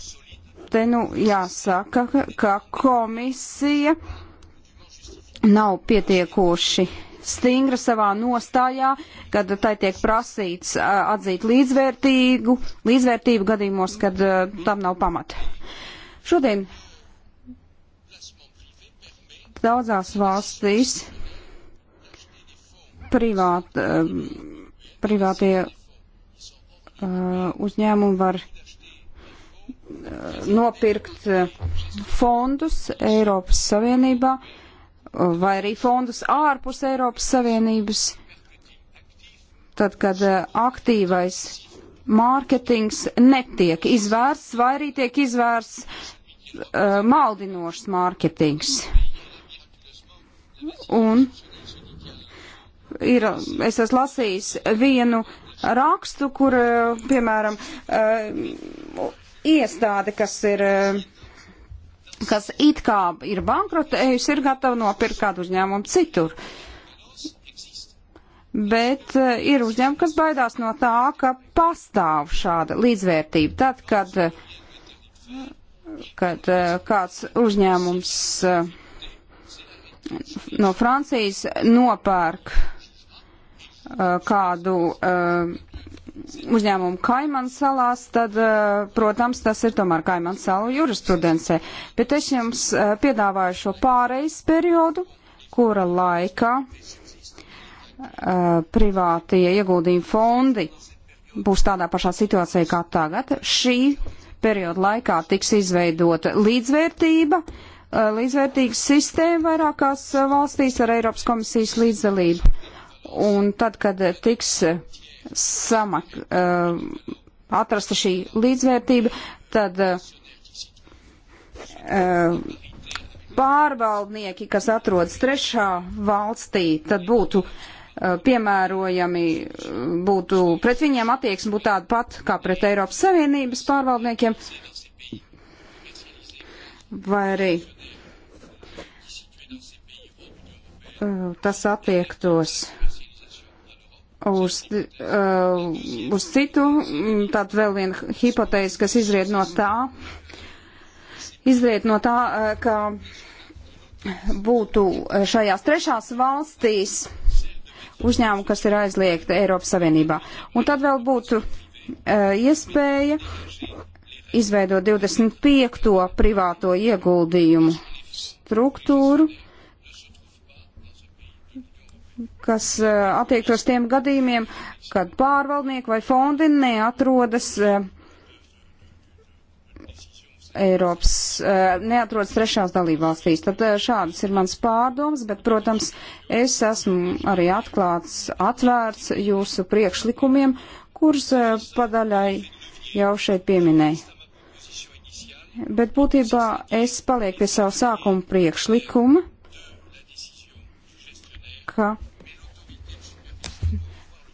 te nu jāsaka, ka komisija nav pietiekoši stingra savā nostājā, kad tai tiek prasīts atzīt līdzvērtīgu, līdzvērtību gadījumos, kad tam nav pamata. Šodien daudzās valstīs privāt, privātie Eh, uzņēmumi var eh, nopirkt eh, fondus Eiropas Savienībā vai arī fondus ārpus Eiropas Savienības. Tad, kad aktīvais mārketings netiek izvērsts vai arī tiek izvērsts uh, maldinošs mārketings. Un ir, es esmu lasījis vienu uh, rakstu, kur, eh, piemēram, eh, iestāde, kas ir eh, kas it kā ir bankrotējusi, ir gatava nopirkt kādu uzņēmumu citur. Bet ir uzņēmumi, kas baidās no tā, ka pastāv šāda līdzvērtība. Tad, kad, kad kāds uzņēmums no Francijas nopērk Eh, kādu eh, uzņēmumu Kaimanu salās, tad, eh, protams, tas ir tomēr Kaimanu salu jurisprudencē. Bet es jums piedāvāju šo pārejas periodu, kura laikā privātie ieguldījumi fondi būs tādā pašā situācijā kā tagad. Šī perioda laikā tiks izveidota līdzvērtība, līdzvērtīga sistēma vairākās valstīs ar Eiropas komisijas līdzdalību Un tad, kad tiks samak, uh, atrasta šī līdzvērtība, tad uh, pārvaldnieki, kas atrodas trešā valstī, tad būtu uh, piemērojami, būtu pret viņiem attieksme būtu tāda pat kā pret Eiropas Savienības pārvaldniekiem, vai arī tas attiektos uz, uh, uz citu, mm, tad vēl viena hipotēze, kas izriet no tā, izriet no tā, uh, ka būtu šajās trešās valstīs uzņēmumu, kas ir aizliegta Eiropas Savienībā. Un tad vēl būtu uh, iespēja izveidot 25. privāto ieguldījumu struktūru kas eh, attiektos tiem gadījumiem, kad pārvaldnieki vai fondi neatrodas eh, Eiropas, eh, neatrodas trešās dalībvalstīs. Tad šādas ir mans pārdoms, bet, protams, es esmu arī atklāts, atvērts jūsu priekšlikumiem, kurus padaļai jau šeit pieminēju. Bet būtībā es palieku pie savu sākumu priekšlikumu ka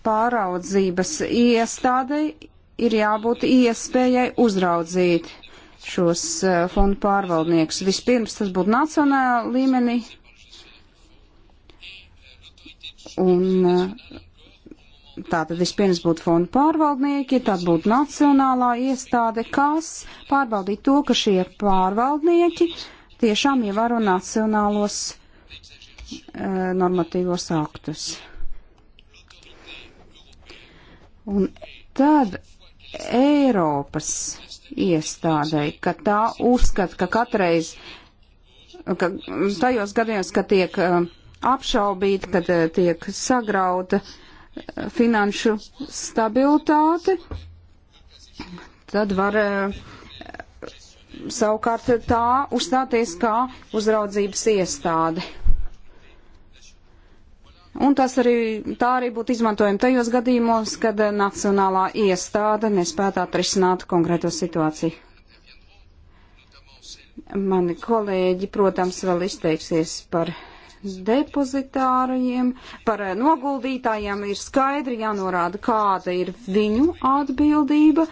pāraudzības iestādei ir jābūt iespējai uzraudzīt šos eh, fondu pārvaldniekus. Vispirms tas būtu nacionālā līmenī, un eh, tātad vispirms būtu fondu pārvaldnieki, tad būtu nacionālā iestāde, kas pārbaudītu to, ka šie pārvaldnieki tiešām ievēro nacionālos Eh, normatīvos aktus. Un tad Eiropas iestādei, ka tā uzskata, ka katreiz, ka tajos gadījumos, kad tiek eh, apšaubīta, kad eh, tiek sagrauta finanšu stabilitāte, tad var savukārt tā uzstāties kā uzraudzības iestāde Un tas arī, tā arī būtu izmantojama tajos gadījumos, kad nacionālā iestāde nespētu atrisināt konkrēto situāciju. Mani kolēģi, protams, vēl izteiksies par depozitāriem, par noguldītājiem ir skaidri jānorāda, kāda ir viņu atbildība.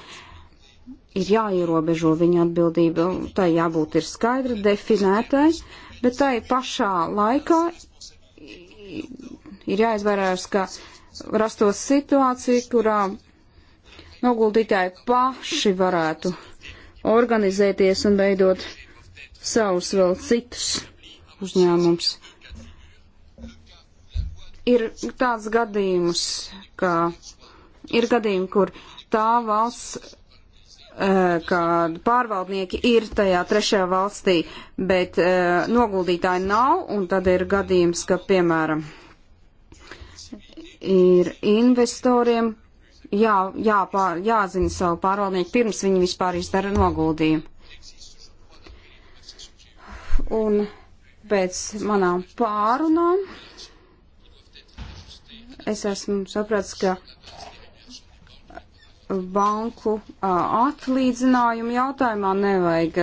Ir jāierobežo viņa atbildība, tai jābūt ir skaidri definētai, bet tai pašā laikā ir jāizvairās, ka rastos situācija, kurā noguldītāji paši varētu organizēties un veidot savus vēl citus uzņēmumus. Ir tāds gadījums, ka ir gadījumi, kur tā valsts, eh, kā pārvaldnieki ir tajā trešajā valstī, bet eh, noguldītāji nav, un tad ir gadījums, ka, piemēram, ir investoriem jā, jāpār, jāzina savu pārvaldnieku pirms viņi vispār izdara noguldījumu. Un pēc manām pārunām es esmu sapratis, ka banku atlīdzinājumu jautājumā nevajag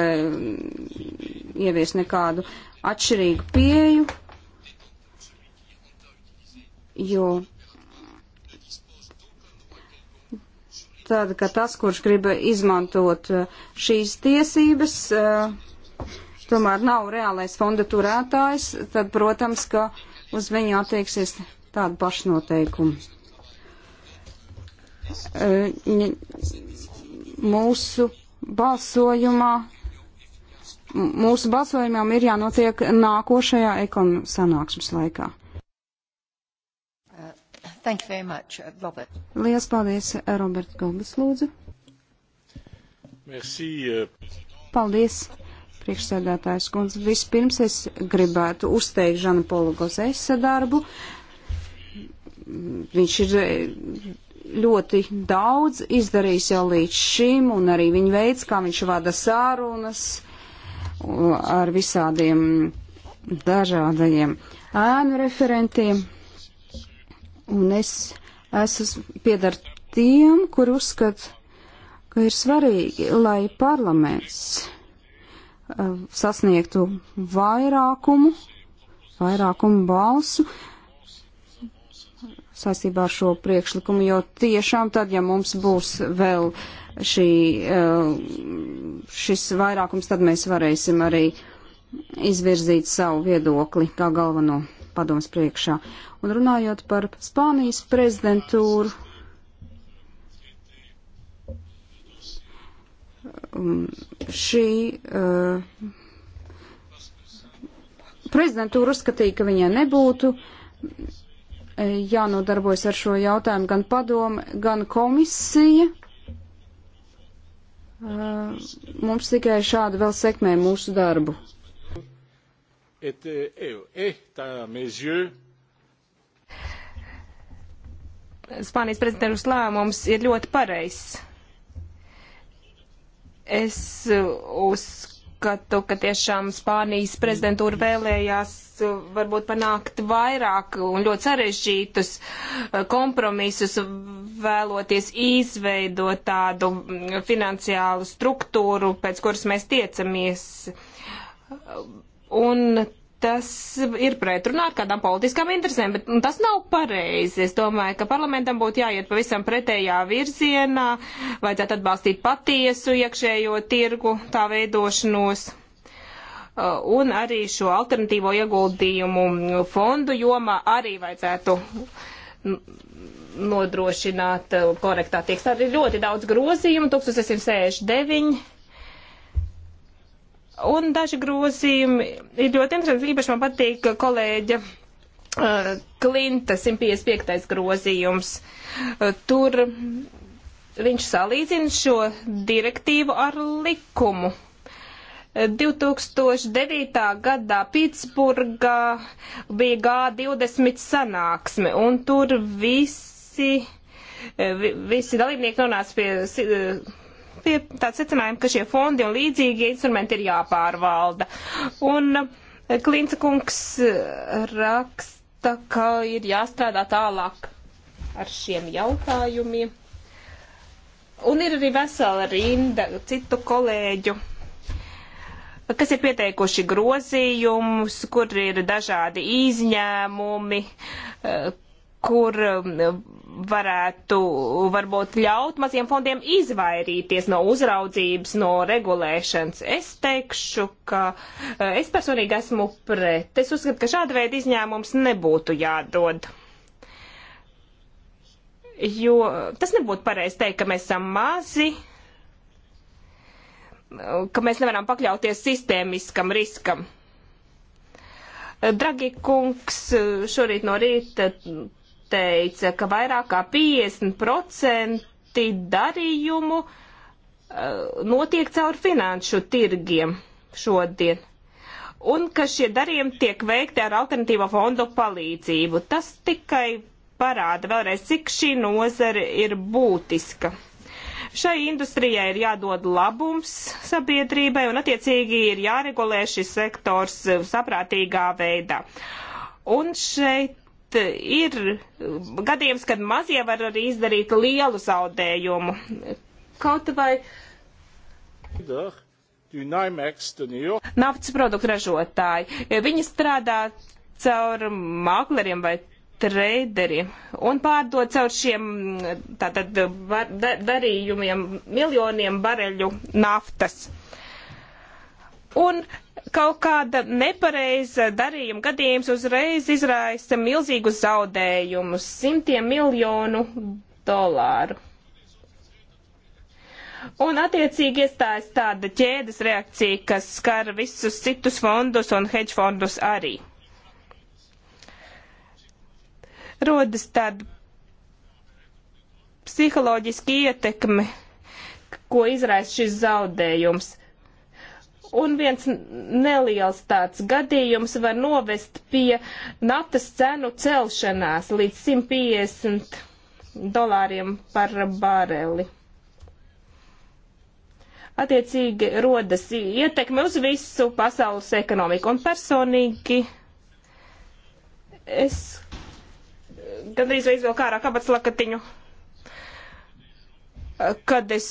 ievies nekādu atšķirīgu pieju, jo tad, ka tas, kurš grib izmantot uh, šīs tiesības, uh, tomēr nav reālais fonda turētājs, tad, protams, ka uz viņu attieksies tādu pašnoteikumu. Uh, mūsu balsojumā, mūsu balsojumam ir jānotiek nākošajā ekonu sanāksmes laikā. Thank you very much, uh, Robert. Lielas paldies, uh, Robert Gomes, lūdzu. Merci. Uh, paldies, priekšsēdētājs kundze. Vispirms es gribētu uzteikt Žana Polugos esa darbu. Viņš ir ļoti daudz izdarījis jau līdz šim, un arī viņa veids, kā viņš vada sārunas ar visādiem dažādajiem ēnu referentiem. Un es esmu piedar tiem, kur uzskat, ka ir svarīgi, lai parlaments uh, sasniegtu vairākumu, vairākumu balsu saistībā ar šo priekšlikumu, jo tiešām tad, ja mums būs vēl šī, uh, šis vairākums, tad mēs varēsim arī izvirzīt savu viedokli kā galveno padoms priekšā. Un runājot par Spānijas prezidentūru, um, šī uh, prezidentūra uzskatīja, ka viņai nebūtu uh, jānodarbojas ar šo jautājumu gan padome, gan komisija. Uh, mums tikai šādi vēl sekmē mūsu darbu est, est, est à mes yeux Spānijas prezidentūras lēmums ir ļoti pareizs. Es uh, uzskatu, ka tiešām Spānijas prezidentūra vēlējās uh, varbūt panākt vairāk un ļoti sarežģītus uh, kompromisus, vēloties izveidot tādu mm, finansiālu struktūru, pēc kuras mēs tiecamies Un tas ir pretrunā ar kādām politiskām interesēm, bet tas nav pareizi. Es domāju, ka parlamentam būtu jāiet pavisam pretējā virzienā, vajadzētu atbalstīt patiesu iekšējo tirgu tā veidošanos. Uh, un arī šo alternatīvo ieguldījumu fondu jomā arī vajadzētu nodrošināt uh, korektā tieks. Tā ir ļoti daudz grozījumu, 1669 Un daži grozījumi ir ļoti interesanti. Īpaši man patīk kolēģa uh, Klinta 155. grozījums. Uh, tur viņš salīdzina šo direktīvu ar likumu. 2009. Uh, gadā Pitsburgā bija G20 sanāksme, un tur visi, uh, visi dalībnieki nonāca pie uh, pie tāda secinājuma, ka šie fondi un līdzīgie instrumenti ir jāpārvalda. Un eh, Klinca kungs eh, raksta, ka ir jāstrādā tālāk ar šiem jautājumiem. Un ir arī vesela rinda citu kolēģu, kas ir pieteikuši grozījumus, kur ir dažādi izņēmumi, eh, kur um, varētu varbūt ļaut maziem fondiem izvairīties no uzraudzības, no regulēšanas. Es teikšu, ka uh, es personīgi esmu pret. Es uzskatu, ka šāda veida izņēmums nebūtu jādod. Jo tas nebūtu pareizi teikt, ka mēs esam mazi, ka mēs nevaram pakļauties sistēmiskam riskam. Dragi kungs, šorīt no rīta teica, ka vairāk kā 50% darījumu eh, notiek caur finanšu tirgiem šodien. Un ka šie darījumi tiek veikti ar alternatīvo fondu palīdzību. Tas tikai parāda vēlreiz, cik šī nozara ir būtiska. Šai industrijai ir jādod labums sabiedrībai un attiecīgi ir jāregulē šis sektors eh, saprātīgā veidā. Un šeit bet eh, ir eh, gadījums, kad mazie var arī izdarīt lielu zaudējumu. Kaut vai. Naftas produktu ražotāji. Eh, viņi strādā caur makleriem vai treideri un pārdod caur šiem mm, tātad darījumiem miljoniem bareļu naftas. Un kaut kāda nepareiza darījuma gadījums uzreiz izraisa milzīgus zaudējumus - simtiem miljonu dolāru. Un attiecīgi iestājas tāda ķēdes reakcija, kas skar visus citus fondus un hedge fondus arī. Rodas tāda psiholoģiska ietekme, ko izraisa šis zaudējums. Un viens neliels tāds gadījums var novest pie naftas cenu celšanās līdz 150 dolāriem par bareli. Attiecīgi rodas ietekme uz visu pasaules ekonomiku. Un personīgi es gandrīz reiz vēl kā ar kabatslakatiņu kad es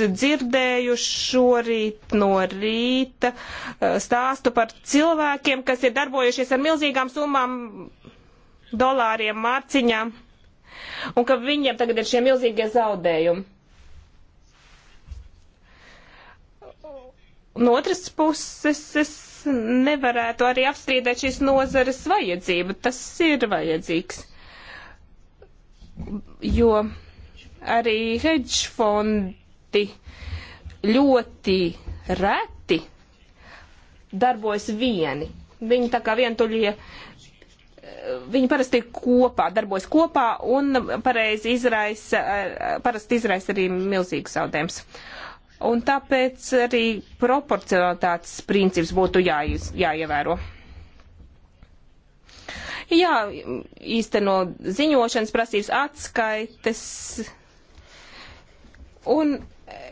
dzirdēju šorīt no rīta eh, stāstu par cilvēkiem, kas ir darbojušies ar milzīgām summām dolāriem, mārciņām, un ka viņiem tagad ir šie milzīgie zaudējumi. No otras puses, es nevarētu arī apstrīdēt šīs nozares vajadzību. Tas ir vajadzīgs. Jo arī hedge fondi ļoti reti darbojas vieni. Viņi tā kā vientuļie, viņi parasti kopā, darbojas kopā un pareizi izraisa, parasti izraisa arī milzīgas zaudējums. Un tāpēc arī proporcionalitātes princips būtu jā, jāievēro. Jā, īsteno ziņošanas prasības atskaites Un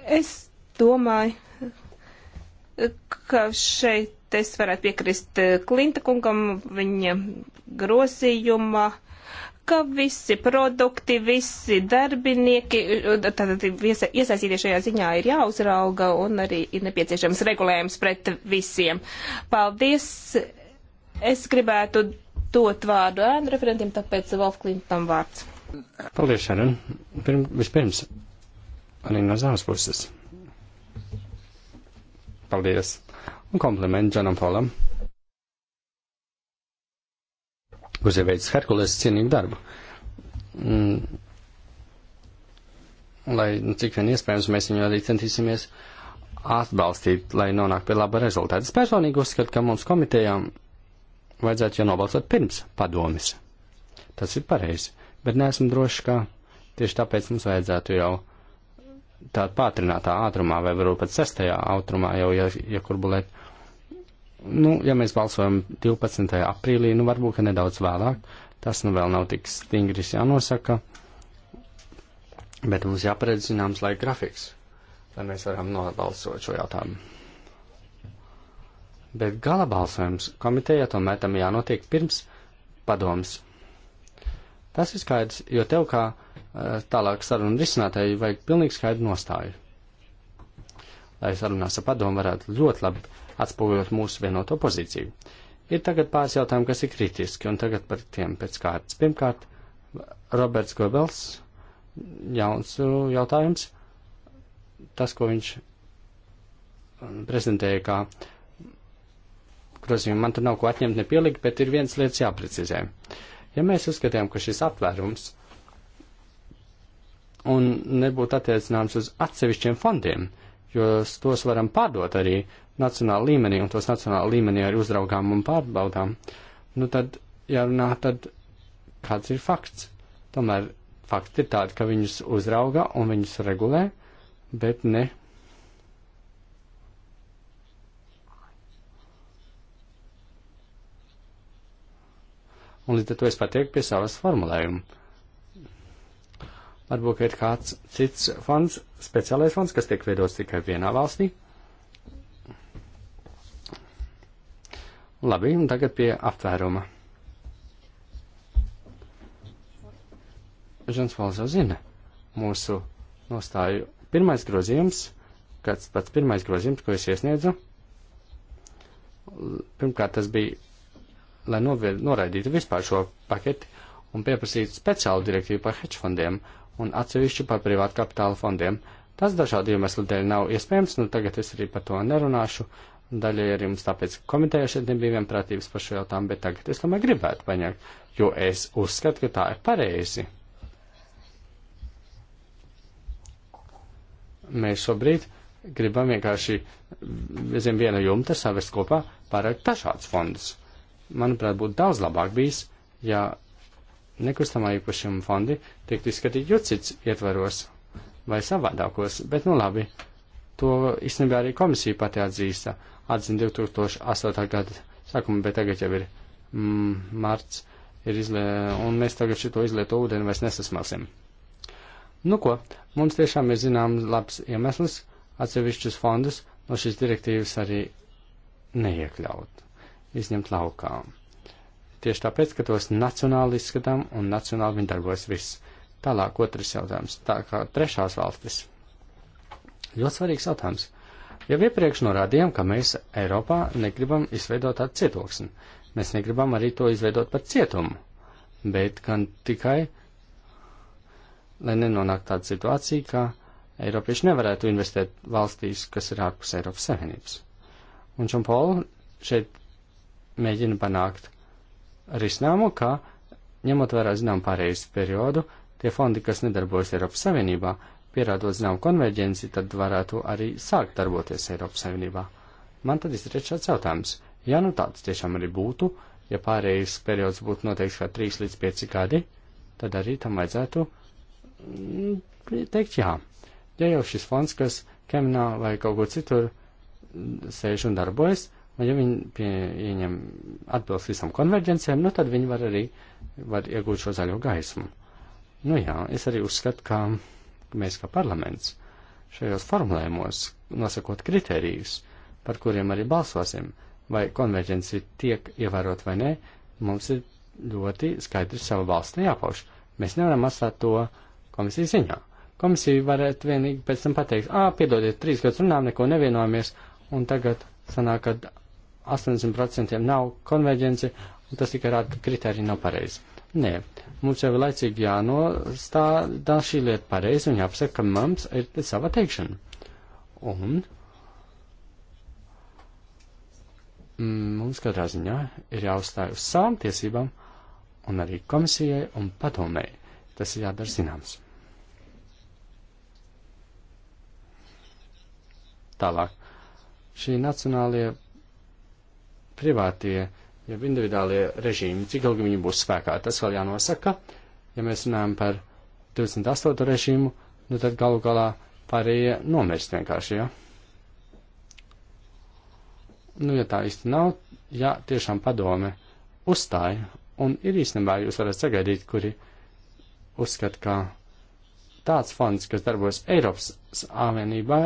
es domāju, ka šeit es varētu piekrist Klinta kungam viņa grozījuma, ka visi produkti, visi darbinieki, tātad iesaistītie šajā ziņā ir jāuzrauga un arī ir nepieciešams regulējums pret visiem. Paldies! Es gribētu dot vārdu ēnu referentiem, tāpēc Wolf Klintam vārds. Paldies, Šaron. Pirm, vispirms arī no savas puses. Paldies! Un komplimenti Džanam Polam, kurš ir veicis Herkules cienīgu darbu. Mm. Lai nu, cik vien iespējams mēs viņu arī centīsimies atbalstīt, lai nonāktu pie laba rezultāta. Es personīgi uzskatu, ka mums komitejām vajadzētu jau nobalsot pirms padomis. Tas ir pareizi, bet neesmu drošs, ka tieši tāpēc mums vajadzētu jau tādā pātrinātā ātrumā, vai varbūt pat sestajā ātrumā jau, ja, ja kur bulēt. Nu, ja mēs balsojam 12. aprīlī, nu varbūt, ka nedaudz vēlāk, tas nu vēl nav tik stingris jānosaka, bet mums jāparedz zināms laika grafiks, lai mēs varam nobalsot šo jautājumu. Bet gala balsojums komiteja tomēr tam jānotiek pirms padoms. Tas ir skaidrs, jo tev kā Eh, tālāk sarunu risinātāji vajag pilnīgi skaidru nostāju. Lai sarunās ar padomu varētu ļoti labi atspoguļot mūsu vienoto pozīciju. Ir tagad pāris jautājumi, kas ir kritiski, un tagad par tiem pēc kārtas. Pirmkārt, Roberts Gobels, jauns uh, jautājums, tas, ko viņš um, prezentēja kā grozījumu, man tur nav ko atņemt, nepielikt, bet ir viens lietas jāprecizē. Ja mēs uzskatām, ka šis aptvērums un nebūtu attiecināms uz atsevišķiem fondiem, jo tos varam pārdot arī nacionāla līmenī, un tos nacionāla līmenī arī uzraugām un pārbaudām. Nu tad, ja runā, tad kāds ir fakts? Tomēr fakti ir tādi, ka viņus uzrauga un viņus regulē, bet ne. Un līdz ar to es patieku pie savas formulējuma Varbūt ir kāds cits fonds, speciālais fonds, kas tiek veidots tikai vienā valstī. Labi, un tagad pie aptvēruma. Žans Valzo zina mūsu nostāju. Pirmais grozījums, kāds pats pirmais grozījums, ko es iesniedzu, pirmkārt tas bija, lai noraidītu vispār šo paketi un pieprasītu speciālu direktīvu par hedge fondiem un atsevišķi par privātu kapitāla fondiem. Tas dažādu iemeslu dēļ nav iespējams, nu tagad es arī par to nerunāšu. Daļai arī mums tāpēc komiteja šeit nebija vienprātības par šo jautājumu, bet tagad es tomēr gribētu paņemt, jo es uzskatu, ka tā ir pareizi. Mēs šobrīd gribam vienkārši zem viena jumta savest kopā pārāk dažādus fondus. Manuprāt, būtu daudz labāk bijis, ja nekustamā īpašuma fondi tiktu izskatīti jucits ietvaros vai savādākos, bet nu labi, to īstenībā arī komisija pati atzīsta, atzina 2008. gada sākumu, bet tagad jau ir mm, marts, ir izlē, un mēs tagad šito izlieto ūdeni vairs nesasmalsim. Nu ko, mums tiešām ir zināms labs iemesls atsevišķus fondus no šīs direktīvas arī neiekļaut, izņemt laukām. Tieši tāpēc, ka tos nacionāli izskatām un nacionāli viņi darbojas viss. Tālāk otrs jautājums. Tā kā trešās valstis. Ļoti svarīgs jautājums. Jau iepriekš norādījām, ka mēs Eiropā negribam izveidot tādu cietoksni. Mēs negribam arī to izveidot par cietumu, bet gan tikai, lai nenonāk tāda situācija, ka Eiropieši nevarētu investēt valstīs, kas ir ārpus Eiropas Savienības. Un Čampola šeit mēģina panākt risinājumu, ka, ņemot vērā zinām pārējais periodu, tie fondi, kas nedarbojas Eiropas Savienībā, pierādot zinām konverģenci, tad varētu arī sākt darboties Eiropas Savienībā. Man tad izriet šāds jautājums. Ja nu tāds tiešām arī būtu, ja pārējais periods būtu noteikts kā 3 līdz 5 gadi, tad arī tam vajadzētu mm, teikt jā. Ja jau šis fonds, kas Kemnā vai kaut kur citur mm, sēž un darbojas, Un ja viņi pieņem atbilst visam konverģencijām, nu tad viņi var arī var iegūt šo zaļo gaismu. Nu jā, es arī uzskatu, ka mēs kā parlaments šajos formulējumos nosakot kritērijus, par kuriem arī balsosim, vai konverģencija tiek ievērot vai nē, mums ir ļoti skaidri savu valsti jāpauž. Mēs nevaram atstāt to komisijas ziņā. Komisija varētu vienīgi pēc tam pateikt, ā, piedodiet, trīs gadus runām, neko nevienojamies, un tagad sanāk, ka 80% nav konverģence, un tas tikai rāda, ka kriteriji nav pareizi. Nē, mums jau ir laicīgi jānostāda šī lieta pareizi un jāpasaka, ka mums ir sava teikšana. Un mums katrā ziņā ir jāuzstāj uz savām tiesībām, un arī komisijai un padomēji tas ir jādara zināms. Tālāk. Šī nacionālie privātie, jeb individuālie režīmi, cik ilgi viņi būs spēkā, tas vēl jānosaka. Ja mēs runājam par 28. režīmu, nu tad galu galā pārējie nomirst vienkārši, ja? Nu, ja tā īsti nav, ja tiešām padome uzstāja, un ir īstenībā jūs varat sagaidīt, kuri uzskat, ka tāds fonds, kas darbojas Eiropas Savienībā,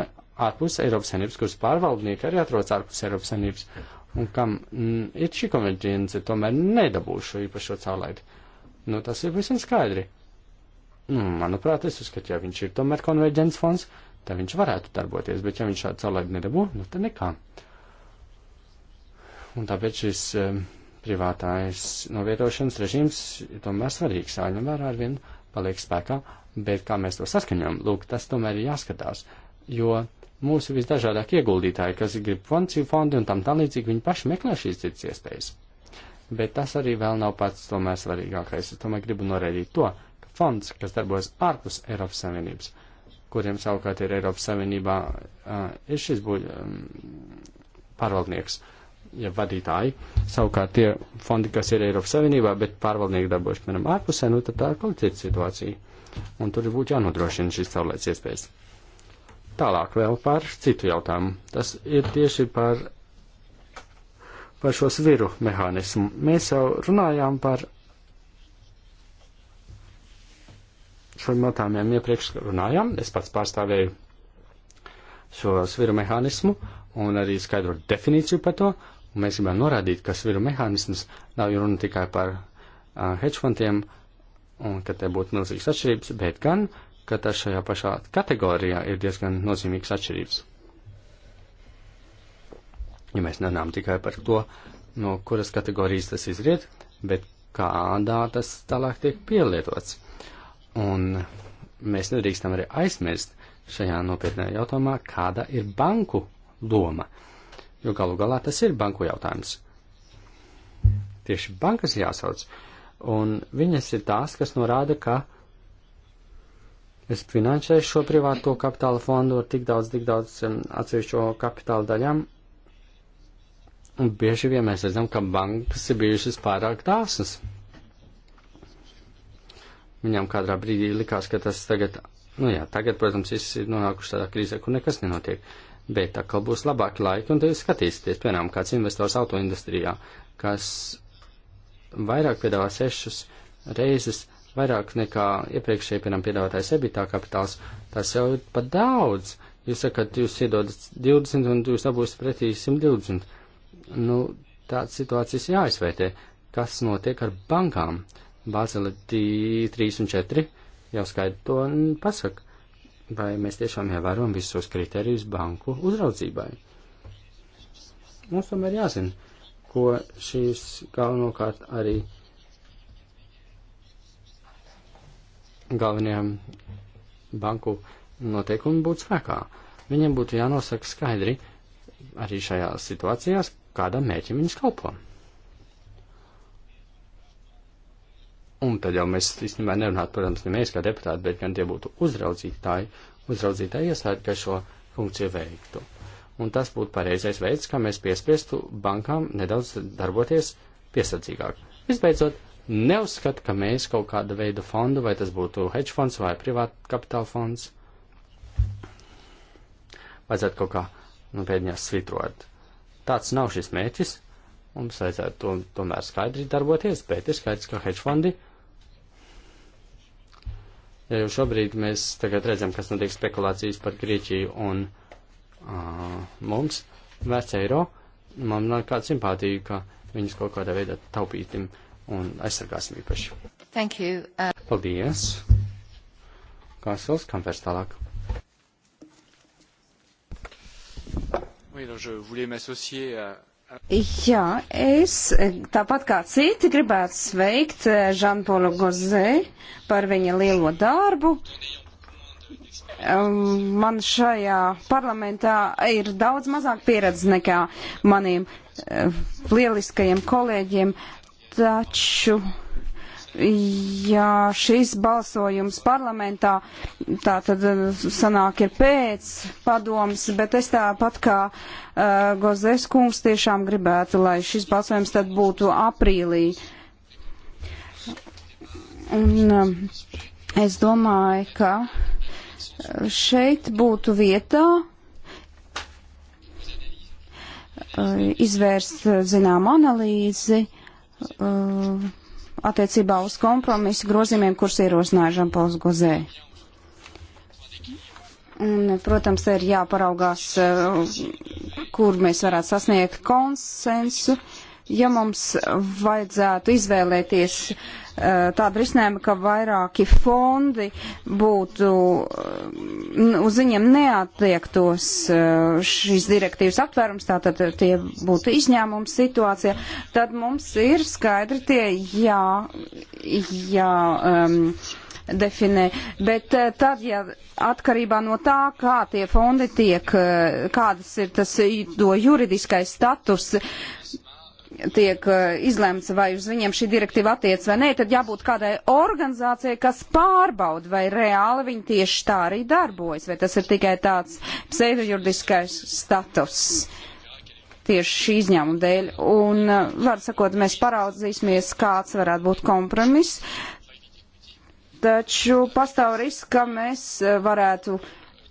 ārpus Eiropas Savienības, kuras pārvaldnieki arī atrodas ārpus Eiropas Savienības, un kam mm, ir šī konverģence, tomēr nedabūšu īpašo caurlaidi. Nu, tas ir visam skaidri. Nu, manuprāt, es uzskatu, ja viņš ir tomēr konverģents fonds, tad viņš varētu darboties, bet ja viņš šādu caurlaidi nedabū, nu, tad nekā. Un tāpēc šis um, privātais novietošanas režīms ir tomēr svarīgs, jāņem vērā ar vienu paliek spēkā, bet kā mēs to saskaņojam, lūk, tas tomēr ir jāskatās, jo mūsu visdažādāk ieguldītāji, kas grib pensiju fondi un tam tālīdzīgi, viņi paši meklē šīs citas iespējas. Bet tas arī vēl nav pats tomēr svarīgākais. Es tomēr gribu norēdīt to, ka fonds, kas darbojas ārpus Eiropas Savienības, kuriem savukārt ir Eiropas Savienībā, uh, ir šis bū, um, pārvaldnieks, ja vadītāji. Savukārt tie fondi, kas ir Eiropas Savienībā, bet pārvaldnieki darbojas, piemēram, ārpusē, nu tad tā ir kaut cita situācija. Un tur būtu jānodrošina šīs caurlaiks iespējas. Tālāk vēl par citu jautājumu. Tas ir tieši par, par šo sviru mehānismu. Mēs jau runājām par šiem jautājumiem iepriekš runājām. Es pats pārstāvēju šo sviru mehānismu un arī skaidrotu definīciju par to. Un mēs gribam norādīt, ka sviru mehānisms nav runa tikai par uh, hedge fundiem un ka te būtu milzīgas atšķirības, bet gan ka tā šajā pašā kategorijā ir diezgan nozīmīgas atšķirības. Ja mēs nenām tikai par to, no kuras kategorijas tas izriet, bet kādā tas tālāk tiek pielietots. Un mēs nedrīkstam arī aizmirst šajā nopietnējā jautājumā, kāda ir banku loma, jo galu galā tas ir banku jautājums. Tieši bankas jāsauc, un viņas ir tās, kas norāda, ka uh, Es finansēju šo privāto kapitāla fondu ar tik daudz, tik daudz um, atsevišķo kapitāla daļām. Un bieži vien mēs redzam, ka bankas ir bijušas pārāk dāsnas. Viņam kādā brīdī likās, ka tas tagad, nu jā, tagad, protams, viss ir nonākuši tādā krīzē, kur nekas nenotiek. Bet tā kā būs labāki laiki, un tad jūs skatīsieties, piemēram, kāds investors autoindustrijā, kas vairāk piedāvā sešas reizes vairāk nekā iepriekšēji, piemēram, piedāvātais ebitā kapitāls, tas jau ir pat daudz. Jūs sakat, jūs iedodat 20 un jūs dabūsiet pretī 120. Nu, tādas situācijas jāizvērtē. Kas notiek ar bankām? Bāzele 3 un 4 jau skaidri to pasaka. Vai mēs tiešām ievērojam visus kriterijus banku uzraudzībai? Mums tomēr jāzina, ko šīs galvenokārt arī galvenajām banku noteikumiem būtu spēkā. Viņiem būtu jānosaka skaidri arī šajās situācijās, kādam mērķim viņas kalpo. Un tad jau mēs īstenībā nerunātu, protams, ne mēs kā deputāti, bet gan tie būtu uzraudzītāji, uzraudzītāji iestādi, kas šo funkciju veiktu. Un tas būtu pareizais veids, kā mēs piespiestu bankām nedaudz darboties piesardzīgāk. Visbeidzot, neuzskata, ka mēs kaut kāda veida fondu, vai tas būtu hedge fonds vai privāta kapitāla fonds, vajadzētu kaut kā nu, pēdiņās svitrot. Tāds nav šis mērķis. Mums vajadzētu to, tomēr skaidri darboties, bet ir skaidrs, ka hedge fondi. Ja jau šobrīd mēs tagad redzam, kas notiek spekulācijas par Grieķiju un uh, mums, vērts eiro, man nāk kāda simpātija, ka viņus kaut kādā veidā taupītim. Uh, un aizsargāsim īpaši. Thank you. Uh... Paldies. Kāsils, kam vērs tālāk? Oui, alors je voulais m'associer à, Jā, es eh, tāpat kā citi gribētu sveikt Žanpolu eh, Gozē par viņa lielo darbu. Um, man šajā parlamentā ir daudz mazāk pieredzes nekā maniem eh, lieliskajiem kolēģiem Taču, ja šis balsojums parlamentā, tā tad eh, sanāk ir pēc padoms, bet es tāpat kā uh, Gozes kungs tiešām gribētu, lai šis balsojums tad būtu aprīlī. Un um, es domāju, ka šeit būtu vietā izvērst zinām analīzi uh, attiecībā uz kompromisu grozījumiem, kurus ierosināja Žanpols Gozē. Un, protams, ir jāparaugās, uh, kur mēs varētu sasniegt konsensu. Ja mums vajadzētu izvēlēties uh, Eh, tādu risinājumu, ka vairāki fondi būtu, eh, uz viņiem neatiektos eh, šīs direktīvas aptvērums, tātad tie būtu izņēmums situācija, tad mums ir skaidri tie jā, jā um, definē. Bet tad, ja atkarībā no tā, kā tie fondi tiek, kādas ir tas to juridiskais status, tiek eh, izlemts, vai uz viņiem šī direktīva attiec vai nē, tad jābūt kādai organizācijai, kas pārbauda, vai reāli viņi tieši tā arī darbojas, vai tas ir tikai tāds pseidojurdiskais status tieši šī izņēmuma dēļ. Un, eh, var sakot, mēs paraudzīsimies, kāds varētu būt kompromiss, taču pastāv risks, ka mēs eh, varētu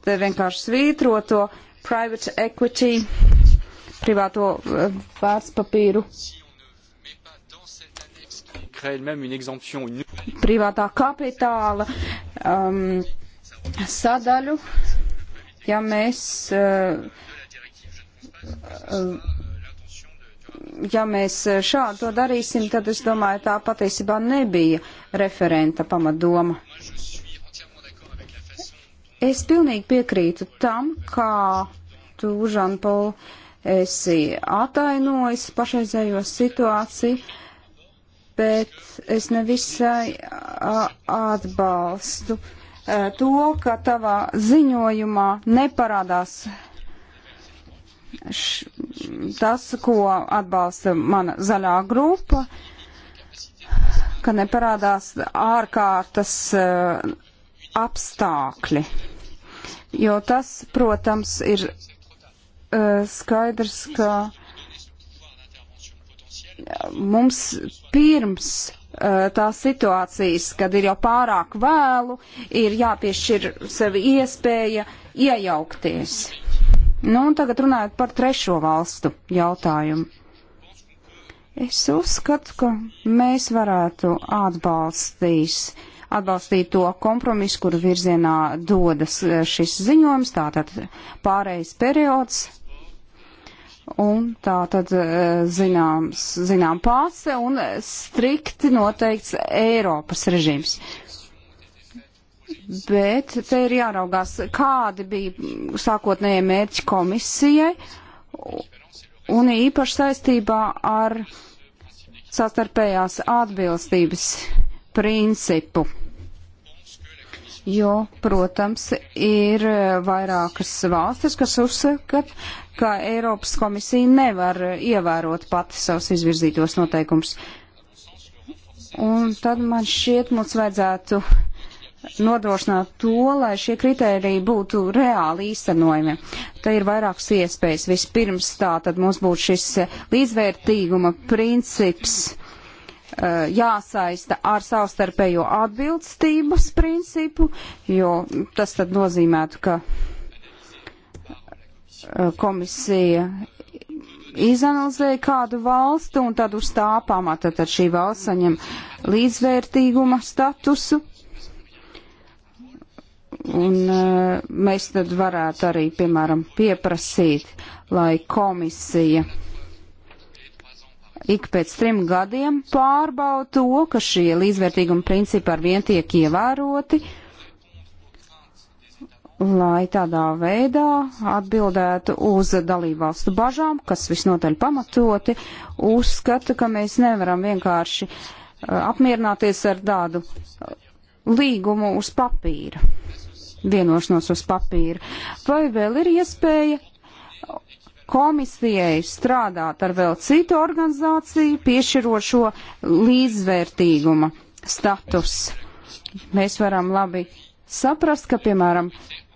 te vienkārši svītrot to private equity privāto eh, vērtspapīru crée elle-même une exemption. Une... Privātā kapitāla um, sadaļu, ja mēs, uh, ja mēs šādu to darīsim, tad es domāju, tā patiesībā nebija referenta pamatdoma. Es pilnīgi piekrītu tam, kā tu, Žanpol, uh, esi atainojis pašreizējo situāciju, bet es nevisai atbalstu e, to, ka tavā ziņojumā neparādās š, tas, ko atbalsta mana zaļā grupa, ka neparādās ārkārtas e, apstākļi. Jo tas, protams, ir Eh, skaidrs, ka mums pirms eh, tās situācijas, kad ir jau pārāk vēlu, ir jāpiešķir sevi iespēja iejaukties. Nu, un tagad runājot par trešo valstu jautājumu. Es uzskatu, ka mēs varētu atbalstīs, atbalstīt to kompromisu, kur virzienā dodas eh, šis ziņojums, tātad pārējais periods Un tā tad e, zināms, zinām pāse un strikti noteikts Eiropas režīms. Bet te ir jāraugās, kādi bija sākotnējie mērķi komisijai un īpaši saistībā ar sastarpējās atbilstības principu. Jo, protams, ir vairākas valstis, kas uzsaka, ka Eiropas komisija nevar ievērot pati savus izvirzītos noteikumus. Un tad man šķiet, mums vajadzētu nodrošināt to, lai šie kriteriji būtu reāli īstenojami. Te ir vairākas iespējas. Vispirms tā tad mums būtu šis līdzvērtīguma princips eh, jāsaista ar savstarpējo atbilstības principu, jo tas tad nozīmētu, ka Eh, komisija izanalizēja kādu valstu un tad uz tā pamata tad šī valsts saņem līdzvērtīguma statusu. Un uh, mēs tad varētu arī, piemēram, pieprasīt, lai komisija ik pēc trim gadiem pārbauda to, ka šie līdzvērtīguma principi ar vien tiek ievēroti. Uh, lai tādā veidā atbildētu uz dalībvalstu bažām, kas visnotaļ pamatoti uzskata, ka mēs nevaram vienkārši uh, apmierināties ar tādu uh, līgumu uz papīra, vienošanos uz papīra. Vai vēl ir iespēja komisijai strādāt ar vēl citu organizāciju, piešķirot šo līdzvērtīguma status? Mēs varam labi saprast, ka, piemēram,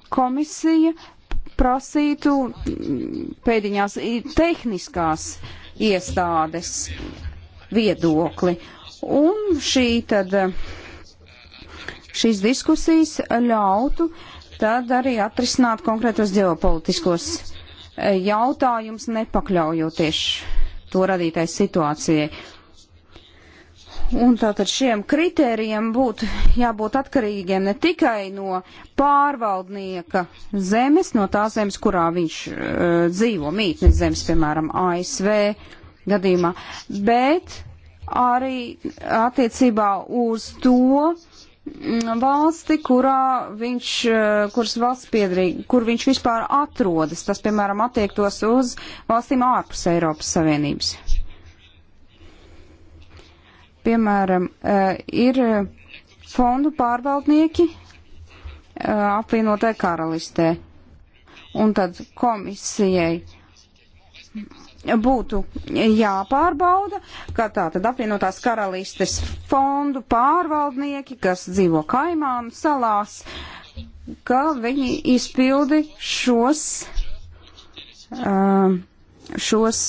komisija prasītu pēdiņās tehniskās iestādes viedokli. Un šī tad, šīs diskusijas ļautu tad arī atrisināt konkrētos ģeopolitiskos e, jautājumus, nepakļaujoties to radītai situācijai. Un tātad šiem kritērijiem būtu jābūt atkarīgiem ne tikai no pārvaldnieka zemes, no tās zemes, kurā viņš uh, dzīvo, mītnes zemes, piemēram, ASV gadījumā, bet arī attiecībā uz to mm, valsti, kurā viņš, eh, kuras valsts piedrīg, kur viņš vispār atrodas. Tas, piemēram, attiektos uz valstīm ārpus Eiropas Savienības. Piemēram, eh, ir eh, fondu pārvaldnieki eh, apvienotē karalistē. Un tad komisijai būtu jāpārbauda, ka tā tad apvienotās karalistes fondu pārvaldnieki, kas dzīvo kaimānu salās, ka viņi izpildi šos, šos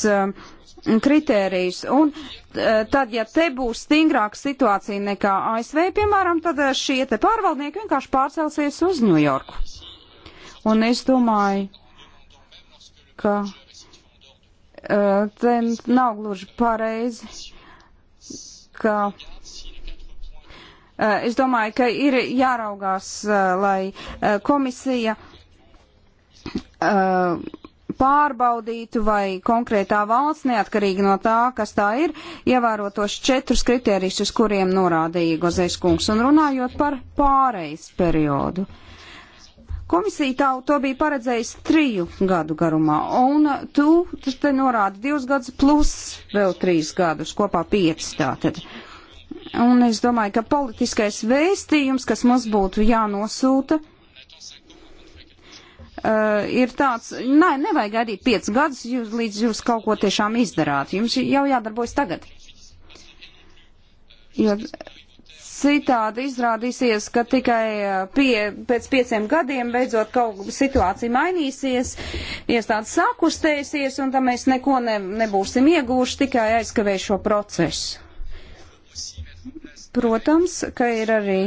kritērijus. Un Eh, tad, ja te būs stingrāka situācija nekā ASV, piemēram, tad eh, šie te pārvaldnieki vienkārši pārcelsies uz Ņujorku. Un es domāju, ka eh, te nav gluži pareizi, ka. Es domāju, ka ir jāraugās, lai komisija pārbaudītu, vai konkrētā valsts, neatkarīgi no tā, kas tā ir, ievērotos četrus kriterijus, uz kuriem norādīja Gozais kungs, un runājot par pārejas periodu. Komisija tā, to bija paredzējusi triju gadu garumā, un tu te norādi divus gadus plus vēl trīs gadus, kopā pieci tātad. Un es domāju, ka politiskais vēstījums, kas mums būtu jānosūta, Uh, ir tāds, nē, nevajag gaidīt piecus gadus, jūs, līdz jūs kaut ko tiešām izdarāt. Jums jau jādarbojas tagad. Jo citādi izrādīsies, ka tikai eh, pie, pēc pieciem gadiem beidzot kaut situācija mainīsies, iestādes sākustēsies, un tam mēs neko ne, nebūsim ieguvuši, tikai aizkavējušo procesu. Protams, ka ir arī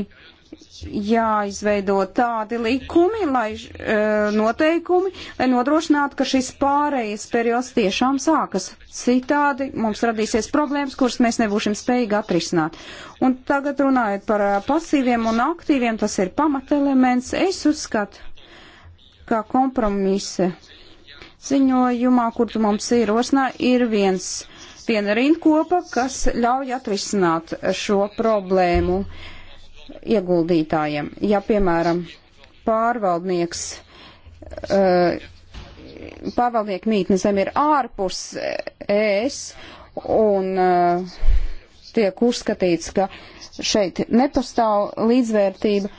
jāizveido tādi likumi, lai uh, noteikumi, lai nodrošinātu, ka šis pārējais periods tiešām sākas. Citādi mums radīsies problēmas, kuras mēs nebūsim spējīgi atrisināt. Un tagad runājot par eh, pasīviem un aktīviem, tas ir pamatelements. Es uzskatu, ka kompromise ziņojumā, kur tu mums ir osnā, ir viens, viena rindkopa, kas ļauj atrisināt šo problēmu. Uh, ieguldītājiem. Ja, piemēram, pārvaldnieks, eh, pārvaldnieku mītne zem ir ārpus ES un eh, tiek uzskatīts, ka šeit nepastāv līdzvērtība,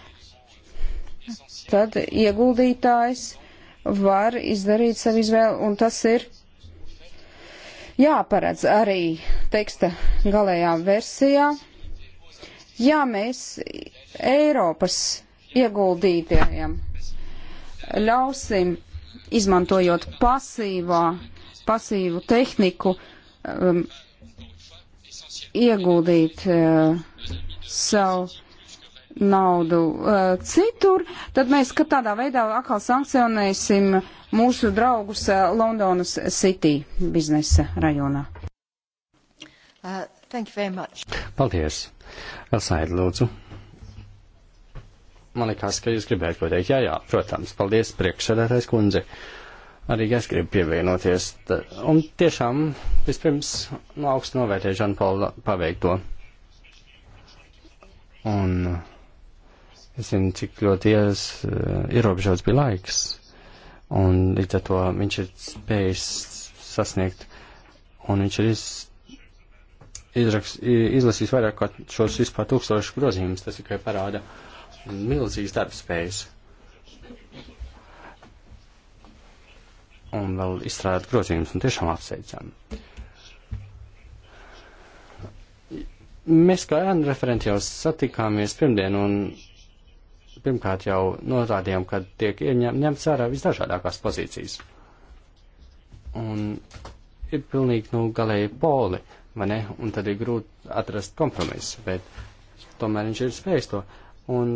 tad ieguldītājs var izdarīt savu izvēli, un tas ir jāparedz arī teksta galējā versijā. Ja mēs Eiropas ieguldītājiem ļausim, izmantojot pasīvā, pasīvu tehniku, um, ieguldīt uh, savu naudu uh, citur, tad mēs tādā veidā atkal sankcionēsim mūsu draugus uh, Londonas City biznesa rajonā. Uh, Thank you very much. Paldies. Elsaid, lūdzu. Man liekas, ka jūs gribētu ko teikt. Jā, jā, protams. Paldies, priekšsēdētājs kundze. Arī es gribu pievienoties. Un tiešām, vispirms, no nu, augstu novērtēju Žanu Paulu paveikto. Un es zinu, cik ļoti ies, eh, ierobežots bija laiks. Un līdz ar to viņš ir spējis sasniegt. Un viņš ir iz, izraks, izlasījis vairāk kā šos vispār tūkstošus grozījumus, tas tikai parāda milzīgas darbspējas. Un vēl izstrādāt grozījumus, un tiešām apsveicam. Mēs kā ēnu referenti jau satikāmies pirmdien, un pirmkārt jau norādījām, ka tiek ieņemts ārā visdažādākās pozīcijas. Un ir pilnīgi, nu, galēji poli. Uh, vai ne? Un tad ir grūti atrast kompromisu, bet tomēr viņš ir spējis to. Un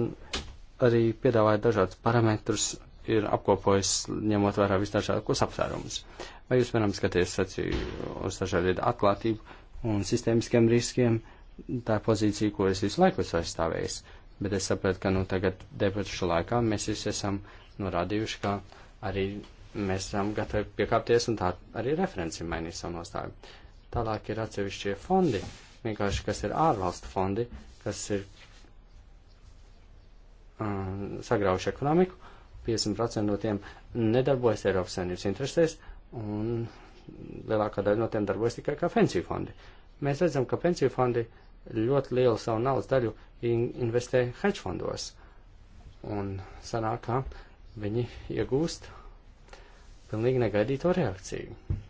arī piedāvāja dažādus parametrus, ir apkopojis, ņemot vērā visdažādākos apsvērumus. Vai jūs varam skatīties sacīju uz dažādiem atklātību un sistēmiskiem riskiem? Tā ir pozīcija, ko es visu laiku esmu aizstāvējis. Bet es sapratu, ka nu tagad debašu laikā mēs visi esam norādījuši, ka arī mēs esam gatavi piekāpties un tā arī referenci mainīt savu nostāju. Uh, Tālāk ir atsevišķie fondi, vienkārši kas ir ārvalstu fondi, kas ir um, sagraujuši ekonomiku. 50% no tiem nedarbojas Eiropas saimnības interesēs, un lielākā daļa no tiem darbojas tikai kā pensiju fondi. Mēs redzam, ka pensiju fondi ļoti lielu savu naudas daļu investē hedge fondos, un sanāk, ka viņi iegūst pilnīgi negaidīto reakciju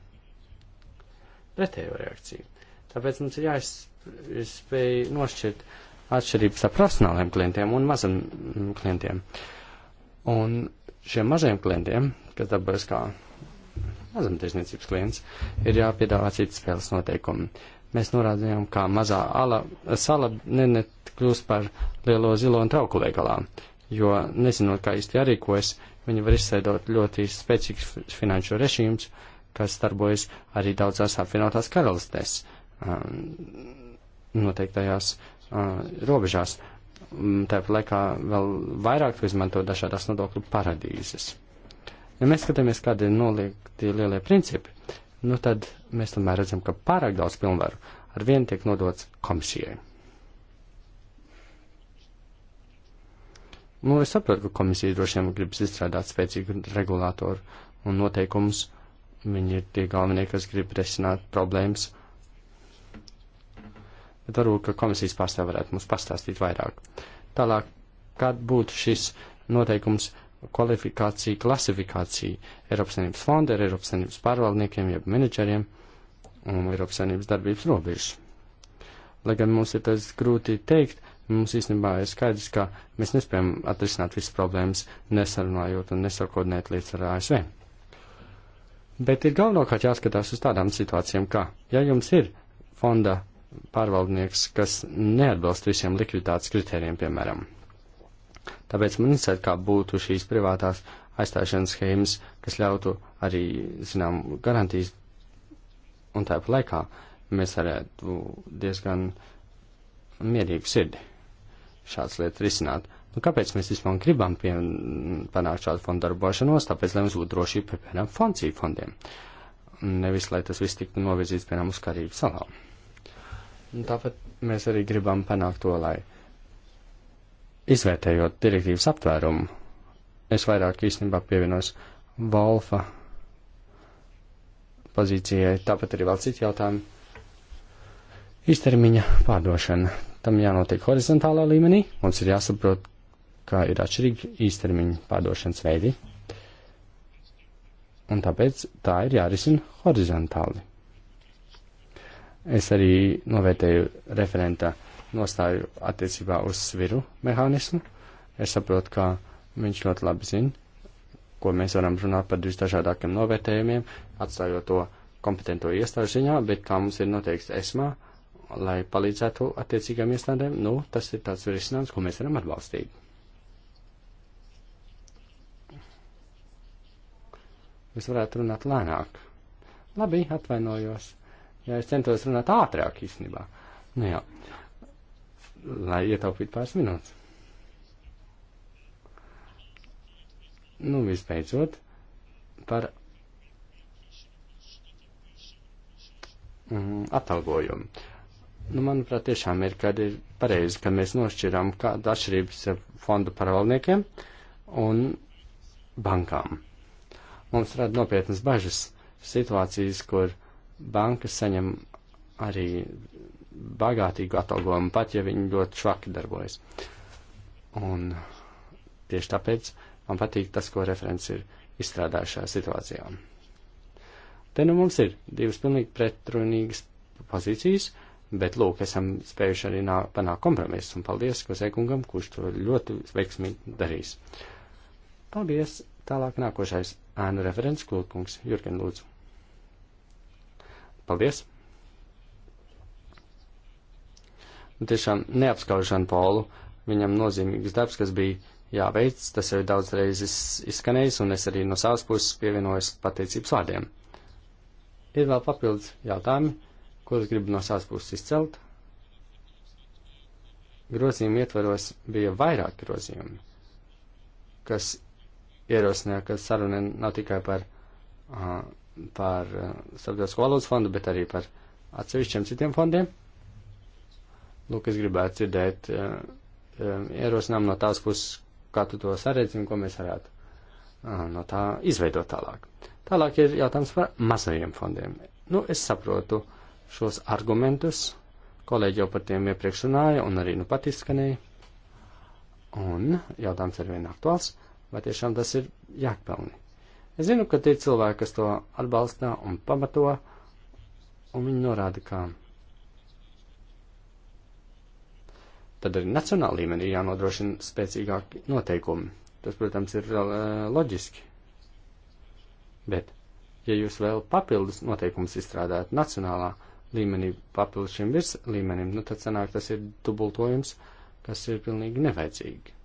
pretējo reakciju. Tāpēc mums ir jāspēj nošķirt atšķirības starp profesionāliem klientiem un mazam klientiem. Un šiem mazajiem klientiem, kas darbojas kā mazumtirdzniecības klients, ir jāpiedāvā citas spēles noteikumi. Mēs norādījām, kā mazā ala, sala nenekļūst par lielo zilo un trauku veikalā, jo nezinot, kā īsti jārīkojas, viņi var izsaidot ļoti spēcīgs finanšu režīms, uh, kas darbojas arī daudzās apvienotās karalistēs um, noteiktajās uh, robežās. Mm, tāpat laikā vēl vairāk izmanto dažādās nodokļu paradīzes. Ja mēs skatāmies, kādi ir noliekti lielie principi, nu tad mēs tomēr redzam, ka pārāk daudz pilnvaru ar vienu tiek nodots komisijai. Nu, es saprotu, ka komisija droši vien gribas izstrādāt spēcīgu regulātoru un noteikumus, Viņi ir tie galvenie, kas grib risināt problēmas. Bet varbūt, ka komisijas pārstāv varētu mums pastāstīt vairāk. Tālāk, kad būtu šis noteikums kvalifikācija, klasifikācija Eiropas Savienības fonda ar Eiropas Savienības pārvaldniekiem, jeb menedžeriem un Eiropas Savienības darbības robežas. Lai gan mums ir tas grūti teikt, mums īstenībā ir skaidrs, ka mēs nespējam atrisināt visas problēmas nesarunājot un nesakodinēt līdz ar ASV. Bet ir galvenokārt jāskatās uz tādām situācijām, kā, ja jums ir fonda pārvaldnieks, kas neatbilst visiem likviditātes kritērijiem, piemēram. Tāpēc man interesē, kā būtu šīs privātās aizstāšanas schēmas, kas ļautu arī, zinām, garantijas, un tāpat laikā mēs varētu diezgan mierīgu sirdi šāds lietas risināt. Nu, kāpēc mēs vispār gribam pie, panākt šādu fondu darbošanos? Tāpēc, lai mums būtu drošība pie, piemēram, Franciju fondiem. Nevis, lai tas viss tiktu novirzīts, piemēram, uz Karību salām. Un tāpat mēs arī gribam panākt to, lai izvērtējot direktīvas aptvērumu, es vairāk īstenībā pievienos Volfa pozīcijai, tāpat arī vēl citi jautājumi. Īstermiņa pārdošana. Tam jānotiek horizontālā līmenī. Mums ir jāsaprot, ka ir atšķirīgi īstermiņa pārdošanas veidi, un tāpēc tā ir jārisina horizontāli. Es arī novērtēju referenta nostāju attiecībā uz sviru mehānismu. Es saprotu, ka viņš ļoti labi zina, ko mēs varam runāt par visdažādākiem novērtējumiem, atstājot to kompetento iestāžu ziņā, bet kā mums ir noteikts esmā, lai palīdzētu attiecīgām iestādēm, nu, tas ir tāds risinājums, ko mēs varam atbalstīt. Jūs varētu runāt lēnāk. Labi, atvainojos. Jā, es centos runāt ātrāk īstenībā. Nu jā, lai ietaupītu pāris minūtes. Nu, visbeidzot, par mm, atalgojumu. Nu, manuprāt, tiešām ir, kad ir pareizi, ka mēs nošķiram kādu atšķirības fondu parvalniekiem un bankām mums rada nopietnas bažas situācijas, kur bankas saņem arī bagātīgu atalgojumu, pat ja viņi ļoti švaki darbojas. Un tieši tāpēc man patīk tas, ko referents ir izstrādājis šajā situācijā. Te nu mums ir divas pilnīgi pretrunīgas pozīcijas, bet lūk, esam spējuši arī nā, panākt kompromisu, un paldies Kosēkungam, kurš to ļoti veiksmīgi darīs. Paldies! Tālāk nākošais Ēnu referents Kulkungs. Jurgen, lūdzu. Paldies! Un nu, tiešām neapskaužam Polu. Viņam nozīmīgs darbs, kas bija jāveic, tas jau ir daudz reizes izskanējis, un es arī no savas puses pievienojos pateicības vārdiem. Ir vēl papildus jautājumi, kurus gribu no savas puses izcelt. Grozījumi ietvaros bija vairāk grozījumi, kas ierosināja, ka saruna nav tikai par, par starptautisko valodas fondu, bet arī par atsevišķiem citiem fondiem. Lūk, es gribētu dzirdēt ierosinājumu no tās puses, kā tu to saredzi un ko mēs varētu no tā izveidot tālāk. Tālāk ir jautājums par mazajiem fondiem. Nu, es saprotu šos argumentus, kolēģi jau par tiem iepriekš runāja un arī nu pat izskanēja. Un jautājums ir vien aktuāls. Uh, Vai tiešām tas ir jāpelni? Es zinu, ka ir cilvēki, kas to atbalsta un pamato, un viņi norāda, kā. Tad arī nacionāla līmenī jānodrošina spēcīgāki noteikumi. Tas, protams, ir uh, loģiski. Bet, ja jūs vēl papildus noteikumus izstrādājat nacionālā līmenī papildus šim virs līmenim, nu tad sanāk tas ir dubultojums, kas ir pilnīgi nevajadzīgi.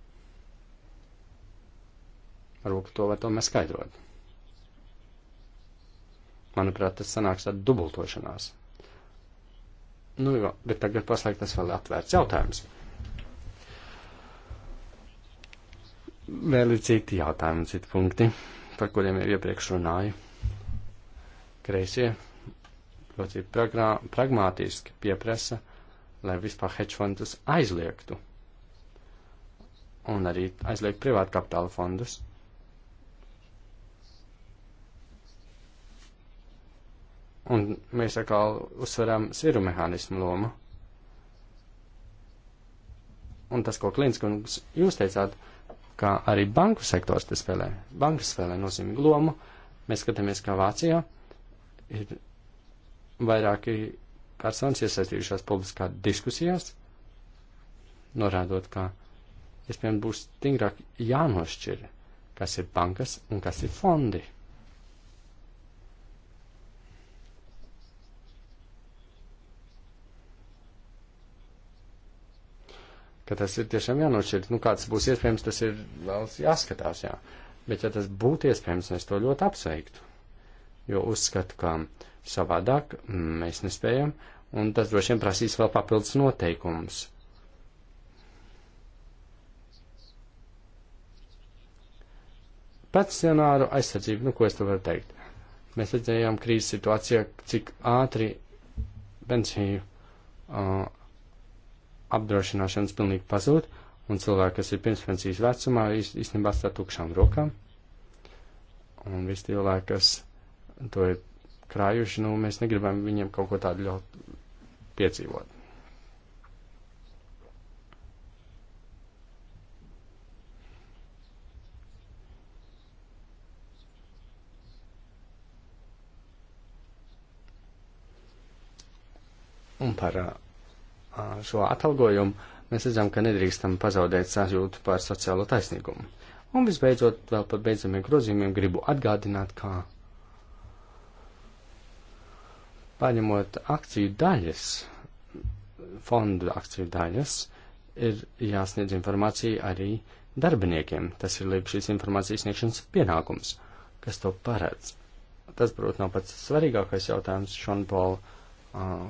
Varbūt to var tomēr skaidrot. Manuprāt, tas sanāks ar dubultošanās. Nu jo, bet tagad paslēgt tas vēl atvērts jautājums. Vēl ir citi jautājumi, citi punkti, par kuriem jau iepriekš runāju. Kreisie ļoti pragmātiski pieprasa, lai vispār hedžfondus aizliegtu. Un arī aizliegt privātu kapitāla fondus. Un mēs atkal uzsveram sviru mehānismu lomu. Un tas, ko Klinskungs jūs teicāt, ka arī banku sektors te spēlē, bankas spēlē nozīmīgu lomu. Mēs skatāmies, kā Vācijā ir vairāki personas iesaistījušās publiskā diskusijās, norādot, ka, iespējams, būs stingrāk jānošķir, kas ir bankas un kas ir fondi. ka tas ir tiešām jānošķir. Nu, kāds būs iespējams, tas ir vēl jāskatās, jā. Bet, ja tas būtu iespējams, es to ļoti apsveiktu. Jo uzskatu, ka savādāk mēs nespējam, un tas droši vien prasīs vēl papildus noteikumus. Pensionāru aizsardzību, nu, ko es to varu teikt? Mēs redzējām krīzes situācijā, cik ātri pensiju uh, apdrošināšanas pilnīgi pazūd, un cilvēki, kas ir pirmspensijas vecumā, īstenībā stāv tukšām rokām. Un visi cilvēki, kas to ir krājuši, nu, mēs negribam viņiem kaut ko tādu ļoti piedzīvot. Un par uh, šo atalgojumu, mēs redzam, ka nedrīkstam pazaudēt sajūtu par sociālo taisnīgumu. Un visbeidzot, vēl par beidzamiem grozījumiem gribu atgādināt, kā paņemot akciju daļas, fondu akciju daļas, ir jāsniedz informācija arī darbiniekiem. Tas ir līdz šīs informācijas sniegšanas pienākums, kas to paredz. Tas, protams, nav pats svarīgākais jautājums Šonpola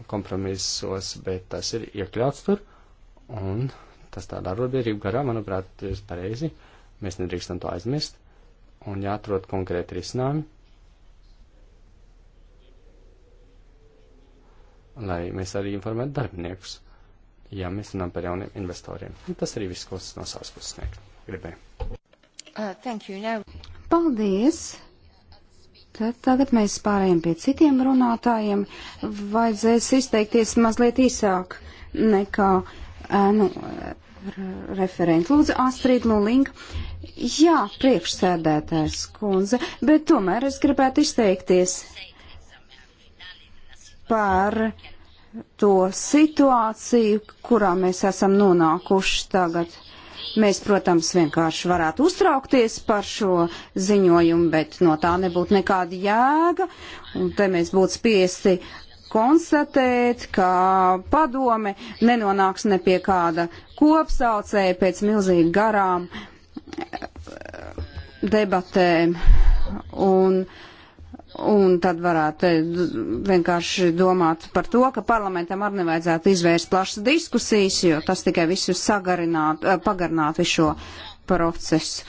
kompromisos, bet tas ir iekļauts tur, un tas tādā arotbiedrību garā, manuprāt, ir pareizi. Mēs nedrīkstam to aizmirst, un jāatrod konkrēti risinājumi, lai mēs arī informētu darbiniekus, ja mēs runājam par jauniem investoriem. Tas arī viss, ko no savas puses sniegt gribēju. Uh, thank you. Now... Paldies! Tad tagad mēs pārējām pie citiem runātājiem. Vajadzēs izteikties mazliet īsāk nekā nu, referenti. Lūdzu, Astrid Lulinga. Jā, priekšsēdētājs kundze, bet tomēr es gribētu izteikties par to situāciju, kurā mēs esam nonākuši tagad. Mēs, protams, vienkārši varētu uztraukties par šo ziņojumu, bet no tā nebūtu nekāda jēga. Un te mēs būtu spiesti konstatēt, ka padome nenonāks ne pie kāda kopsaucēja pēc milzīgi garām debatēm. Un, uh, Un tad varētu eh, vienkārši domāt par to, ka parlamentam arī nevajadzētu izvērst plašas diskusijas, jo tas tikai visu sagarinātu, eh, pagarinātu visu šo procesu.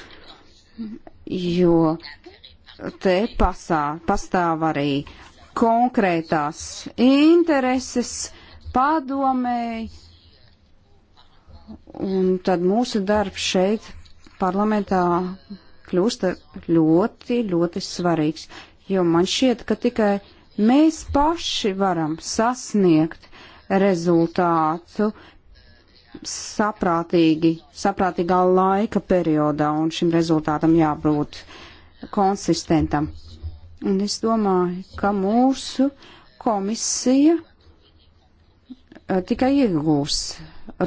Jo te pasā, pastāv arī konkrētās intereses, padomēji, un tad mūsu darbs šeit parlamentā kļūst ļoti, ļoti svarīgs jo man šķiet, ka tikai mēs paši varam sasniegt rezultātu saprātīgi, saprātīgā laika periodā, un šim rezultātam jābūt konsistentam. Un es domāju, ka mūsu komisija eh, tikai iegūs,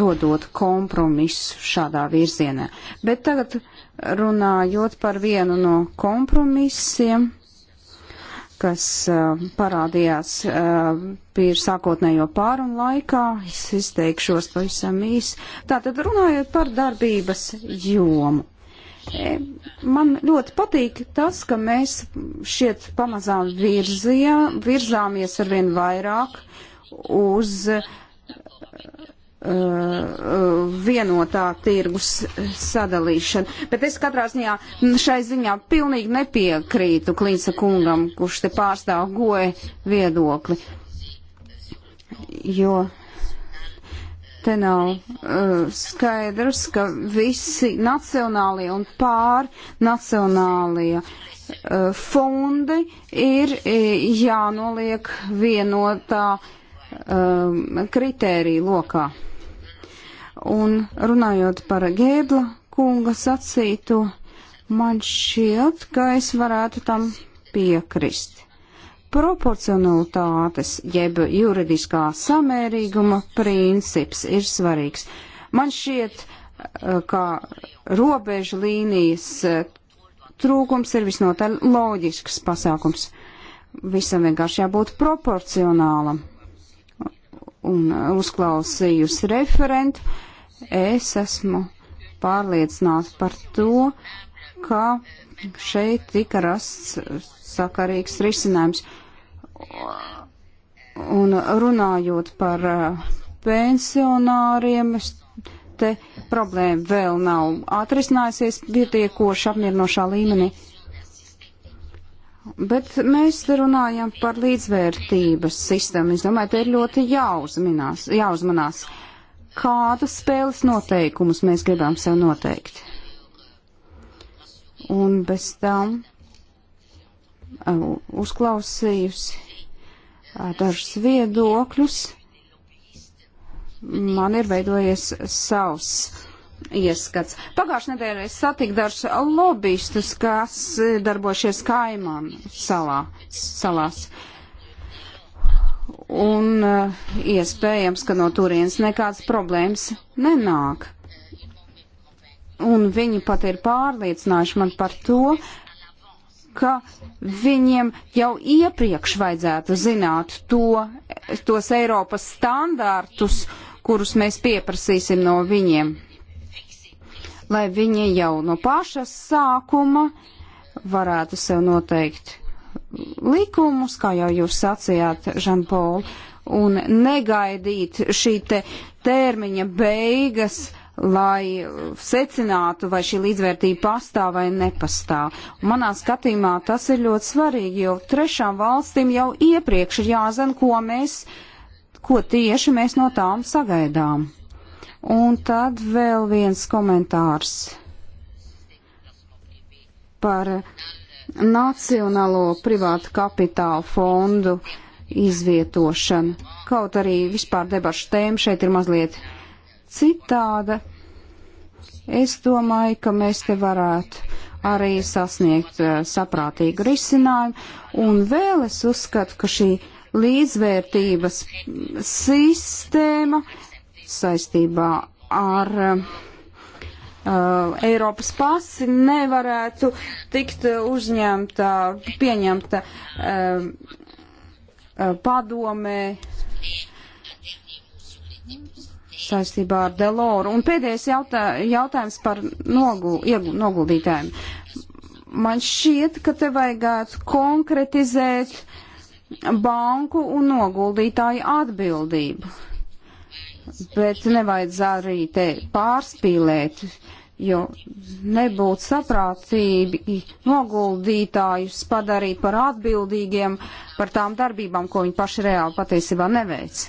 rodot kompromisu šādā virzienā. Bet tagad runājot par vienu no kompromisiem, kas uh, parādījās uh, eh, pie sākotnējo pārunu laikā. Es izteikšos pavisam īsi. Tātad runājot par darbības jomu. E, man ļoti patīk tas, ka mēs šiet pamazām virzie, virzāmies arvien vairāk uz Uh, vienotā tirgus sadalīšana. Bet es katrā ziņā šai ziņā pilnīgi nepiekrītu Klīnsa kungam, kurš te pārstāv goja viedokli. Jo te nav uh, skaidrs, ka visi nacionālie un pārnacionālie uh, fondi ir uh, jānoliek vienotā uh, kritērija lokā. Un runājot par Gēbla kunga sacīto, man šķiet, ka es varētu tam piekrist. Proporcionalitātes jeb juridiskā samērīguma princips ir svarīgs. Man šķiet, eh, ka robežu līnijas eh, trūkums ir visnotaļ loģisks pasākums. Visam vienkārši jābūt proporcionālam. Un uzklausījusi referentu Es esmu pārliecināts par to, ka šeit tika rasts sakarīgs risinājums. Un runājot par uh, pensionāriem, te problēma vēl nav atrisinājusies pietiekoši apmierinošā līmenī. Bet mēs runājam par līdzvērtības sistēmu. Es domāju, te ir ļoti jāuzminās, jāuzmanās. jāuzmanās kādus spēles noteikumus mēs gribam sev noteikt. Un bez tam uh, uzklausījusi uh, dažus viedokļus, man ir veidojies savs ieskats. Pagājušajā nedēļā es satiku dažus lobbyistus, kas eh, darbojušies kaimām salā, salās. salās un eh, iespējams, ka no turienes nekādas problēmas nenāk. Un viņi pat ir pārliecinājuši man par to, ka viņiem jau iepriekš vajadzētu zināt to, tos Eiropas standārtus, kurus mēs pieprasīsim no viņiem. Lai viņi jau no paša sākuma varētu sev noteikt likumus, kā jau jūs sacījāt, Žanpol, un negaidīt šī te termiņa beigas, lai secinātu, vai šī līdzvērtība pastāv vai nepastāv. Un manā skatījumā tas ir ļoti svarīgi, jo trešām valstīm jau iepriekš ir jāzina, ko mēs, ko tieši mēs no tām sagaidām. Un tad vēl viens komentārs par Nacionālo privātu kapitālu fondu izvietošanu. Kaut arī vispār debašu tēma šeit ir mazliet citāda. Es domāju, ka mēs te varētu arī sasniegt uh, saprātīgu risinājumu. Un vēl es uzskatu, ka šī līdzvērtības sistēma saistībā ar uh, uh, Eiropas pasi nevarētu tikt uh, uzņemta, pieņemta um, uh, padomē saistībā ar Deloru. Un pēdējais jautā, jautājums par nogul, iegul, noguldītājiem. Man šķiet, ka te vajadzētu konkretizēt banku un noguldītāju atbildību bet nevajadzētu arī te pārspīlēt, jo nebūtu saprātīgi noguldītājus padarīt par atbildīgiem par tām darbībām, ko viņi paši reāli patiesībā neveic.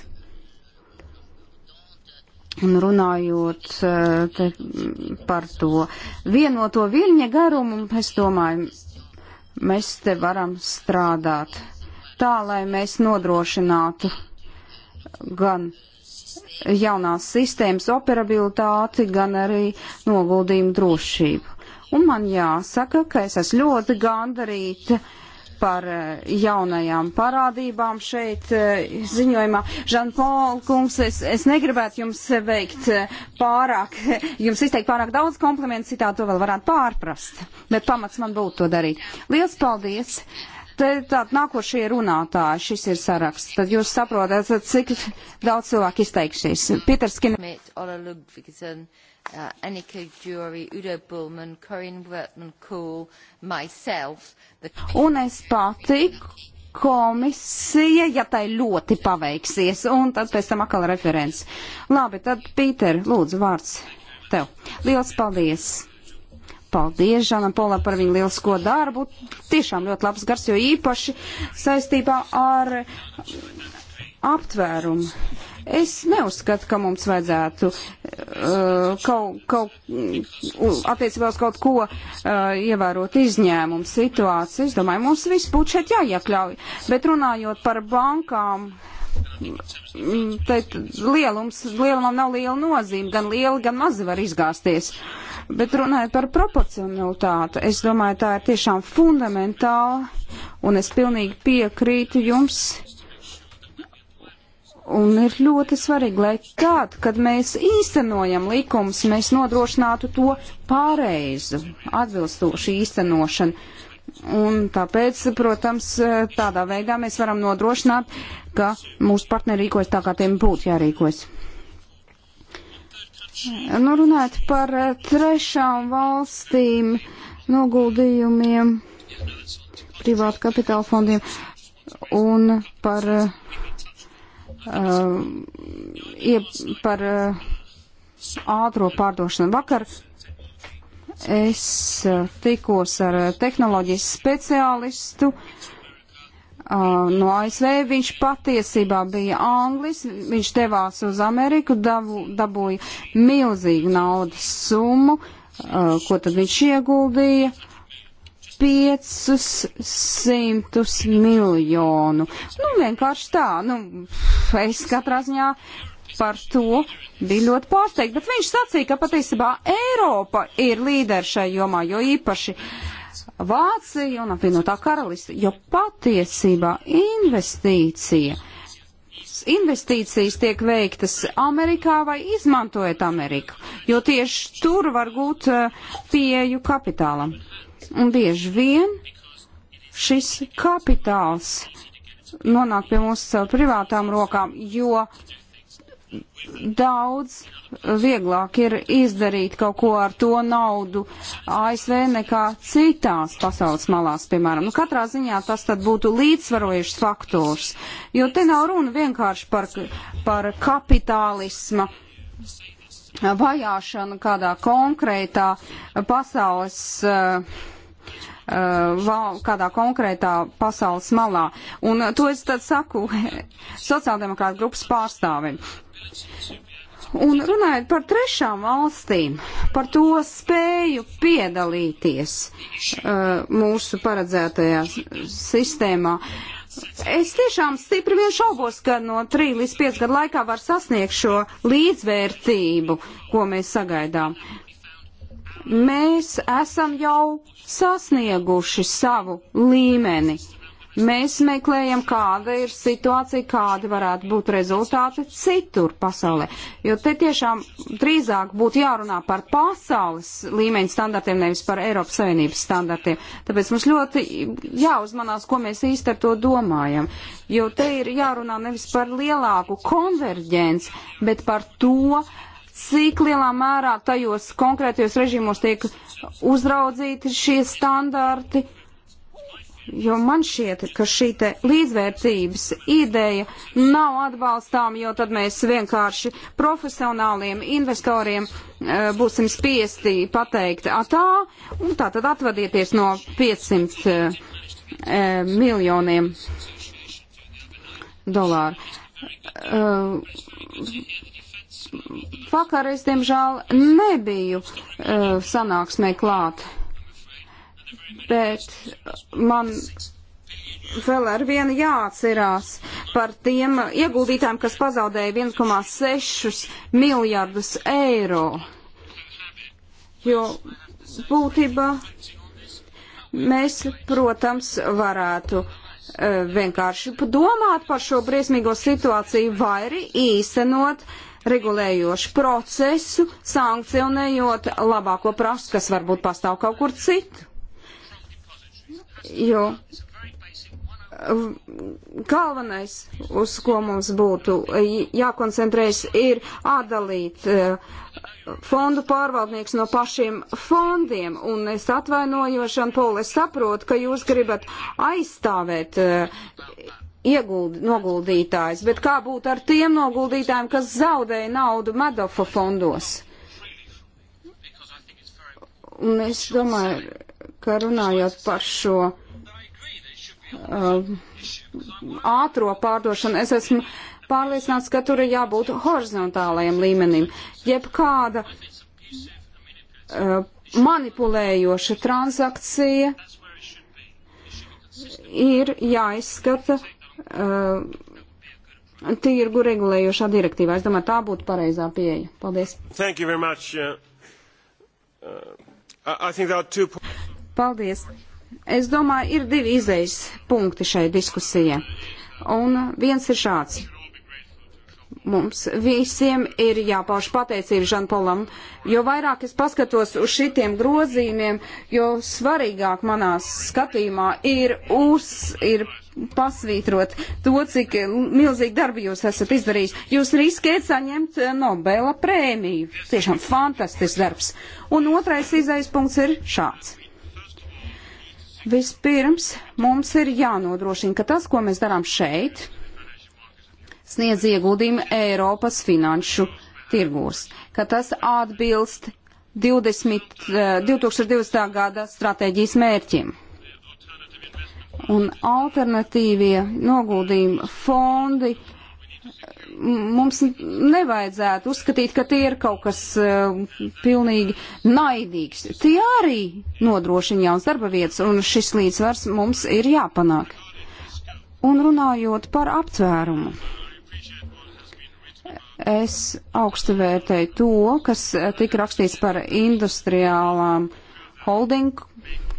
Un runājot eh, te, par to vienoto viļņa garumu, es domāju, mēs te varam strādāt tā, lai mēs nodrošinātu gan jaunās sistēmas operabilitāti, gan arī noguldījumu drošību. Un man jāsaka, ka es esmu ļoti gandarīta par eh, jaunajām parādībām šeit eh, ziņojumā. Žanpola kungs, es, es negribētu jums veikt eh, pārāk, jums izteikt pārāk daudz komplimentu, citādi to vēl varētu pārprast, bet pamats man būtu to darīt. Liels paldies! Uh, Te tātad nākošie runātāji, šis ir saraksts. Tad jūs saprotat, cik daudz cilvēku izteiksies. Pīters Kinemits, Ola Ludvigsen, uh, Annika Djuri, Udo Bullman, Corinne Wertman Kool, myself. The... Un es pati komisija, ja tai ļoti paveiksies, un tad pēc tam atkal referents. Labi, tad Pīter, lūdzu, vārds tev. Liels paldies! Paldies Žanam Polam par viņu lielisko darbu. Tiešām ļoti labs gars, jo īpaši saistībā ar aptvērumu. Es neuzskatu, ka mums vajadzētu uh, kaut, kaut, uh, attiecībā uz kaut ko uh, ievērot izņēmumu situāciju. Es domāju, mums viss būtu šeit jāiekļauj. Bet runājot par bankām, mm, tad lielums, lielumam nav liela nozīme. Gan lieli, gan mazi var izgāzties. Uh, Bet runājot par proporcionalitāti, es domāju, tā ir tiešām fundamentāla, un es pilnīgi piekrītu jums. Un ir ļoti svarīgi, lai tad, kad mēs īstenojam likumus, mēs nodrošinātu to pareizu, atbilstošu īstenošanu. Un tāpēc, protams, tādā veidā mēs varam nodrošināt, ka mūsu partneri rīkojas tā, kā tiem būtu jārīkojas. Nu, runājot par eh, trešām valstīm noguldījumiem, privātu kapitāla fondiem un par, uh, eh, iep, par uh, ātro pārdošanu. Vakar es tikos ar tehnoloģijas speciālistu, uh, Uh, no ASV. Viņš patiesībā bija Anglis, viņš devās uz Ameriku, dabu, dabūja milzīgu naudas summu, uh, ko tad viņš ieguldīja. 500 miljonu. Nu, vienkārši tā, nu, es katrā ziņā par to bija ļoti pārsteigta, bet viņš sacīja, ka patiesībā Eiropa ir līdera šai jomā, jo īpaši uh, Vācija un apvienotā karalista, jo patiesībā investīcija, investīcijas tiek veiktas Amerikā vai izmantojot Ameriku, jo tieši tur var gūt eh, pieju kapitālam. Un bieži vien šis kapitāls nonāk pie mūsu privātām rokām, jo daudz vieglāk ir izdarīt kaut ko ar to naudu ASV nekā citās pasaules malās, piemēram. Nu, katrā ziņā tas tad būtu līdzsvarojušs faktors, jo te nav runa vienkārši par, par kapitālisma vajāšanu kādā konkrētā pasaules. Uh, kādā konkrētā pasaules malā. Un to es tad saku sociāldemokrāta grupas pārstāvim. Un runājot par trešām valstīm, par to spēju piedalīties uh, mūsu paredzētajā sistēmā, es tiešām stipri vien šaubos, ka no 3 līdz 5 gadu laikā var sasniegt šo līdzvērtību, ko mēs sagaidām. Mēs esam jau sasnieguši savu līmeni Mēs meklējam, kāda ir situācija, kādi varētu būt rezultāti citur pasaulē. Jo te tiešām drīzāk būtu jārunā par pasaules līmeņa standartiem, nevis par Eiropas Savienības standartiem. Tāpēc mums ļoti jāuzmanās, ko mēs īsti ar to domājam. Jo te ir jārunā nevis par lielāku konverģenci, bet par to, cik lielā mērā tajos konkrētajos režīmos tiek uzraudzīti šie standarti Jo man šķiet, ka šī līdzvērtības ideja nav atbalstām, jo tad mēs vienkārši profesionāliem investoriem e, būsim spiesti pateikt, atā, un tā tad atvadieties no 500 e, eh, miljoniem dolāru. E, vakar es, diemžēl, nebiju sanāksmē klāt bet man vēl ar vienu jāatcerās par tiem ieguldītājiem, kas pazaudēja 1,6 miljardus eiro. Jo būtībā mēs, protams, varētu e, vienkārši padomāt par šo briesmīgo situāciju vai arī īstenot regulējošu procesu, sankcionējot labāko prasu, kas varbūt pastāv kaut kur citu jo galvenais, uz ko mums būtu jākoncentrējas, ir atdalīt e, fondu pārvaldnieks no pašiem fondiem. Un es atvainojos, Žanpola, es saprotu, ka jūs gribat aizstāvēt e, ieguld, noguldītājs, bet kā būtu ar tiem noguldītājiem, kas zaudēja naudu Madofa fondos? Un es domāju, ka runājot par šo uh, ātro pārdošanu, es esmu pārliecināts, ka tur ir jābūt horizontālajiem līmenim. Jebkāda uh, manipulējoša transakcija ir jāizskata uh, tirgu regulējošā direktīvā. Es domāju, tā būtu pareizā pieeja. Paldies. Thank you very much. Uh, uh, I think there are two points. Paldies! Es domāju, ir divi izējas punkti šai diskusijai. Un viens ir šāds. Mums visiem ir jāpauž pateicība Žanpolam, jo vairāk es paskatos uz šitiem grozījumiem, jo svarīgāk manā skatījumā ir uz, ir pasvītrot to, cik milzīgi darbi jūs esat izdarījis. Jūs riskējat saņemt eh, Nobela prēmiju. Tiešām fantastisks darbs. Un otrais izējas punkts ir šāds Vispirms mums ir jānodrošina, ka tas, ko mēs darām šeit, sniedz ieguldījumu Eiropas finanšu tirgos, ka tas atbilst 20, 2020. Eh, gada stratēģijas mērķiem. Un alternatīvie noguldījuma fondi mums nevajadzētu uzskatīt, ka tie ir kaut kas uh, pilnīgi naidīgs. Tie arī nodrošina jauns darba vietas, un šis līdzsvars mums ir jāpanāk. Un runājot par aptvērumu, es augstu vērtēju to, kas tika rakstīts par industriālām holding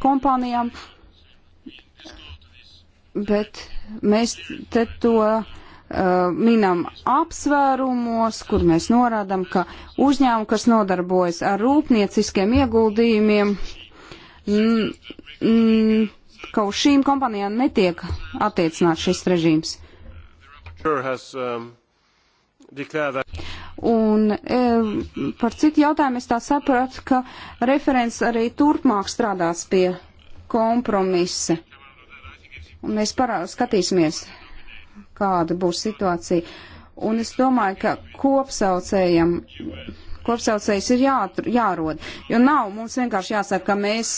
kompānijām, bet mēs te to uh, Uh, minam apsvērumos, kur mēs norādam, ka uzņēmumi, kas nodarbojas ar rūpnieciskiem ieguldījumiem, m, m, ka uz šīm kompanijām netiek attiecināts šis režīms. Um, Un e, par citu jautājumu es tā sapratu, ka referents arī turpmāk strādās pie kompromisa. Un mēs parā skatīsimies kāda būs situācija. Un es domāju, ka kopsaucējiem, kopsaucējs ir jā, jārod, jo nav mums vienkārši jāsaka, ka mēs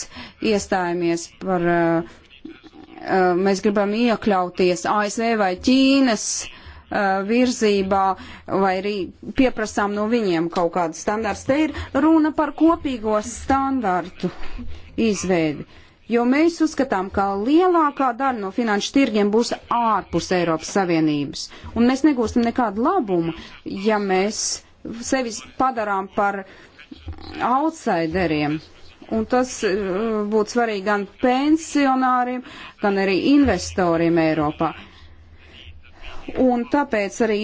iestājamies par, eh, eh, mēs gribam iekļauties ASV vai Ķīnas eh, virzībā vai arī pieprasām no viņiem kaut kādu standārtu. Te ir runa par kopīgo standārtu izveidi. Uh, jo mēs uzskatām, ka lielākā daļa no finanšu tirgiem būs ārpus Eiropas Savienības. Un mēs negūstam nekādu labumu, ja mēs sevi padarām par outsideriem. Un tas uh, būtu svarīgi gan pensionāriem, gan arī investoriem Eiropā. Un tāpēc arī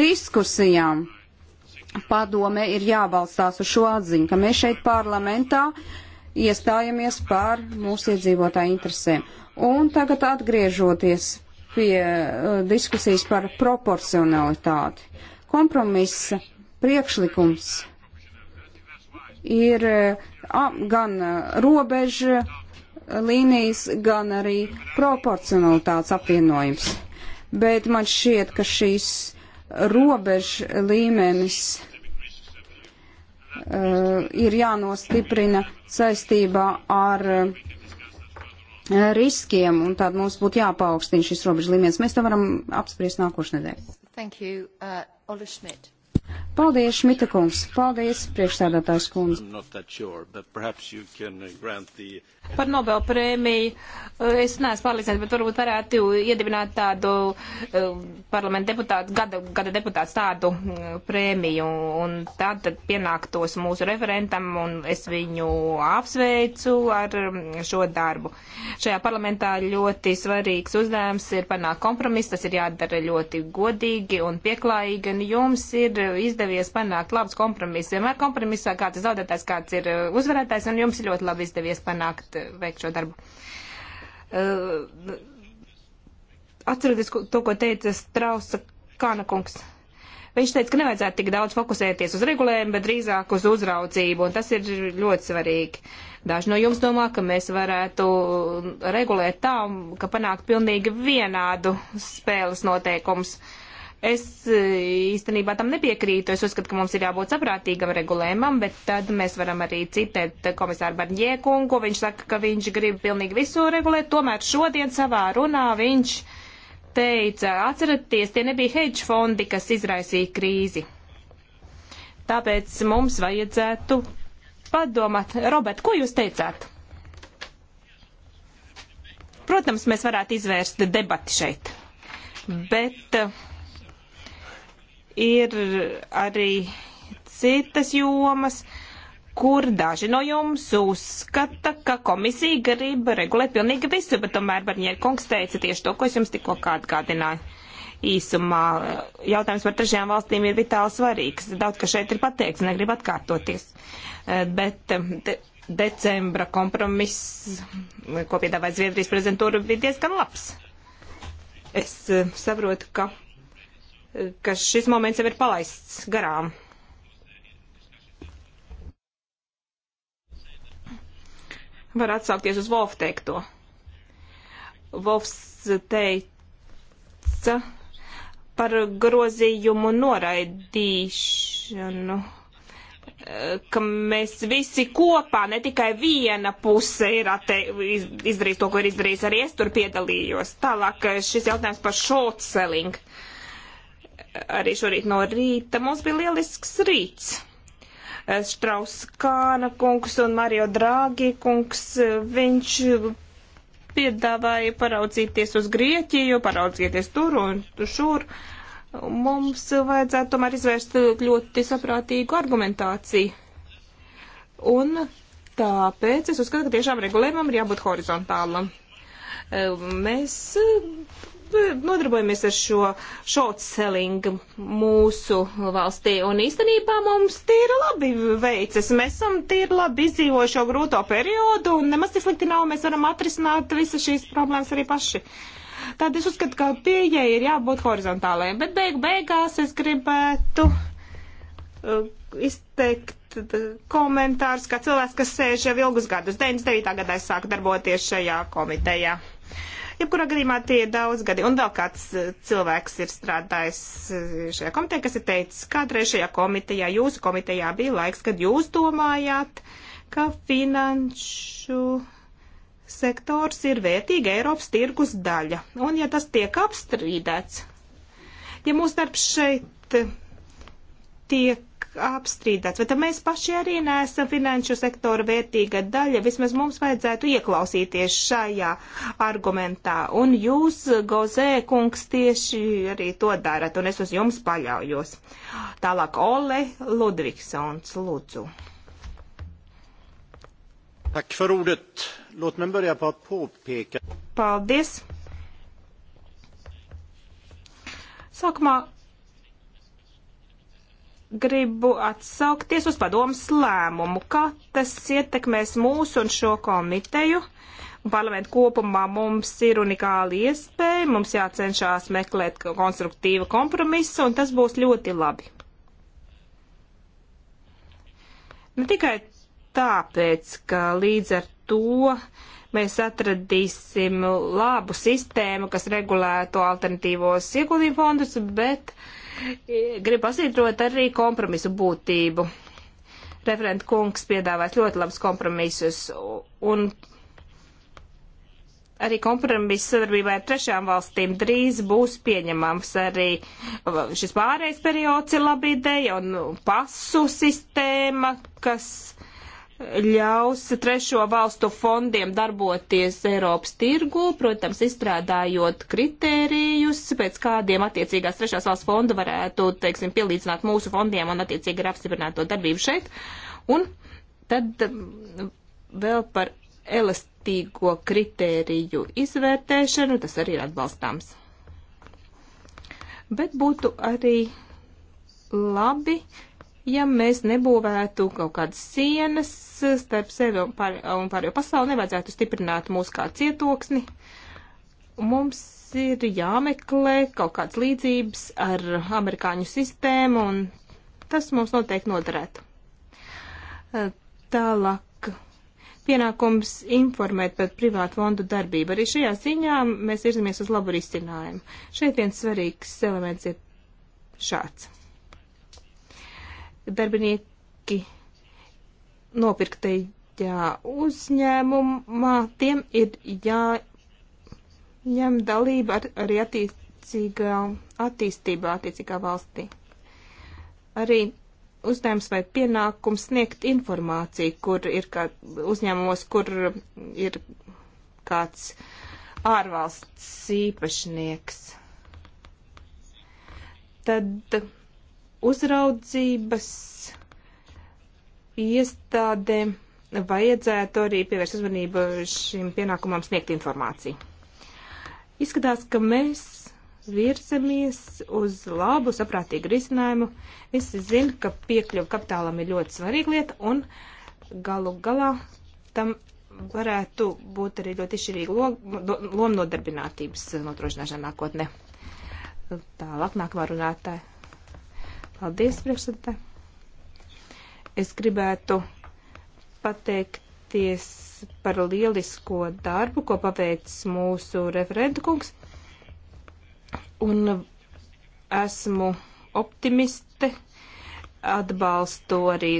diskusijām padome ir jābalstās uz šo atziņu, ka mēs šeit parlamentā uh, iestājamies par mūsu iedzīvotāju interesēm. Un tagad atgriežoties pie uh, diskusijas par proporcionalitāti. Kompromisa priekšlikums ir uh, gan eh, robeža līnijas, gan arī proporcionalitātes apvienojums. Bet man šķiet, ka šīs robeža līmenis Eh, ir jānostiprina saistībā ar eh, riskiem, un tad mums būtu jāpaukstina šis robežu līmenis. Mēs to varam apspriest nākošnedēļ. Thank you, uh, Ola Schmidt. Paldies, Šmita kungs. Paldies, priekšstādātājs kungs. Sure, uh, the... Uh, Par Nobel prēmiju uh, es neesmu pārliecināts, bet varbūt varētu iedibināt tādu uh, parlamentu deputātu, gada, gada deputātu tādu prēmiju. Un tad, tad pienāktos mūsu referentam un es viņu apsveicu ar um, šo darbu. Šajā parlamentā ļoti svarīgs uzdevums ir panākt kompromiss. Tas ir jādara ļoti godīgi un pieklājīgi. Un jums ir izdevums izdevies panākt labs kompromiss. Vienmēr kompromisā kāds ir zaudētājs, kāds ir uh, uzvarētājs, un jums ļoti labi izdevies panākt, uh, veikt šo darbu. Uh, Atcerieties to, ko teica Strausa Kānakungs. Viņš teica, ka nevajadzētu tik daudz fokusēties uz regulējumu, bet drīzāk uz uzraudzību, un tas ir ļoti svarīgi. Daži no jums domā, ka mēs varētu regulēt tā, ka panākt pilnīgi vienādu spēles noteikumus. Uh, Es e, īstenībā tam nepiekrītu. Es uzskatu, ka mums ir jābūt saprātīgam regulējumam, bet tad mēs varam arī citēt komisāru Barņiekungu. Viņš saka, ka viņš grib pilnīgi visu regulēt, tomēr šodien savā runā viņš teica, atceraties, tie nebija hedge fondi, kas izraisīja krīzi. Tāpēc mums vajadzētu padomāt. Robert, ko jūs teicāt? Protams, mēs varētu izvērst debati šeit, bet uh, ir arī citas jomas, kur daži no jums uzskata, ka komisija grib regulēt pilnīgi visu, bet tomēr Barņēra kungs teica tieši to, ko es jums tikko atgādināju. Īsumā jautājums par trešajām valstīm ir vitāli svarīgs. Daudz, ka šeit ir pateikts, negribu atkārtoties. Bet decembra kompromiss, ko piedāvāja Zviedrijas prezidentūra, bija diezgan labs. Es eh, saprotu, ka ka šis moments jau ir palaists garām. Var atsaukties uz Wolfa teikto. Wolfs teica par grozījumu noraidīšanu, ka mēs visi kopā, ne tikai viena puse ir ate, izdarījis to, ko ir izdarījis, arī es tur piedalījos. Tālāk eh, šis jautājums par short selling. Uh, arī šorīt no rīta. Mums bija lielisks rīts. Eh, Štrauskāna kungs un Mario Drāgi kungs, eh, viņš piedāvāja paraudzīties uz Grieķiju, paraudzīties tur un šur. Mums vajadzētu tomēr izvērst ļoti saprātīgu argumentāciju. Un tāpēc es uzskatu, ka tiešām regulējumam ir jābūt horizontālam. Eh, Mēs nodarbojamies ar šo short selling mūsu valstī, un īstenībā mums tīri labi veicas. Mēs esam tīri labi izdzīvojušo grūto periodu, un nemaz tik slikti nav, mēs varam atrisināt visas šīs problēmas arī paši. Tad es uzskatu, ka pieeja ir jābūt horizontālajai, bet beigu beigās es gribētu uh, izteikt uh, komentārs, kā cilvēks, kas sēž jau ilgus gadus. 99. gadā es sāku darboties šajā komitejā. Jebkurā gadījumā tie ir daudz gadi. Un vēl kāds eh, cilvēks ir strādājis eh, šajā komitejā, kas ir teicis, kādreiz šajā komitejā, jūsu komitejā bija laiks, kad jūs domājāt, ka finanšu sektors ir vērtīga Eiropas tirgus daļa. Un ja tas tiek apstrīdēts, ja mūsu darbs šeit eh, tiek apstrīdēts, bet mēs paši arī neesam finanšu sektora vērtīga daļa. Vismaz mums vajadzētu ieklausīties šajā argumentā. Un jūs, Gozē, kungs, tieši arī to darat, un es uz jums paļaujos. Tālāk Ole Ludvigsons, lūdzu. Tak för ordet. Låt mig börja på att påpeka. Paldies. Sākumā gribu atsaukties uz padomas lēmumu, kā tas ietekmēs mūsu un šo komiteju. Un parlamentu kopumā mums ir unikāla iespēja, mums jācenšās meklēt konstruktīva kompromisa, un tas būs ļoti labi. Ne tikai tāpēc, ka līdz ar to mēs atradīsim labu sistēmu, kas regulētu alternatīvos ieguldījumu fondus, bet uh, Gribu pasītrot arī kompromisu būtību. Referent kungs piedāvās ļoti labus kompromisus un arī kompromiss sadarbībā ar trešām valstīm drīz būs pieņemams. Arī šis pārējais periods ir laba ideja un pasu sistēma, kas ļaus trešo valstu fondiem darboties Eiropas tirgu, protams, izstrādājot kritērijus, pēc kādiem attiecīgās trešās valsts fonda varētu, teiksim, pielīdzināt mūsu fondiem un attiecīgi ir apstiprināto darbību šeit. Un tad um, vēl par elastīgo kritēriju izvērtēšanu, tas arī ir atbalstāms. Bet būtu arī labi, uh, ja mēs nebūvētu kaut kādas sienas starp sevi un, pār, un pārējo pasauli, nevajadzētu stiprināt mūsu kā cietoksni. Mums ir jāmeklē kaut kādas līdzības ar amerikāņu sistēmu, un tas mums noteikti noderētu. Eh, tālāk. Pienākums informēt par privātu fondu darbību. Arī šajā ziņā mēs virzamies uz labu risinājumu. Šeit viens svarīgs elements ir šāds darbinieki nopirktajā uzņēmumā, tiem ir jāņem dalība ar, arī attiecīgā attīstībā, attiecīgā valstī. Arī uzdevums vai pienākums sniegt informāciju, kur ir kā uzņēmumos, kur ir kāds ārvalsts īpašnieks. Tad uzraudzības iestādēm vajadzētu arī pievērst uzmanību šim pienākumam sniegt informāciju. Izskatās, ka mēs virzamies uz labu, saprātīgu risinājumu. Es zinu, ka piekļuva kapitālam ir ļoti svarīga lieta, un galu galā tam varētu būt arī ļoti izšķirīga loma nodarbinātības nodrošināšana nākotnē. Tālāk nākamā runātāja Paldies, priekšsēdētā. Es gribētu pateikties par lielisko darbu, ko paveic mūsu referentu kungs. Un esmu optimiste, atbalstu arī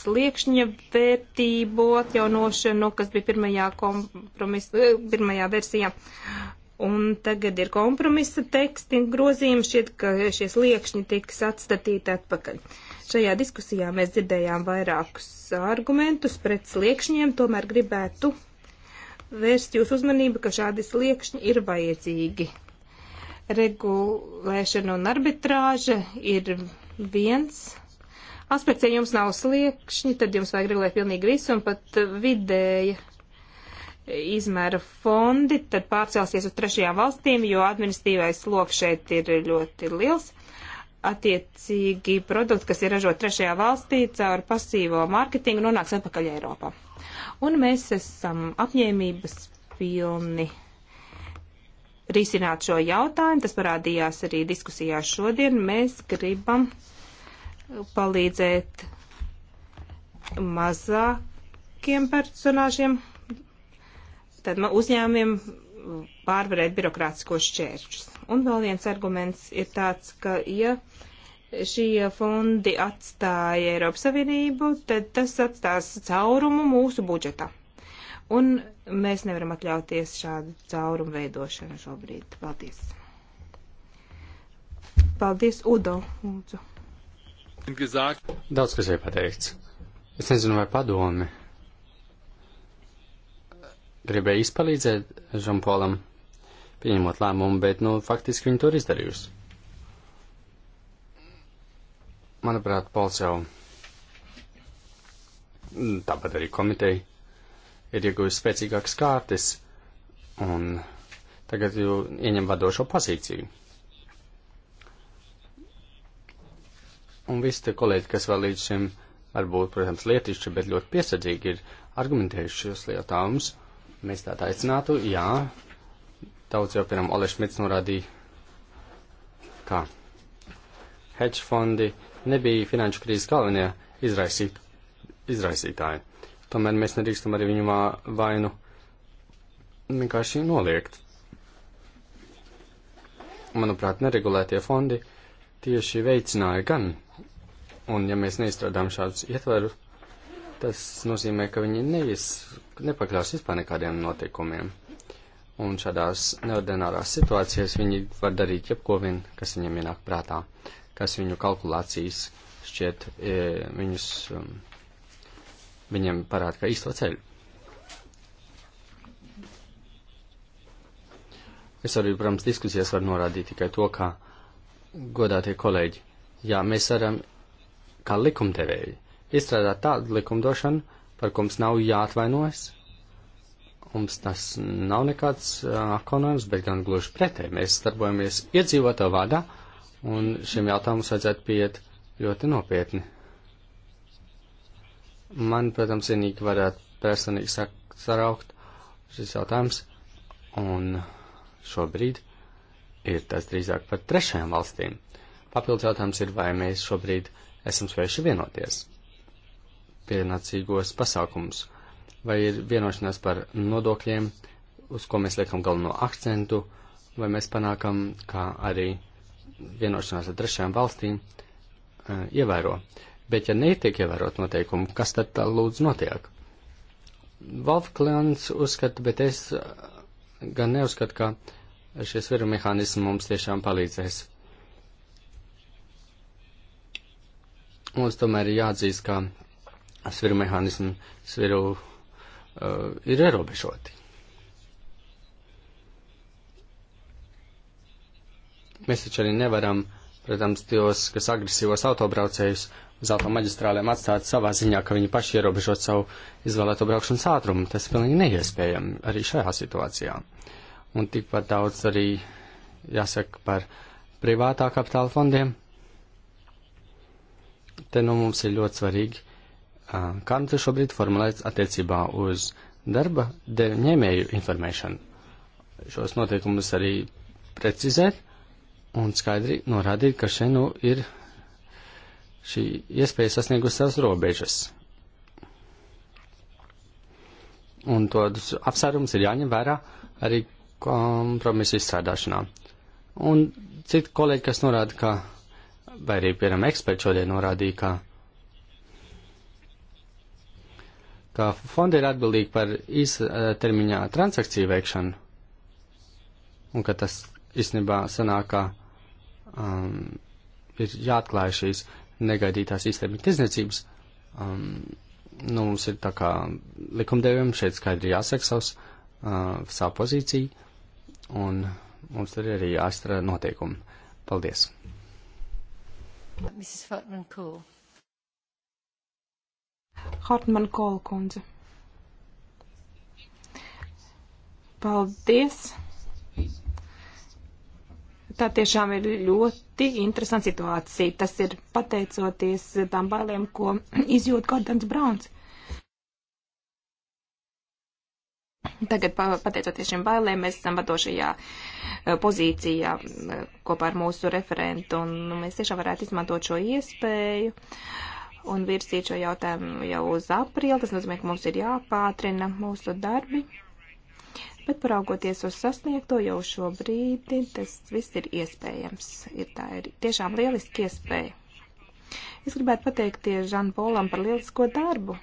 sliekšņa vērtību atjaunošanu, kas bija pirmajā, kompromis, pirmajā versijā. Un tagad ir kompromisa teksti un grozījumi, šķiet, ka šie sliekšņi tiks atstatīti atpakaļ. Šajā diskusijā mēs dzirdējām vairākus argumentus pret sliekšņiem, tomēr gribētu vērst jūs uzmanību, ka šādi sliekšņi ir vajadzīgi. Regulēšana un arbitrāža ir viens aspekts, ja jums nav sliekšņi, tad jums vajag regulēt pilnīgi visu, un pat vidēja izmēra fondi, tad pārcelsies uz trešajām valstīm, jo administratīvais sloks šeit ir ļoti liels. Attiecīgi produkti, kas ir ražot trešajā valstī caur pasīvo mārketingu, nonāks atpakaļ Eiropā. Un mēs esam apņēmības pilni risināt šo jautājumu. Tas parādījās arī diskusijās šodien. Mēs gribam palīdzēt mazākiem personāžiem tad uzņēmumiem pārvarēt birokrātiskos šķēršļus. Un vēl viens arguments ir tāds, ka ja šie fondi atstāja Eiropas Savienību, tad tas atstās caurumu mūsu budžetā. Un mēs nevaram atļauties šādu caurumu veidošanu šobrīd. Paldies. Paldies, Udo. Lūdzu. Daudz kas ir pateikts. Es nezinu, vai padomi gribēja izpalīdzēt Žampolam, pieņemot lēmumu, bet, nu, faktiski viņi to ir izdarījusi. Manuprāt, Pols jau mm, tāpat arī komiteja ir iegūjusi spēcīgākas kārtas un tagad jau ieņem vadošo pozīciju. Un visi te kolēģi, kas vēl līdz šim varbūt, protams, lietišķi, bet ļoti piesardzīgi ir argumentējuši šos lietājumus. Mēs tā aicinātu, jā. Daudz jau, piemēram, Olešs Mits norādīja, kā hedge fondi nebija finanšu krīzes galvenie izraisīt, izraisītāji. Tomēr mēs nedrīkstam arī viņu vainu vienkārši noliegt. Manuprāt, neregulētie fondi tieši veicināja gan, un ja mēs neizstrādām šādus ietverus, Tas nozīmē, ka viņi neies, nepakļaus vispār nekādiem noteikumiem. Un šādās neordinārās situācijās viņi var darīt jebko vien, kas viņam ienāk prātā, kas viņu kalkulācijas šķiet e, viņus, um, viņam parāda kā īsto ceļu. Es arī, protams, diskusijās varu norādīt tikai to, ka godātie kolēģi, jā, mēs varam kā likumdevēji izstrādāt tādu likumdošanu, par ko mums nav jāatvainojas. Mums tas nav nekāds akonojums, bet gan gluži pretēji. Mēs darbojamies iedzīvotāju vārdā, un šim jautājumam vajadzētu pieiet ļoti nopietni. Man, protams, vienīgi varētu personīgi saraukt šis jautājums, un šobrīd ir tas drīzāk par trešajām valstīm. Papildus jautājums ir, vai mēs šobrīd esam spējuši vienoties pienācīgos pasākumus, vai ir vienošanās par nodokļiem, uz ko mēs liekam galveno akcentu, vai mēs panākam, kā arī vienošanās ar trešajām valstīm eh, ievēro. Bet, ja netiek ievērot noteikumu, kas tad tā lūdzu notiek? Valfklēns uzskata, bet es eh, gan neuzskatu, ka šis viru mehānisms mums tiešām palīdzēs. Mums tomēr ir jāatzīst, ka sviru mehānismu, sviru uh, ir ierobežoti. Mēs taču arī nevaram, protams, tos, kas agresīvos autobraucējus uz automaģistrālēm atstāt savā ziņā, ka viņi paši ierobežot savu izvēlēto braukšanas ātrumu. Tas pilnīgi neiespējami arī šajā situācijā. Un tikpat daudz arī jāsaka par privātā kapitāla fondiem. Te nu mums ir ļoti svarīgi kā nu tas šobrīd formulēts attiecībā uz darba ņēmēju informēšanu. Šos noteikumus arī precizēt un skaidri norādīt, ka šeit nu ir šī iespēja sasniegusi savas robežas. Un tos apsvērums ir jāņem vērā arī kompromisu izstrādāšanā. Un citi kolēģi, kas norāda, ka, vai arī, piemēram, eksperti šodien norādīja, ka ka fondi ir atbildīgi par īstermiņā transakciju veikšanu, un ka tas īstenībā sanāk, ka um, ir jāatklāj šīs negaidītās īstermiņa tirzniecības. Um, nu, mums ir tā kā likumdevējiem šeit skaidri jāsaka savs, uh, savu pozīciju, un mums tur ir arī jāstrādā noteikumi. Paldies! Mrs. Fortman Cool. Hartman Kola kundze. Paldies! Tā tiešām ir ļoti interesanta situācija. Tas ir pateicoties tām bailēm, ko izjūt Gordons Brauns. Tagad, pateicoties šiem bailēm, mēs esam vadošajā eh, pozīcijā eh, kopā ar mūsu referentu, un mēs tiešām varētu izmantot šo iespēju. Uh, un virsīt šo jautājumu jau uz aprīli. Tas nozīmē, ka mums ir jāpātrina mūsu darbi. Bet paraugoties uz sasniegto jau šobrīd, tas viss ir iespējams. Ir tā ir tiešām lieliski iespēja. Es gribētu pateikties Žanpolam par lielisko darbu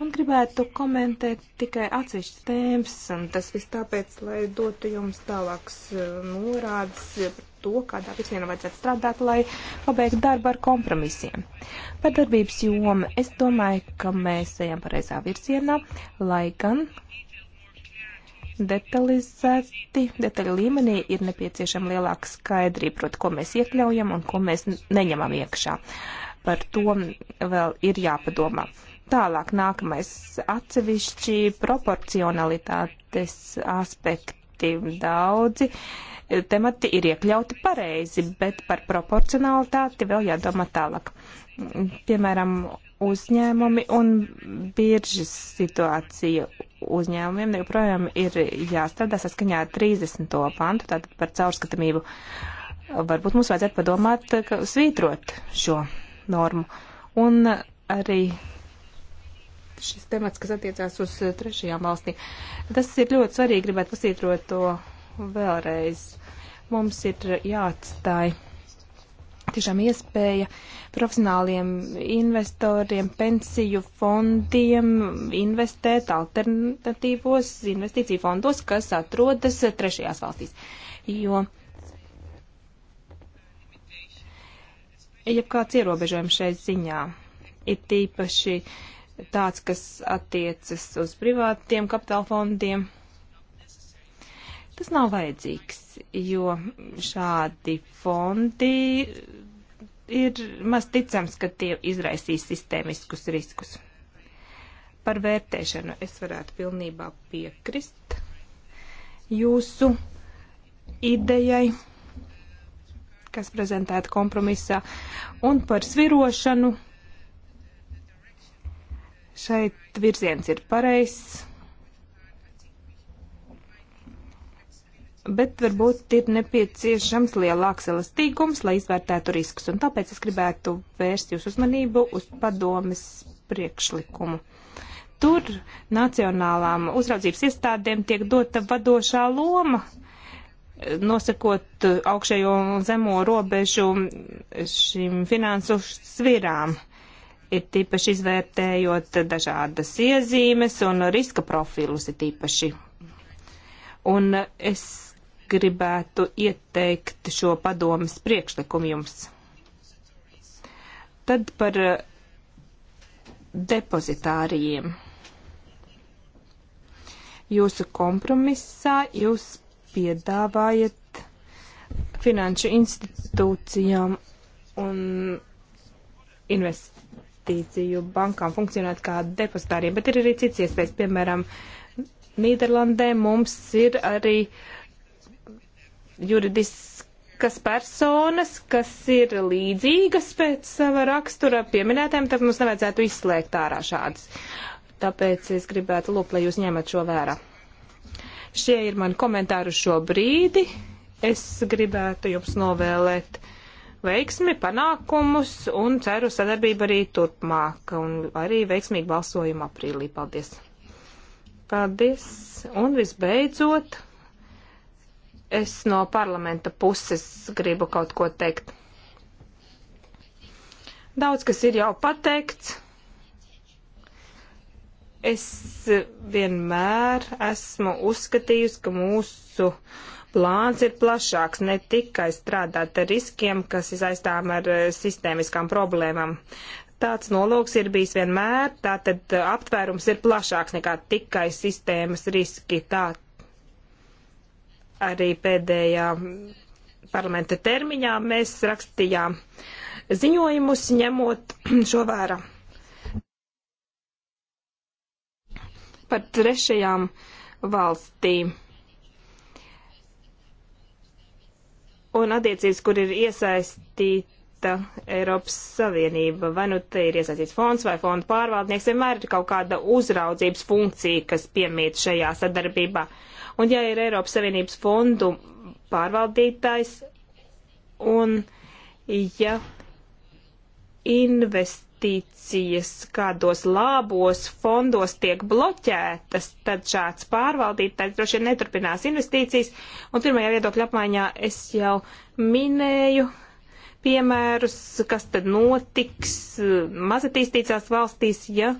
un gribētu komentēt tikai atsevišķas tēmas, un tas viss tāpēc, lai dotu jums tālākas eh, norādes to, kādā virzienā vajadzētu strādāt, lai pabeigtu darbu ar kompromisiem. Par darbības jomu es domāju, ka mēs ejam pareizā virzienā, lai gan detalizēti, detaļu līmenī ir nepieciešama lielāka skaidrība, proti, ko mēs iekļaujam un ko mēs neņemam iekšā. Par to vēl ir jāpadomā. Tālāk nākamais atsevišķi proporcionalitātes aspekti. Daudzi uh, temati ir iekļauti pareizi, bet par proporcionalitāti vēl jādomā tālāk. Piemēram, uzņēmumi un biržas situācija uzņēmumiem joprojām ir jāstrādā saskaņā ar 30. pantu, tātad par caurskatamību. Varbūt mums vajadzētu padomāt, ka svītrot šo normu. Un arī šis temats, kas attiecās uz trešajām valstīm, tas ir ļoti svarīgi, gribētu pasītrot to vēlreiz mums ir jāatstāj tiešām iespēja profesionāliem investoriem, pensiju fondiem investēt alternatīvos investīciju fondos, kas atrodas trešajās valstīs. Jo jebkāds ierobežojums šai ziņā ir tīpaši tāds, kas attiecas uz privātiem kapitāla fondiem Tas nav vajadzīgs, jo šādi fondi ir maz ticams, ka tie izraisīs sistēmiskus riskus. Par vērtēšanu es varētu pilnībā piekrist jūsu idejai, kas prezentēta kompromisā, un par svirošanu. Šeit virziens ir pareizs bet varbūt ir nepieciešams lielāks elastīgums, lai izvērtētu riskus, un tāpēc es gribētu vērst jūs uzmanību uz padomes priekšlikumu. Tur nacionālām uzraudzības iestādēm tiek dota vadošā loma, nosakot augšējo un zemo robežu šīm finansu svirām ir tīpaši izvērtējot dažādas iezīmes un riska profilus ir tīpaši. Un es gribētu ieteikt šo padomas priekšlikumu jums. Tad par eh, depozitārijiem. Jūsu kompromisā jūs piedāvājat finanšu institūcijām un investīciju bankām funkcionēt kā depozitāriem, bet ir arī cits iespējas, piemēram, Nīderlandē mums ir arī uh, juridiskas personas, kas ir līdzīgas pēc sava rakstura pieminētēm, tad mums nevajadzētu izslēgt ārā šādas. Tāpēc es gribētu lūgt, lai jūs ņemat šo vērā. Šie ir mani komentāri šo brīdi. Es gribētu jums novēlēt veiksmi, panākumus un ceru sadarbību arī turpmāk un arī veiksmīgu balsojumu aprīlī. Paldies! Paldies! Un visbeidzot, Es no parlamenta puses gribu kaut ko teikt. Daudz kas ir jau pateikts. Es vienmēr esmu uzskatījusi, ka mūsu plāns ir plašāks, ne tikai strādāt ar riskiem, kas izaistām ar eh, sistēmiskām problēmām. Tāds nolūks ir bijis vienmēr, tātad aptvērums ir plašāks nekā tikai sistēmas riski. Tā arī pēdējā parlamenta termiņā mēs rakstījām ziņojumus, ņemot šo vērā. Par trešajām valstīm. Un attiecības, kur ir iesaistīta Eiropas Savienība, vai nu te ir iesaistīts fonds vai fonda pārvaldnieks, vienmēr ir kaut kāda uzraudzības funkcija, kas piemīt šajā sadarbībā. Uh, Un ja ir Eiropas Savienības fondu pārvaldītājs un ja investīcijas kādos labos fondos tiek bloķētas, tad šāds pārvaldītājs droši vien neturpinās investīcijas. Un pirmajā viedokļa apmaiņā es jau minēju piemērus, kas tad notiks mazatīstītās valstīs, ja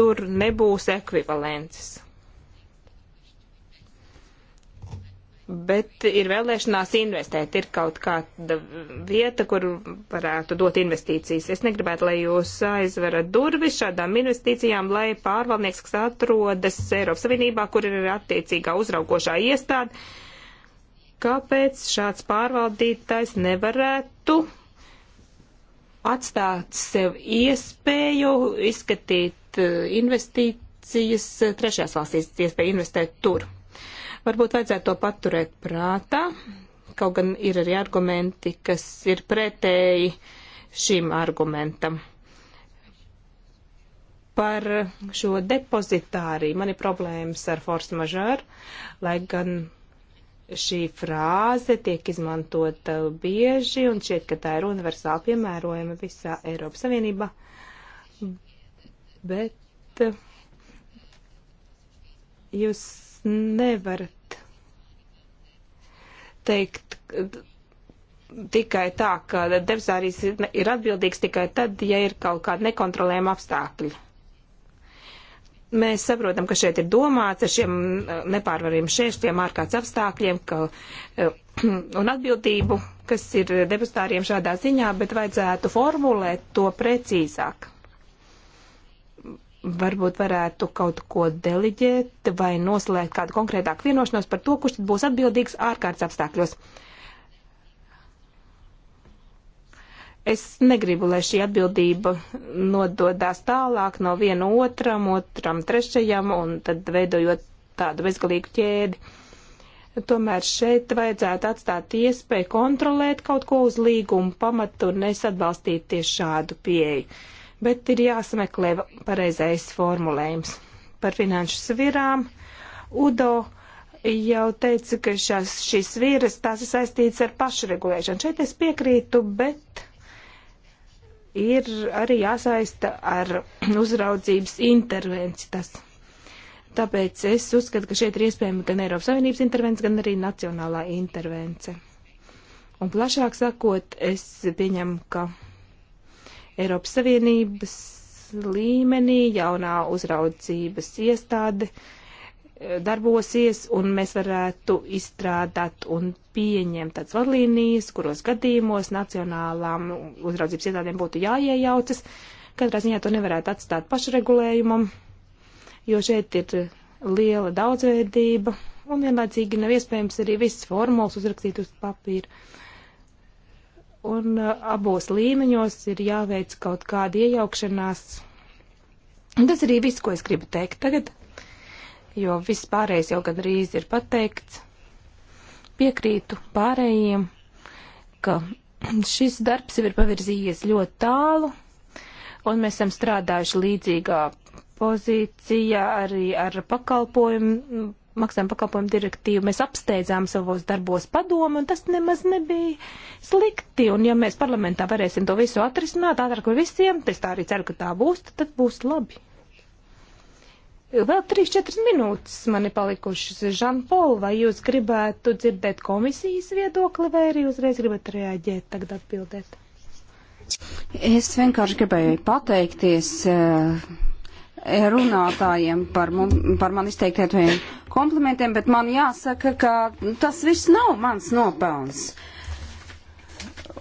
tur nebūs ekvivalences. bet ir vēlēšanās investēt, ir kaut kāda vieta, kur varētu dot investīcijas. Es negribētu, lai jūs aizverat durvis šādām investīcijām, lai pārvaldnieks, kas atrodas Eiropas Savienībā, kur ir attiecīgā uzraugošā iestāde, kāpēc šāds pārvaldītājs nevarētu atstāt sev iespēju izskatīt eh, investīcijas trešajās valstīs, iespēju investēt tur. Varbūt vajadzētu to paturēt prātā, kaut gan ir arī argumenti, kas ir pretēji šim argumentam. Par šo depozitāriju man ir problēmas ar force majeure, lai gan šī frāze tiek izmantota bieži un šķiet, ka tā ir universāli piemērojama visā Eiropas Savienībā. Bet eh, jūs nevarat teikt tikai tā, ka debesārīs ir atbildīgs tikai tad, ja ir kaut kāda nekontrolējama apstākļa. Mēs saprotam, ka šeit ir domāts ar šiem eh, nepārvariem šķēršļiem, ārkārtas apstākļiem ka, eh, un atbildību, kas ir debesāriem šādā ziņā, bet vajadzētu formulēt to precīzāk varbūt varētu kaut ko deliģēt vai noslēgt kādu konkrētāku vienošanos par to, kurš tad būs atbildīgs ārkārtas apstākļos. Es negribu, lai šī atbildība nododās tālāk no viena otram, otram trešajam un tad veidojot tādu bezgalīgu ķēdi. Tomēr šeit vajadzētu atstāt iespēju kontrolēt kaut ko uz līgumu pamatu un es atbalstītu tieši šādu pieeju. Uh, bet ir jāsameklē pareizais formulējums. Par finanšu svirām Udo jau teica, ka šās, šīs sviras tās ir saistītas ar pašregulēšanu. Šeit es piekrītu, bet ir arī jāsaista ar uzraudzības intervenci tas. Tāpēc es uzskatu, ka šeit ir iespējama gan Eiropas Savienības intervence, gan arī nacionālā intervence. Un plašāk sakot, es pieņemu, ka Eiropas Savienības līmenī jaunā uzraudzības iestāde eh, darbosies un mēs varētu izstrādāt un pieņemt tādas vadlīnijas, kuros gadījumos nacionālām uzraudzības iestādēm būtu jāiejaucas. Katrā ziņā to nevarētu atstāt pašregulējumam, jo šeit ir liela daudzveidība un vienlaicīgi nav iespējams arī viss formulas uzrakstīt uz papīra un uh, abos līmeņos ir jāveic kaut kāda iejaukšanās. Un tas arī viss, ko es gribu teikt tagad, jo viss pārējais jau gandrīz ir pateikts. Piekrītu pārējiem, ka šis darbs jau ir pavirzījies ļoti tālu, un mēs esam strādājuši līdzīgā pozīcijā arī ar pakalpojumu maksājuma pakalpojumu direktīvu mēs apsteidzām savos darbos padomu, un tas nemaz nebija slikti. Un ja mēs parlamentā varēsim to visu atrisināt ātrāk par visiem, es tā arī ceru, ka tā būs, tad būs labi. Vēl 3-4 minūtes man ir palikušas. Žanpol, vai jūs gribētu dzirdēt komisijas viedokli, vai arī uzreiz gribat reaģēt, tagad atbildēt? Es vienkārši gribēju pateikties. Uh runātājiem par, mum, par man izteiktajiem komplimentiem, bet man jāsaka, ka tas viss nav mans nopelns.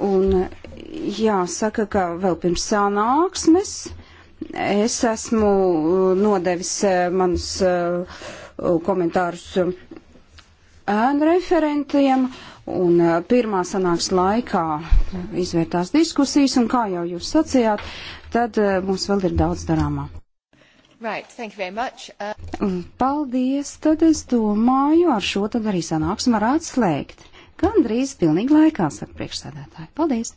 Un jāsaka, ka vēl pirms sanāksmes es esmu nodevis eh, manus eh, komentārus eh, ēnu referentiem. Un pirmā sanāks laikā izvērtās diskusijas, un kā jau jūs sacījāt, tad mums vēl ir daudz darāmā. Right, thank you very much. Uh... Paldies, tad es domāju, ar šo tad arī sanāksim ar atslēgt. Gan drīz pilnīgi laikā, saka priekšsēdētāji. Paldies!